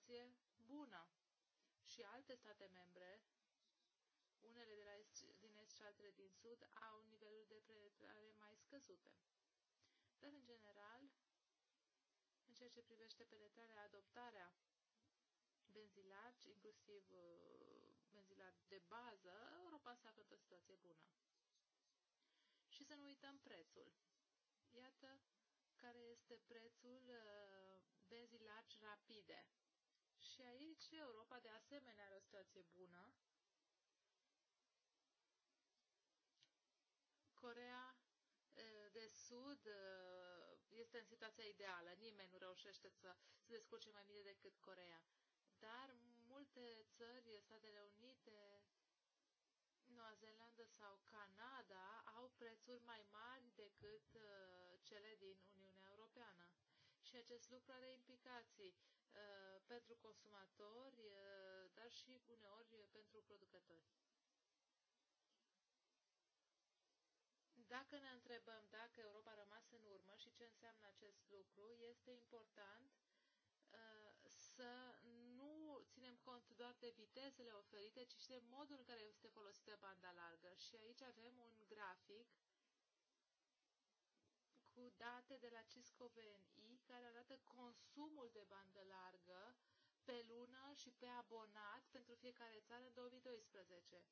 situație bună și alte state membre, unele de la est, din est și altele din sud, au niveluri de prelucrare mai scăzute. Dar, în general, în ceea ce privește penetrarea, adoptarea benzilat, inclusiv uh, benzilat de bază, Europa se află într-o situație bună. Și să nu uităm prețul. Iată care este prețul uh, benzii largi rapide. Și aici Europa de asemenea are o situație bună. Corea eh, de Sud eh, este în situația ideală. Nimeni nu reușește să se descurce mai bine decât Corea. Dar multe țări, Statele Unite, Noua Zeelandă sau Canada, au prețuri mai mari decât eh, cele din Uniunea Europeană și acest lucru are implicații uh, pentru consumatori, uh, dar și uneori pentru producători. Dacă ne întrebăm dacă Europa a rămas în urmă și ce înseamnă acest lucru, este important uh, să nu ținem cont doar de vitezele oferite, ci și de modul în care este folosită banda largă. Și aici avem un grafic cu date de la Cisco care arată consumul de bandă largă pe lună și pe abonat pentru fiecare țară în 2012.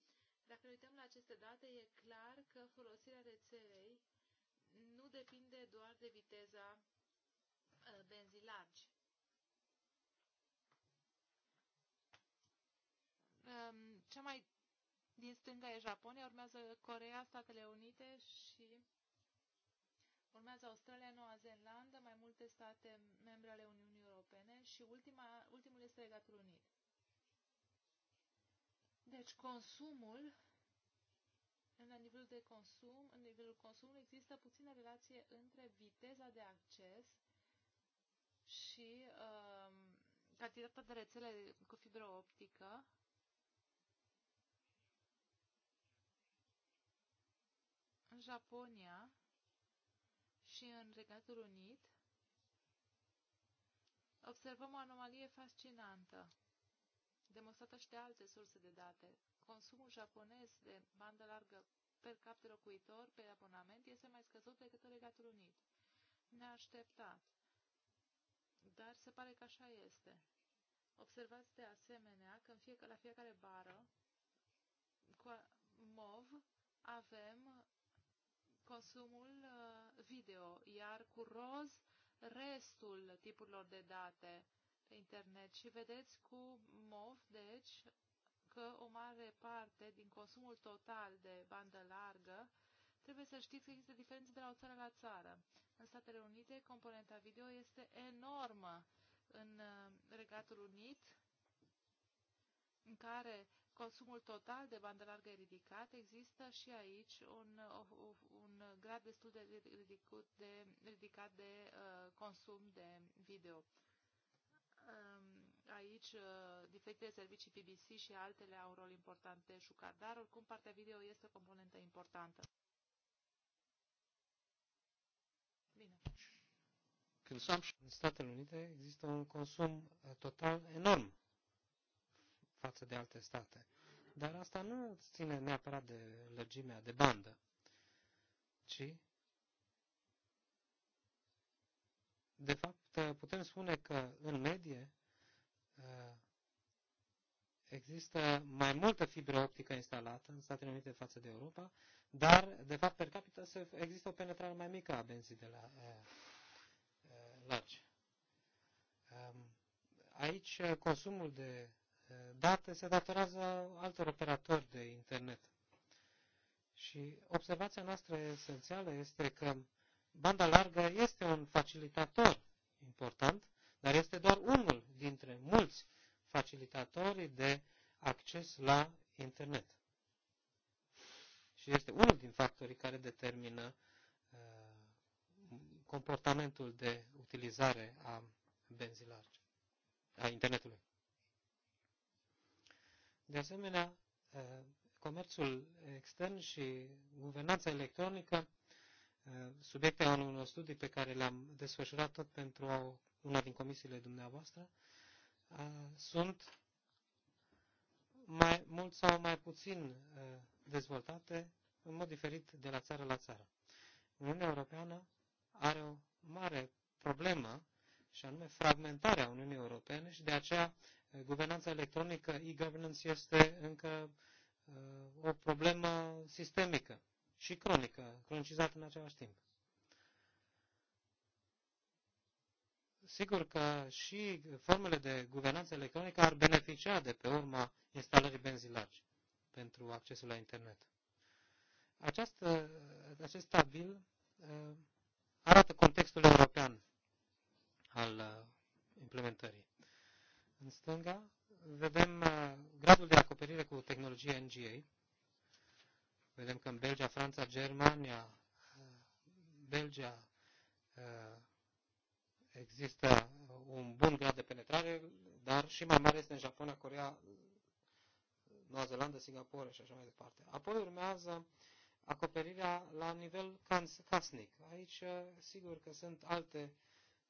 Dacă ne uităm la aceste date, e clar că folosirea rețelei nu depinde doar de viteza uh, benzii largi. Um, cea mai din stânga e Japonia, urmează Corea, Statele Unite și Urmează Australia, Noua Zeelandă, mai multe state membre ale Uniunii Europene și ultima, ultimul este Regatul Unit. Deci consumul, în nivelul de consum, în nivelul consumului există puțină relație între viteza de acces și uh, cantitatea de rețele cu fibră optică, în Japonia, și în Regatul Unit, observăm o anomalie fascinantă, demonstrată și de alte surse de date. Consumul japonez de bandă largă per cap de locuitor pe abonament este mai scăzut decât în Regatul Unit. Ne-a dar se pare că așa este. Observați de asemenea că în fiecare, la fiecare bară cu MOV avem consumul uh, video, iar cu roz restul tipurilor de date pe internet. Și vedeți cu MOV, deci, că o mare parte din consumul total de bandă largă trebuie să știți că există diferențe de la o țară la țară. În Statele Unite, componenta video este enormă. În uh, Regatul Unit, în care consumul total de bandă largă ridicat, există și aici un, un grad destul de, ridicut de ridicat de uh, consum de video. Um, aici uh, diferitele servicii BBC și altele au un rol important de jucat, dar oricum partea video este o componentă importantă. Bine. În Statele Unite există un consum uh, total enorm față de alte state. Dar asta nu ține neapărat de lărgimea de bandă, ci de fapt putem spune că în medie ă, există mai multă fibră optică instalată în Statele Unite față de Europa, dar de fapt per capita există o penetrare mai mică a benzii de la ă, ă, largi. Aici consumul de date se datorează altor operatori de internet. Și observația noastră esențială este că banda largă este un facilitator important, dar este doar unul dintre mulți facilitatori de acces la internet. Și este unul din factorii care determină uh, comportamentul de utilizare a benzii largi, a internetului. De asemenea, eh, comerțul extern și guvernanța electronică, eh, subiecte al unor studii pe care le-am desfășurat tot pentru una din comisiile dumneavoastră, eh, sunt mai mult sau mai puțin dezvoltate în mod diferit de la țară la țară. Uniunea Europeană are o mare problemă și anume fragmentarea Uniunii Europene și de aceea Guvernanța electronică, e-governance, este încă uh, o problemă sistemică și cronică, cronicizată în același timp. Sigur că și formele de guvernanță electronică ar beneficia de pe urma instalării benzii largi pentru accesul la internet. Această, acest tabil uh, arată contextul european al uh, implementării în stânga, vedem uh, gradul de acoperire cu tehnologie NGA. Vedem că în Belgia, Franța, Germania, uh, Belgia uh, există un bun grad de penetrare, dar și mai mare este în Japonia, Corea, Noua Zeelandă, Singapore și așa mai departe. Apoi urmează acoperirea la nivel casnic. Aici, sigur că sunt alte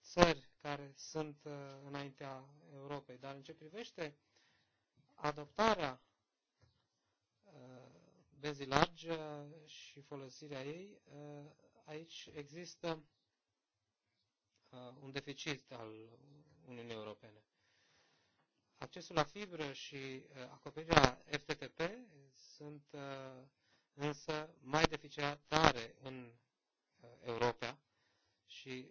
țări care sunt uh, înaintea Europei, dar în ce privește adoptarea bezii uh, largi uh, și folosirea ei, aici există un deficit al Uniunii Europene. Accesul la fibră și acoperirea FTTP sunt însă mai deficitare în Europa și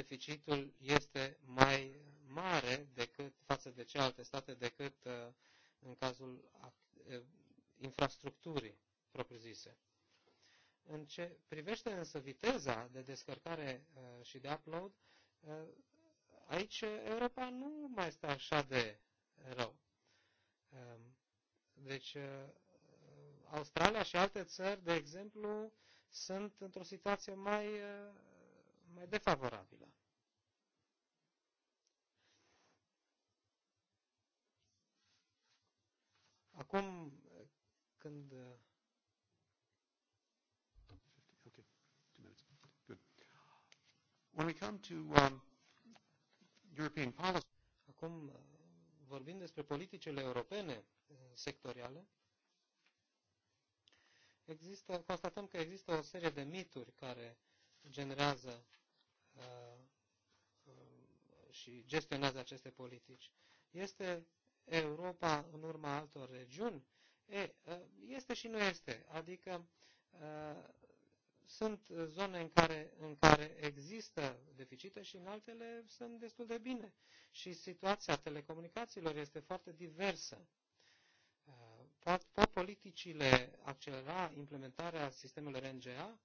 deficitul este mai mare decât față de celelalte state decât uh, în cazul infrastructurii propriu-zise. În ce privește însă viteza de descărcare uh, și de upload, uh, aici Europa nu mai stă așa de rău. Um, deci, Australia și alte țări, de exemplu, sunt într-o situație mai mai defavorabilă. Acum, când uh, When we come to um, European policy, acum uh, vorbim despre politicile europene uh, sectoriale, există, constatăm că există o serie de mituri care generează Uh, și gestionează aceste politici. Este Europa în urma altor regiuni? E, uh, este și nu este. Adică uh, sunt zone în care, în care există deficite și în altele sunt destul de bine. Și situația telecomunicațiilor este foarte diversă. Pot, pot politicile accelera implementarea sistemelor NGA?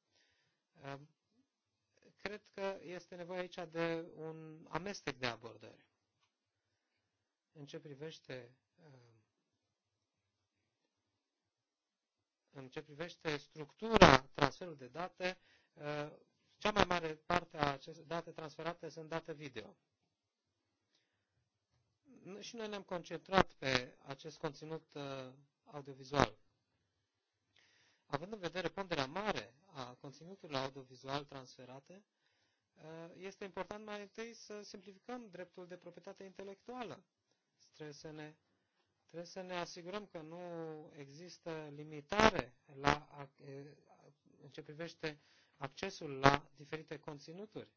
Cred că este nevoie aici de un amestec de abordări. În ce privește uh, în ce privește structura transferului de date, uh, cea mai mare parte a acestor date transferate sunt date video. Și noi ne-am concentrat pe acest conținut uh, audiovizual având în vedere ponderea mare a conținutului audiovizual transferate, eh, este important mai întâi să simplificăm dreptul de proprietate intelectuală. Trebuie să ne, trebuie să ne asigurăm că nu există limitare la, eh, în ce privește accesul la diferite conținuturi.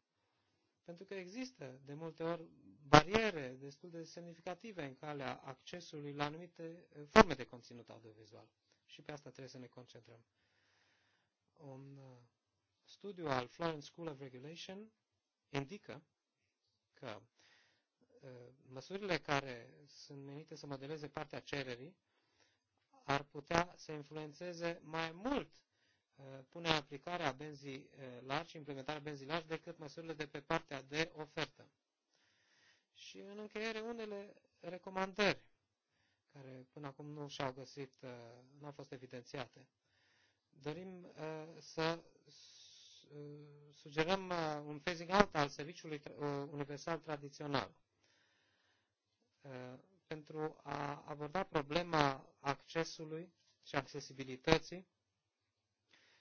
Pentru că există de multe ori bariere destul de semnificative în calea accesului la anumite eh, forme de conținut audiovizual. Și pe asta trebuie să ne concentrăm. Un uh, studiu al Florence School of Regulation indică că uh, măsurile care sunt menite să modeleze partea cererii ar putea să influențeze mai mult uh, punerea aplicarea benzii largi, implementarea benzii largi, decât măsurile de pe partea de ofertă. Și în încheiere unele recomandări care până acum nu și-au găsit, uh, nu au fost evidențiate. Dorim uh, să uh, sugerăm un phasing out al serviciului universal tradițional pentru a aborda problema accesului și accesibilității.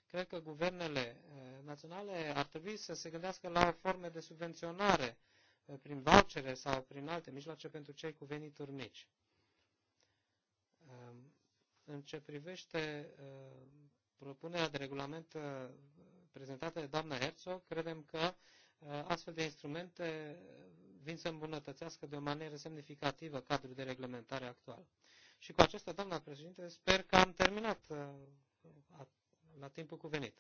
Cred că guvernele naționale ar trebui să se gândească la forme de subvenționare prin vouchere sau prin alte mijloace pentru cei cu venituri mici. În ce privește uh, propunerea de regulament uh, prezentată de doamna Herzog, credem că uh, astfel de instrumente vin să îmbunătățească de o manieră semnificativă cadrul de reglementare actual. Și cu acesta, doamna președinte, sper că am terminat la timpul cuvenit.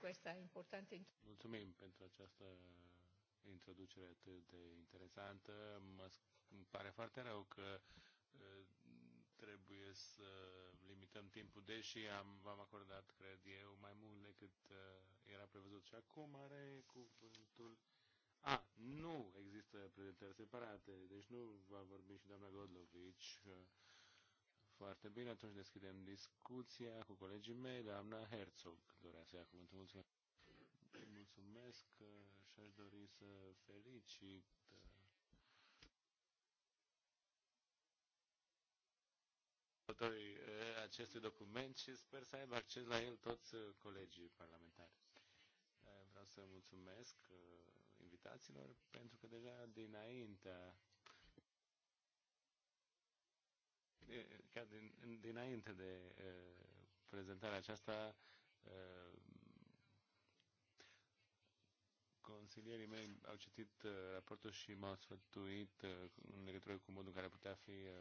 că este important. Mulțumim pentru această introducere atât de interesantă. Mă pare foarte rău că trebuie să limităm timpul, deși am, v-am acordat, cred eu, mai mult decât uh, era prevăzut. Și acum are cuvântul... A, nu există prezentări separate, deci nu va vorbi și doamna Godlovici. Uh, foarte bine, atunci deschidem discuția cu colegii mei. Doamna Herzog dorea să ia cuvântul. Mulțumesc, mulțumesc uh, și aș dori să felicit uh, semnatarii eh, acestui document și sper să aibă acces la el toți eh, colegii parlamentari. Eh, vreau să mulțumesc invitațiilor pentru că deja dinainte, chiar din, dinainte de prezentarea aceasta Consilierii mei au citit uh, raportul și m-au sfătuit uh, în legătură cu modul în care putea fi uh,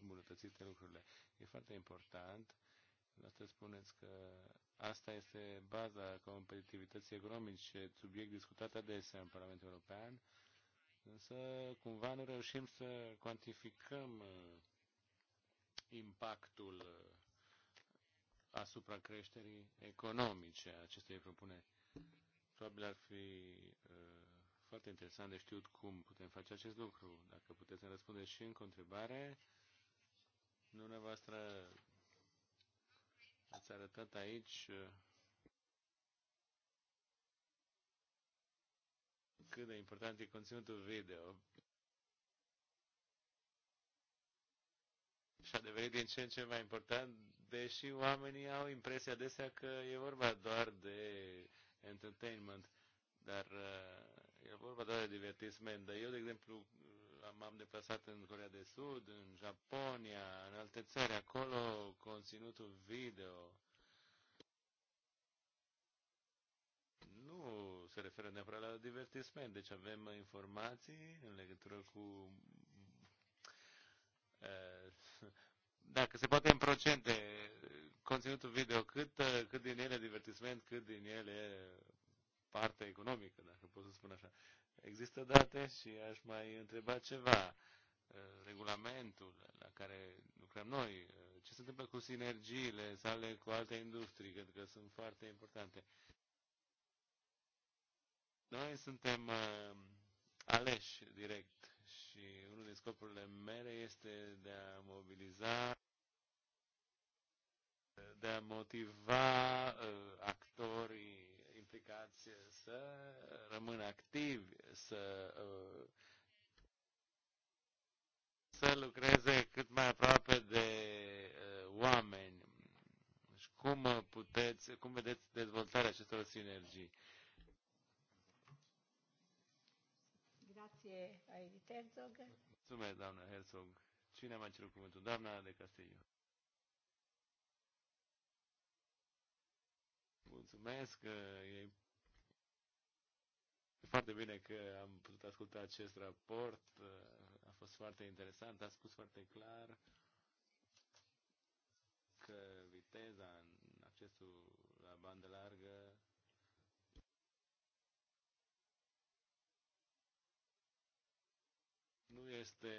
îmbunătățite lucrurile. E foarte important. Asta spuneți că asta este baza competitivității economice, subiect discutat adesea în Parlamentul European, însă cumva nu reușim să cuantificăm impactul asupra creșterii economice a acestei propuneri. Probabil ar fi uh, foarte interesant de știut cum putem face acest lucru. Dacă puteți să răspundeți și în întrebare, dumneavoastră ați arătat aici uh, cât de important e conținutul video. Și a devenit din ce în ce mai important, deși oamenii au impresia adesea că e vorba doar de entertainment, dar uh, e vorba doar de divertisment. Dar eu, de exemplu, uh, m-am deplasat în Corea de Sud, în Japonia, în alte țări, acolo conținutul video nu se referă neapărat la divertisment, deci avem informații în legătură cu uh, dacă se poate în procente, conținutul video, cât, uh, cât din ele divertisment, cât din ele parte economică, dacă pot să spun așa. Există date și aș mai întreba ceva. Uh, regulamentul la care lucrăm noi, uh, ce se întâmplă cu sinergiile sale cu alte industrii, cred că sunt foarte importante. Noi suntem aleși direct și unul din scopurile mele este de a mobiliza de a motiva uh, actorii implicați să rămână activi, să uh, să lucreze cât mai aproape de uh, oameni. și deci cum puteți, cum vedeți dezvoltarea acestor sinergii? Grazie, Herzog. Mulțumesc, doamna Herzog. Cine a mai cerut cuvântul? Doamna de Castillo. mulțumesc. E foarte bine că am putut asculta acest raport. Uh, a fost foarte interesant. A spus foarte clar că viteza în accesul la bandă largă nu este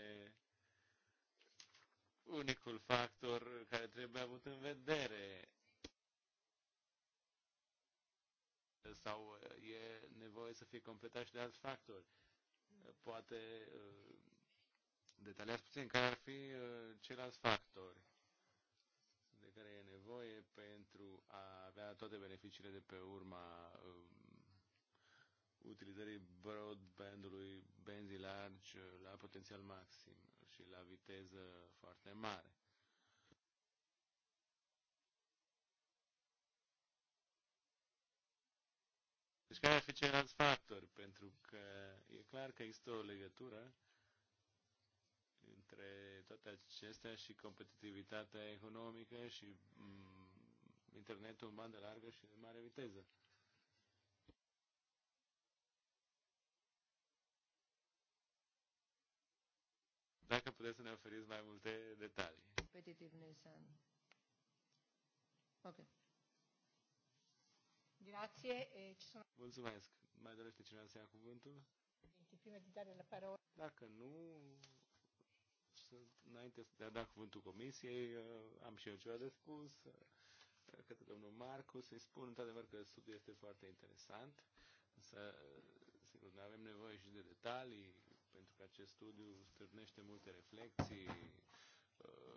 unicul factor care trebuie avut în vedere sau e nevoie să fie completat și de alți factori. Poate uh, detaliați puțin care ar fi uh, ceilalți factori de care e nevoie pentru a avea toate beneficiile de pe urma um, utilizării broadbandului benzii largi la potențial maxim și la viteză foarte mare. și ceilalți factori, pentru că e clar că există o legătură între toate acestea și competitivitatea economică și mm, internetul în bandă largă și de mare viteză. Dacă puteți să ne oferiți mai multe detalii, Grazie. Ci sono... Mulțumesc. Mai dorește cineva să ia cuvântul? Prima de dare la parola. Dacă nu, înainte de a da cuvântul comisiei, uh, am și eu ceva de spus uh, către domnul Marcus. Îi spun într-adevăr că studiul este foarte interesant, însă uh, sigur nu avem nevoie și de detalii, pentru că acest studiu stârnește multe reflexii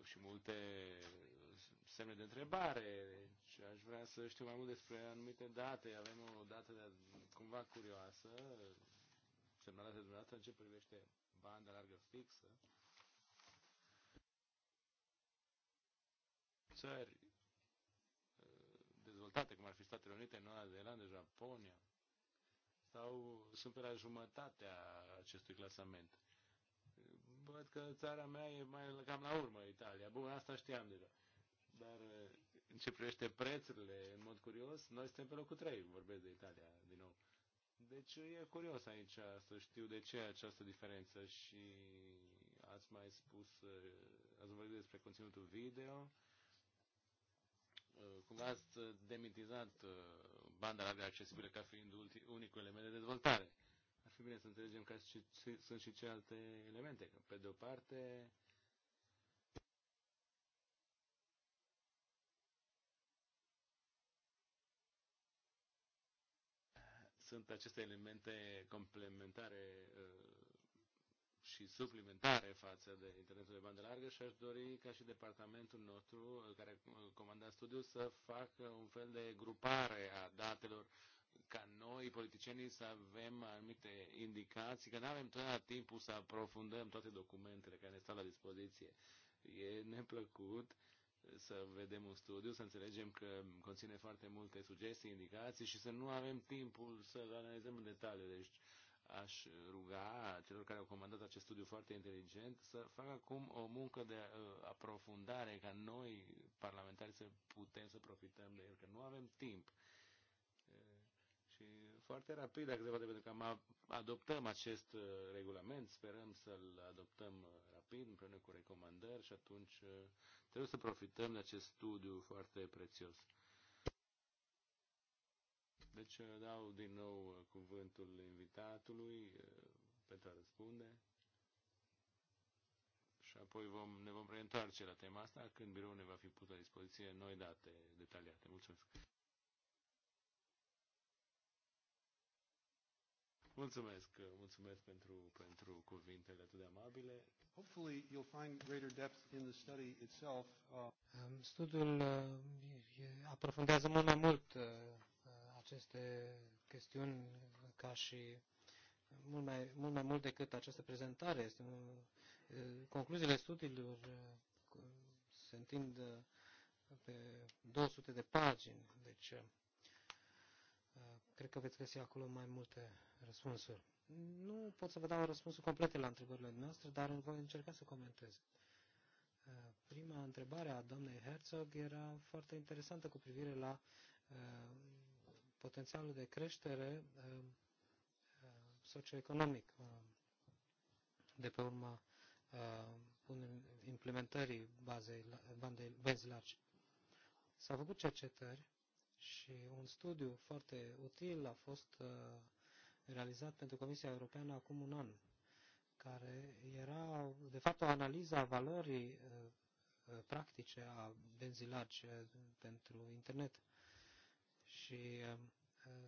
și multe semne de întrebare. Și aș vrea să știu mai mult despre anumite date. Avem o dată de, cumva curioasă, semnalată dumneavoastră, în ce privește banda largă fixă. Țări uh, dezvoltate, cum ar fi Statele Unite, Noua Zeelandă, Japonia, sau sunt pe la jumătatea acestui clasament. Văd că țara mea e mai cam la urmă, Italia. Bun, asta știam deja. Dar uh, în ce privește prețurile, în mod curios, noi suntem pe locul 3, vorbesc de Italia din nou. Deci e curios aici să știu de ce această diferență și ați mai spus, uh, ați vorbit despre conținutul video, uh, cumva ați demitizat banda largă accesibilă ca fiind unicul element de dezvoltare. Ar fi bine să înțelegem că sunt și celelalte elemente. Pe de o parte, sunt aceste elemente complementare uh, și suplimentare față de internetul de bandă largă și aș dori ca și departamentul nostru uh, care uh, comanda studiul să facă un fel de grupare a datelor ca noi, politicienii, să avem anumite indicații, că nu avem tot timpul să aprofundăm toate documentele care ne stau la dispoziție. E neplăcut să vedem un studiu, să înțelegem că conține foarte multe sugestii, indicații și să nu avem timpul să analizăm în detaliu. Deci aș ruga celor care au comandat acest studiu foarte inteligent să facă acum o muncă de uh, aprofundare ca noi, parlamentari, să putem să profităm de el, că nu avem timp. Uh, și foarte rapid, dacă se poate, pentru că am adoptăm acest uh, regulament, sperăm să-l adoptăm rapid împreună cu recomandări și atunci Trebuie să profităm de acest studiu foarte prețios. Deci uh, dau din nou uh, cuvântul invitatului uh, pentru a răspunde și apoi vom, ne vom reîntoarce la tema asta când biroul ne va fi pus la dispoziție noi date detaliate. Mulțumesc! Mulțumesc, mulțumesc pentru, pentru cuvintele atât de amabile. Hopefully you'll find greater depth in the study itself. Uh, studiul uh, aprofundează mult mai mult uh, aceste chestiuni ca și mult mai, mult mai mult decât această prezentare. Este un, concluziile studiilor se întind pe 200 de pagini, deci cred că veți găsi acolo mai multe răspunsuri. Nu pot să vă dau răspunsuri complete la întrebările noastre, dar voi încerca să comentez. Uh, prima întrebare a doamnei Herzog era foarte interesantă cu privire la uh, potențialul de creștere uh, socioeconomic de pe urma implementării bazei, bandei, benzi largi. S-au făcut cercetări și un studiu foarte util a fost realizat pentru Comisia Europeană acum un an, care era, de fapt, o analiză a valorii uh, uh, practice a benzilagi uh, pentru internet. Și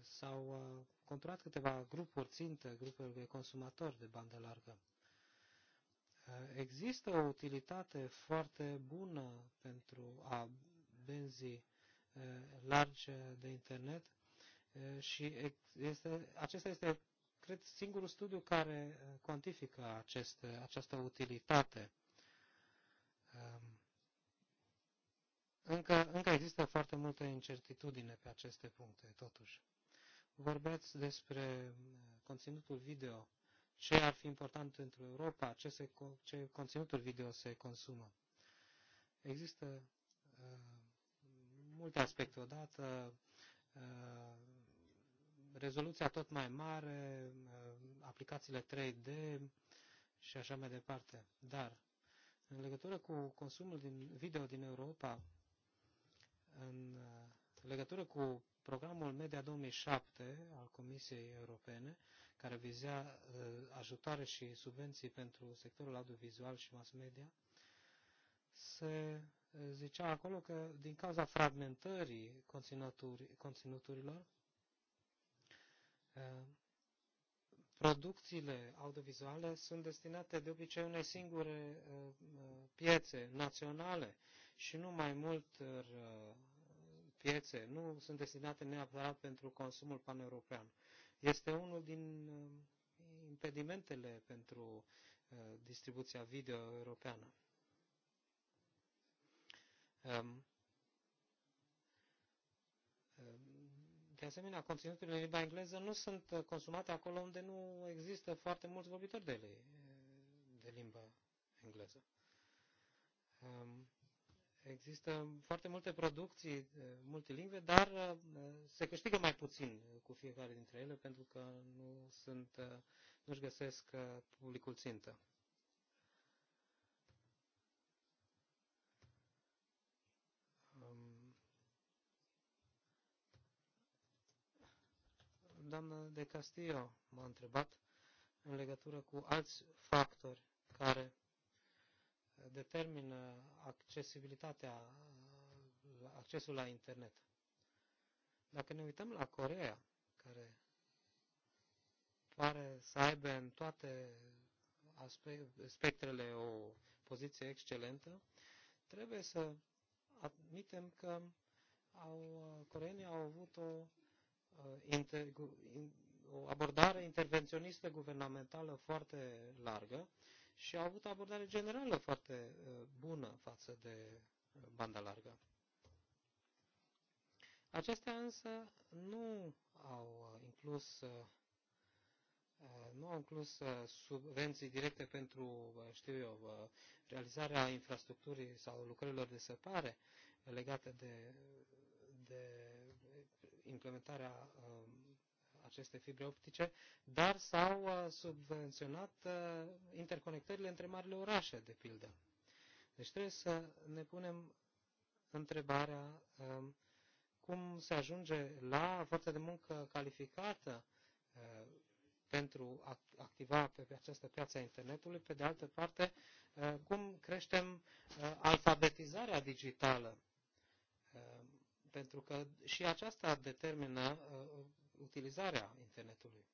s-au conturat câteva grupuri țintă, grupuri de consumatori de bandă largă. Există o utilitate foarte bună pentru a benzii largi de internet și este, acesta este, cred, singurul studiu care cuantifică acest, această utilitate. Ehm, încă, încă există foarte multă incertitudine pe aceste puncte, totuși. Vorbeați despre conținutul video, ce ar fi important pentru Europa, ce, se, ce conținutul video se consumă. Există uh, multe aspecte. Odată uh, rezoluția tot mai mare, uh, aplicațiile 3D și așa mai departe. Dar, în legătură cu consumul din video din Europa, în uh, legătură cu programul Media 2007 al Comisiei Europene, care vizea uh, ajutoare și subvenții pentru sectorul audiovizual și mass media, se zicea acolo că din cauza fragmentării conținuturilor, Ehm, producțiile audiovizuale sunt destinate de obicei unei singure ehm, piețe naționale și nu mai multor ehm, piețe, nu sunt destinate neapărat pentru consumul paneuropean. Este unul din impedimentele pentru distribuția video europeană. De asemenea, conținuturile în limba engleză nu sunt consumate acolo unde nu există foarte mulți vorbitori de, de limba engleză. Există foarte multe producții eh, multilingve, dar eh, se câștigă mai puțin cu fiecare dintre ele pentru că nu sunt, eh, nu-și găsesc publicul țintă. doamna de Castillo m-a întrebat în legătură cu alți factori care determină accesibilitatea, accesul la internet. Dacă ne uităm la Corea, care pare să aibă în toate spectrele o poziție excelentă, trebuie să admitem că au, coreenii au avut o Uh, o abordare intervenționistă guvernamentală foarte largă și a avut o abordare generală foarte uh, bună față de uh, banda largă. Acestea însă nu au inclus nu au inclus subvenții directe pentru, știu eu, realizarea infrastructurii sau lucrărilor de săpare legate de, de implementarea um, acestei fibre optice, dar s-au uh, subvenționat uh, interconectările între marile orașe, de pildă. Deci trebuie să ne punem întrebarea um, cum se ajunge la forța de muncă calificată uh, pentru a activa pe această piață a internetului, pe de altă parte, cum creștem alfabetizarea digitală pentru că și aceasta determină uh, utilizarea internetului.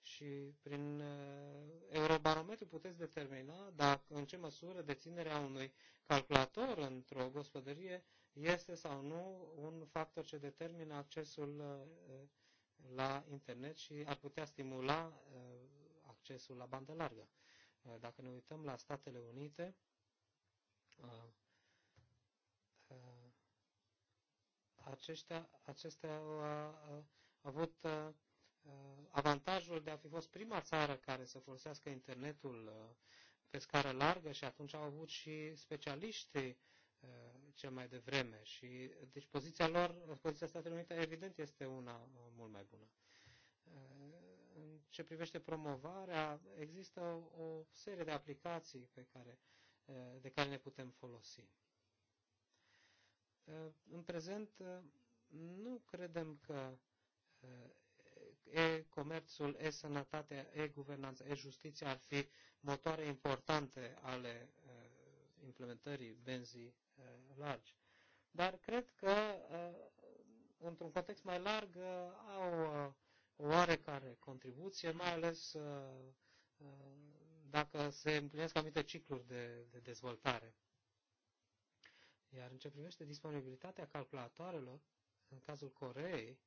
Și prin uh, eurobarometru puteți determina dacă, în ce măsură deținerea unui calculator într-o gospodărie este sau nu un factor ce determină accesul uh, la internet și ar putea stimula accesul la bandă largă. Dacă ne uităm la Statele Unite, aceștia, acestea au, au avut avantajul de a fi fost prima țară care să folosească internetul pe scară largă și atunci au avut și specialiști cel mai devreme și deci poziția lor, poziția Statelor Unite evident este una mult mai bună. În ce privește promovarea, există o, o serie de aplicații pe care, de care ne putem folosi în prezent nu credem că e-comerțul, e-sănătatea, e-guvernanța, e-justiția ar fi motoare importante ale implementării benzii largi. Dar cred că, într-un context mai larg, au o oarecare contribuție, mai ales dacă se împlinesc anumite cicluri de, de dezvoltare. Iar în ce privește disponibilitatea calculatoarelor, în cazul Coreei,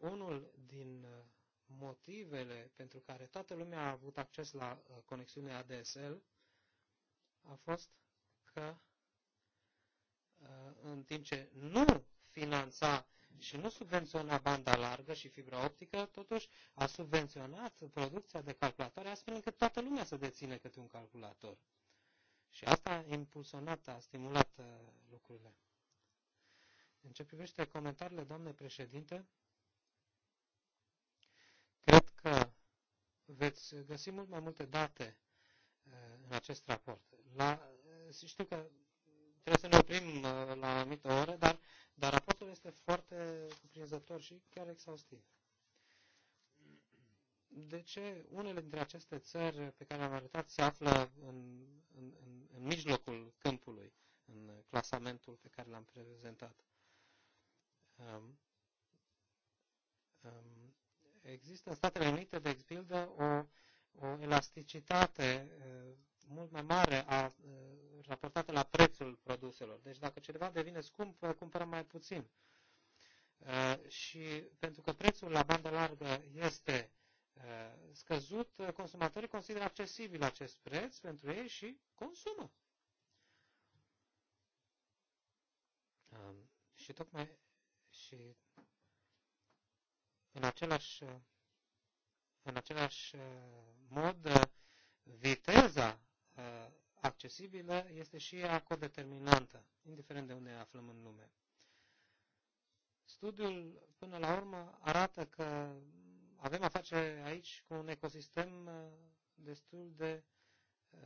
unul din uh, motivele pentru care toată lumea a avut acces la uh, conexiune ADSL a fost că uh, în timp ce nu finanța și nu subvenționa banda largă și fibra optică, totuși a subvenționat producția de calculatoare astfel încât toată lumea să deține câte un calculator. Și asta a impulsionat, a stimulat uh, lucrurile. În ce privește comentariile, doamne președinte, cred că veți găsi mult mai multe date uh, în acest raport. La, uh, știu că trebuie să ne oprim la anumită oră, dar, dar raportul este foarte cuprinzător și chiar exhaustiv de ce unele dintre aceste țări pe care am arătat se află în, în, în, în mijlocul câmpului, în clasamentul pe care l-am prezentat. Um, um, există în Statele Unite, de exemplu, o, o elasticitate uh, mult mai mare a, uh, raportată la prețul produselor. Deci dacă ceva devine scump, uh, cumpărăm mai puțin. Uh, și pentru că prețul la bandă largă este Eh, scăzut, eh, consumatorii consideră accesibil acest preț pentru ei și consumă. Și tocmai și în același, în același eh, mod, viteza accesibilă este și ea codeterminantă, indiferent de unde ne aflăm în lume. Studiul, până la urmă, arată că avem a face aici cu un ecosistem uh, destul de uh,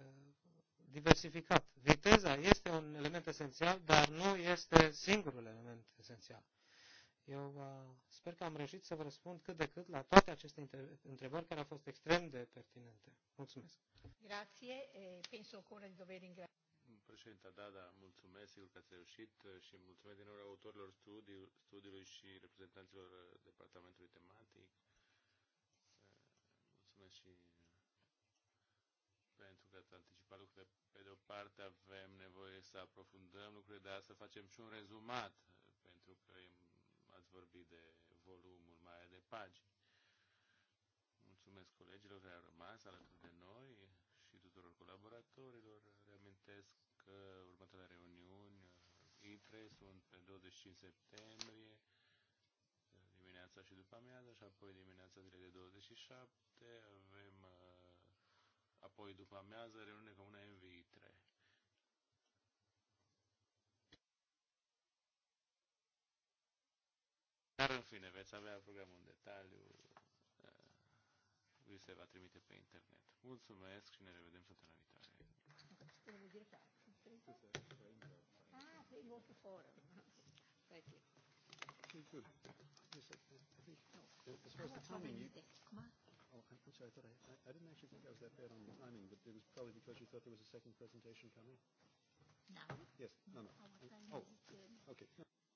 diversificat. Viteza este un element esențial, dar nu este singurul element esențial. Eu uh, sper că am reușit să vă răspund cât de cât la toate aceste întrebări care au fost extrem de pertinente. Mulțumesc! Grazie, penso ancora di dover ringraziare. Președinte, da, da, mulțumesc, sigur că ați reușit și mulțumesc din nou autorilor studiului și reprezentanților departamentului tematic și pentru că ați anticipat lucrurile. Pe de o parte avem nevoie să aprofundăm lucrurile, dar să facem și un rezumat, pentru că ați vorbit de volumul mare de pagini. Mulțumesc colegilor care au rămas alături de noi și tuturor colaboratorilor. Reamintesc că următoarea reuniune ITRE sunt pe 25 septembrie dimineața și după amiază și apoi dimineața zilei de 27 avem uh, apoi după amiază reuniune comună MVI3. Dar în fine, veți avea programul în detaliu, uh, vi se va trimite pe internet. Mulțumesc și ne revedem săptămâna viitoare. Ah, primo forum. Thank you good. You said, uh, no, as far as the timing, you... Oh, I'm, I'm sorry, I thought I, I, I didn't actually think I was that bad on the timing, but it was probably because you thought there was a second presentation coming? No. Yes, no, no. Oh, okay. No.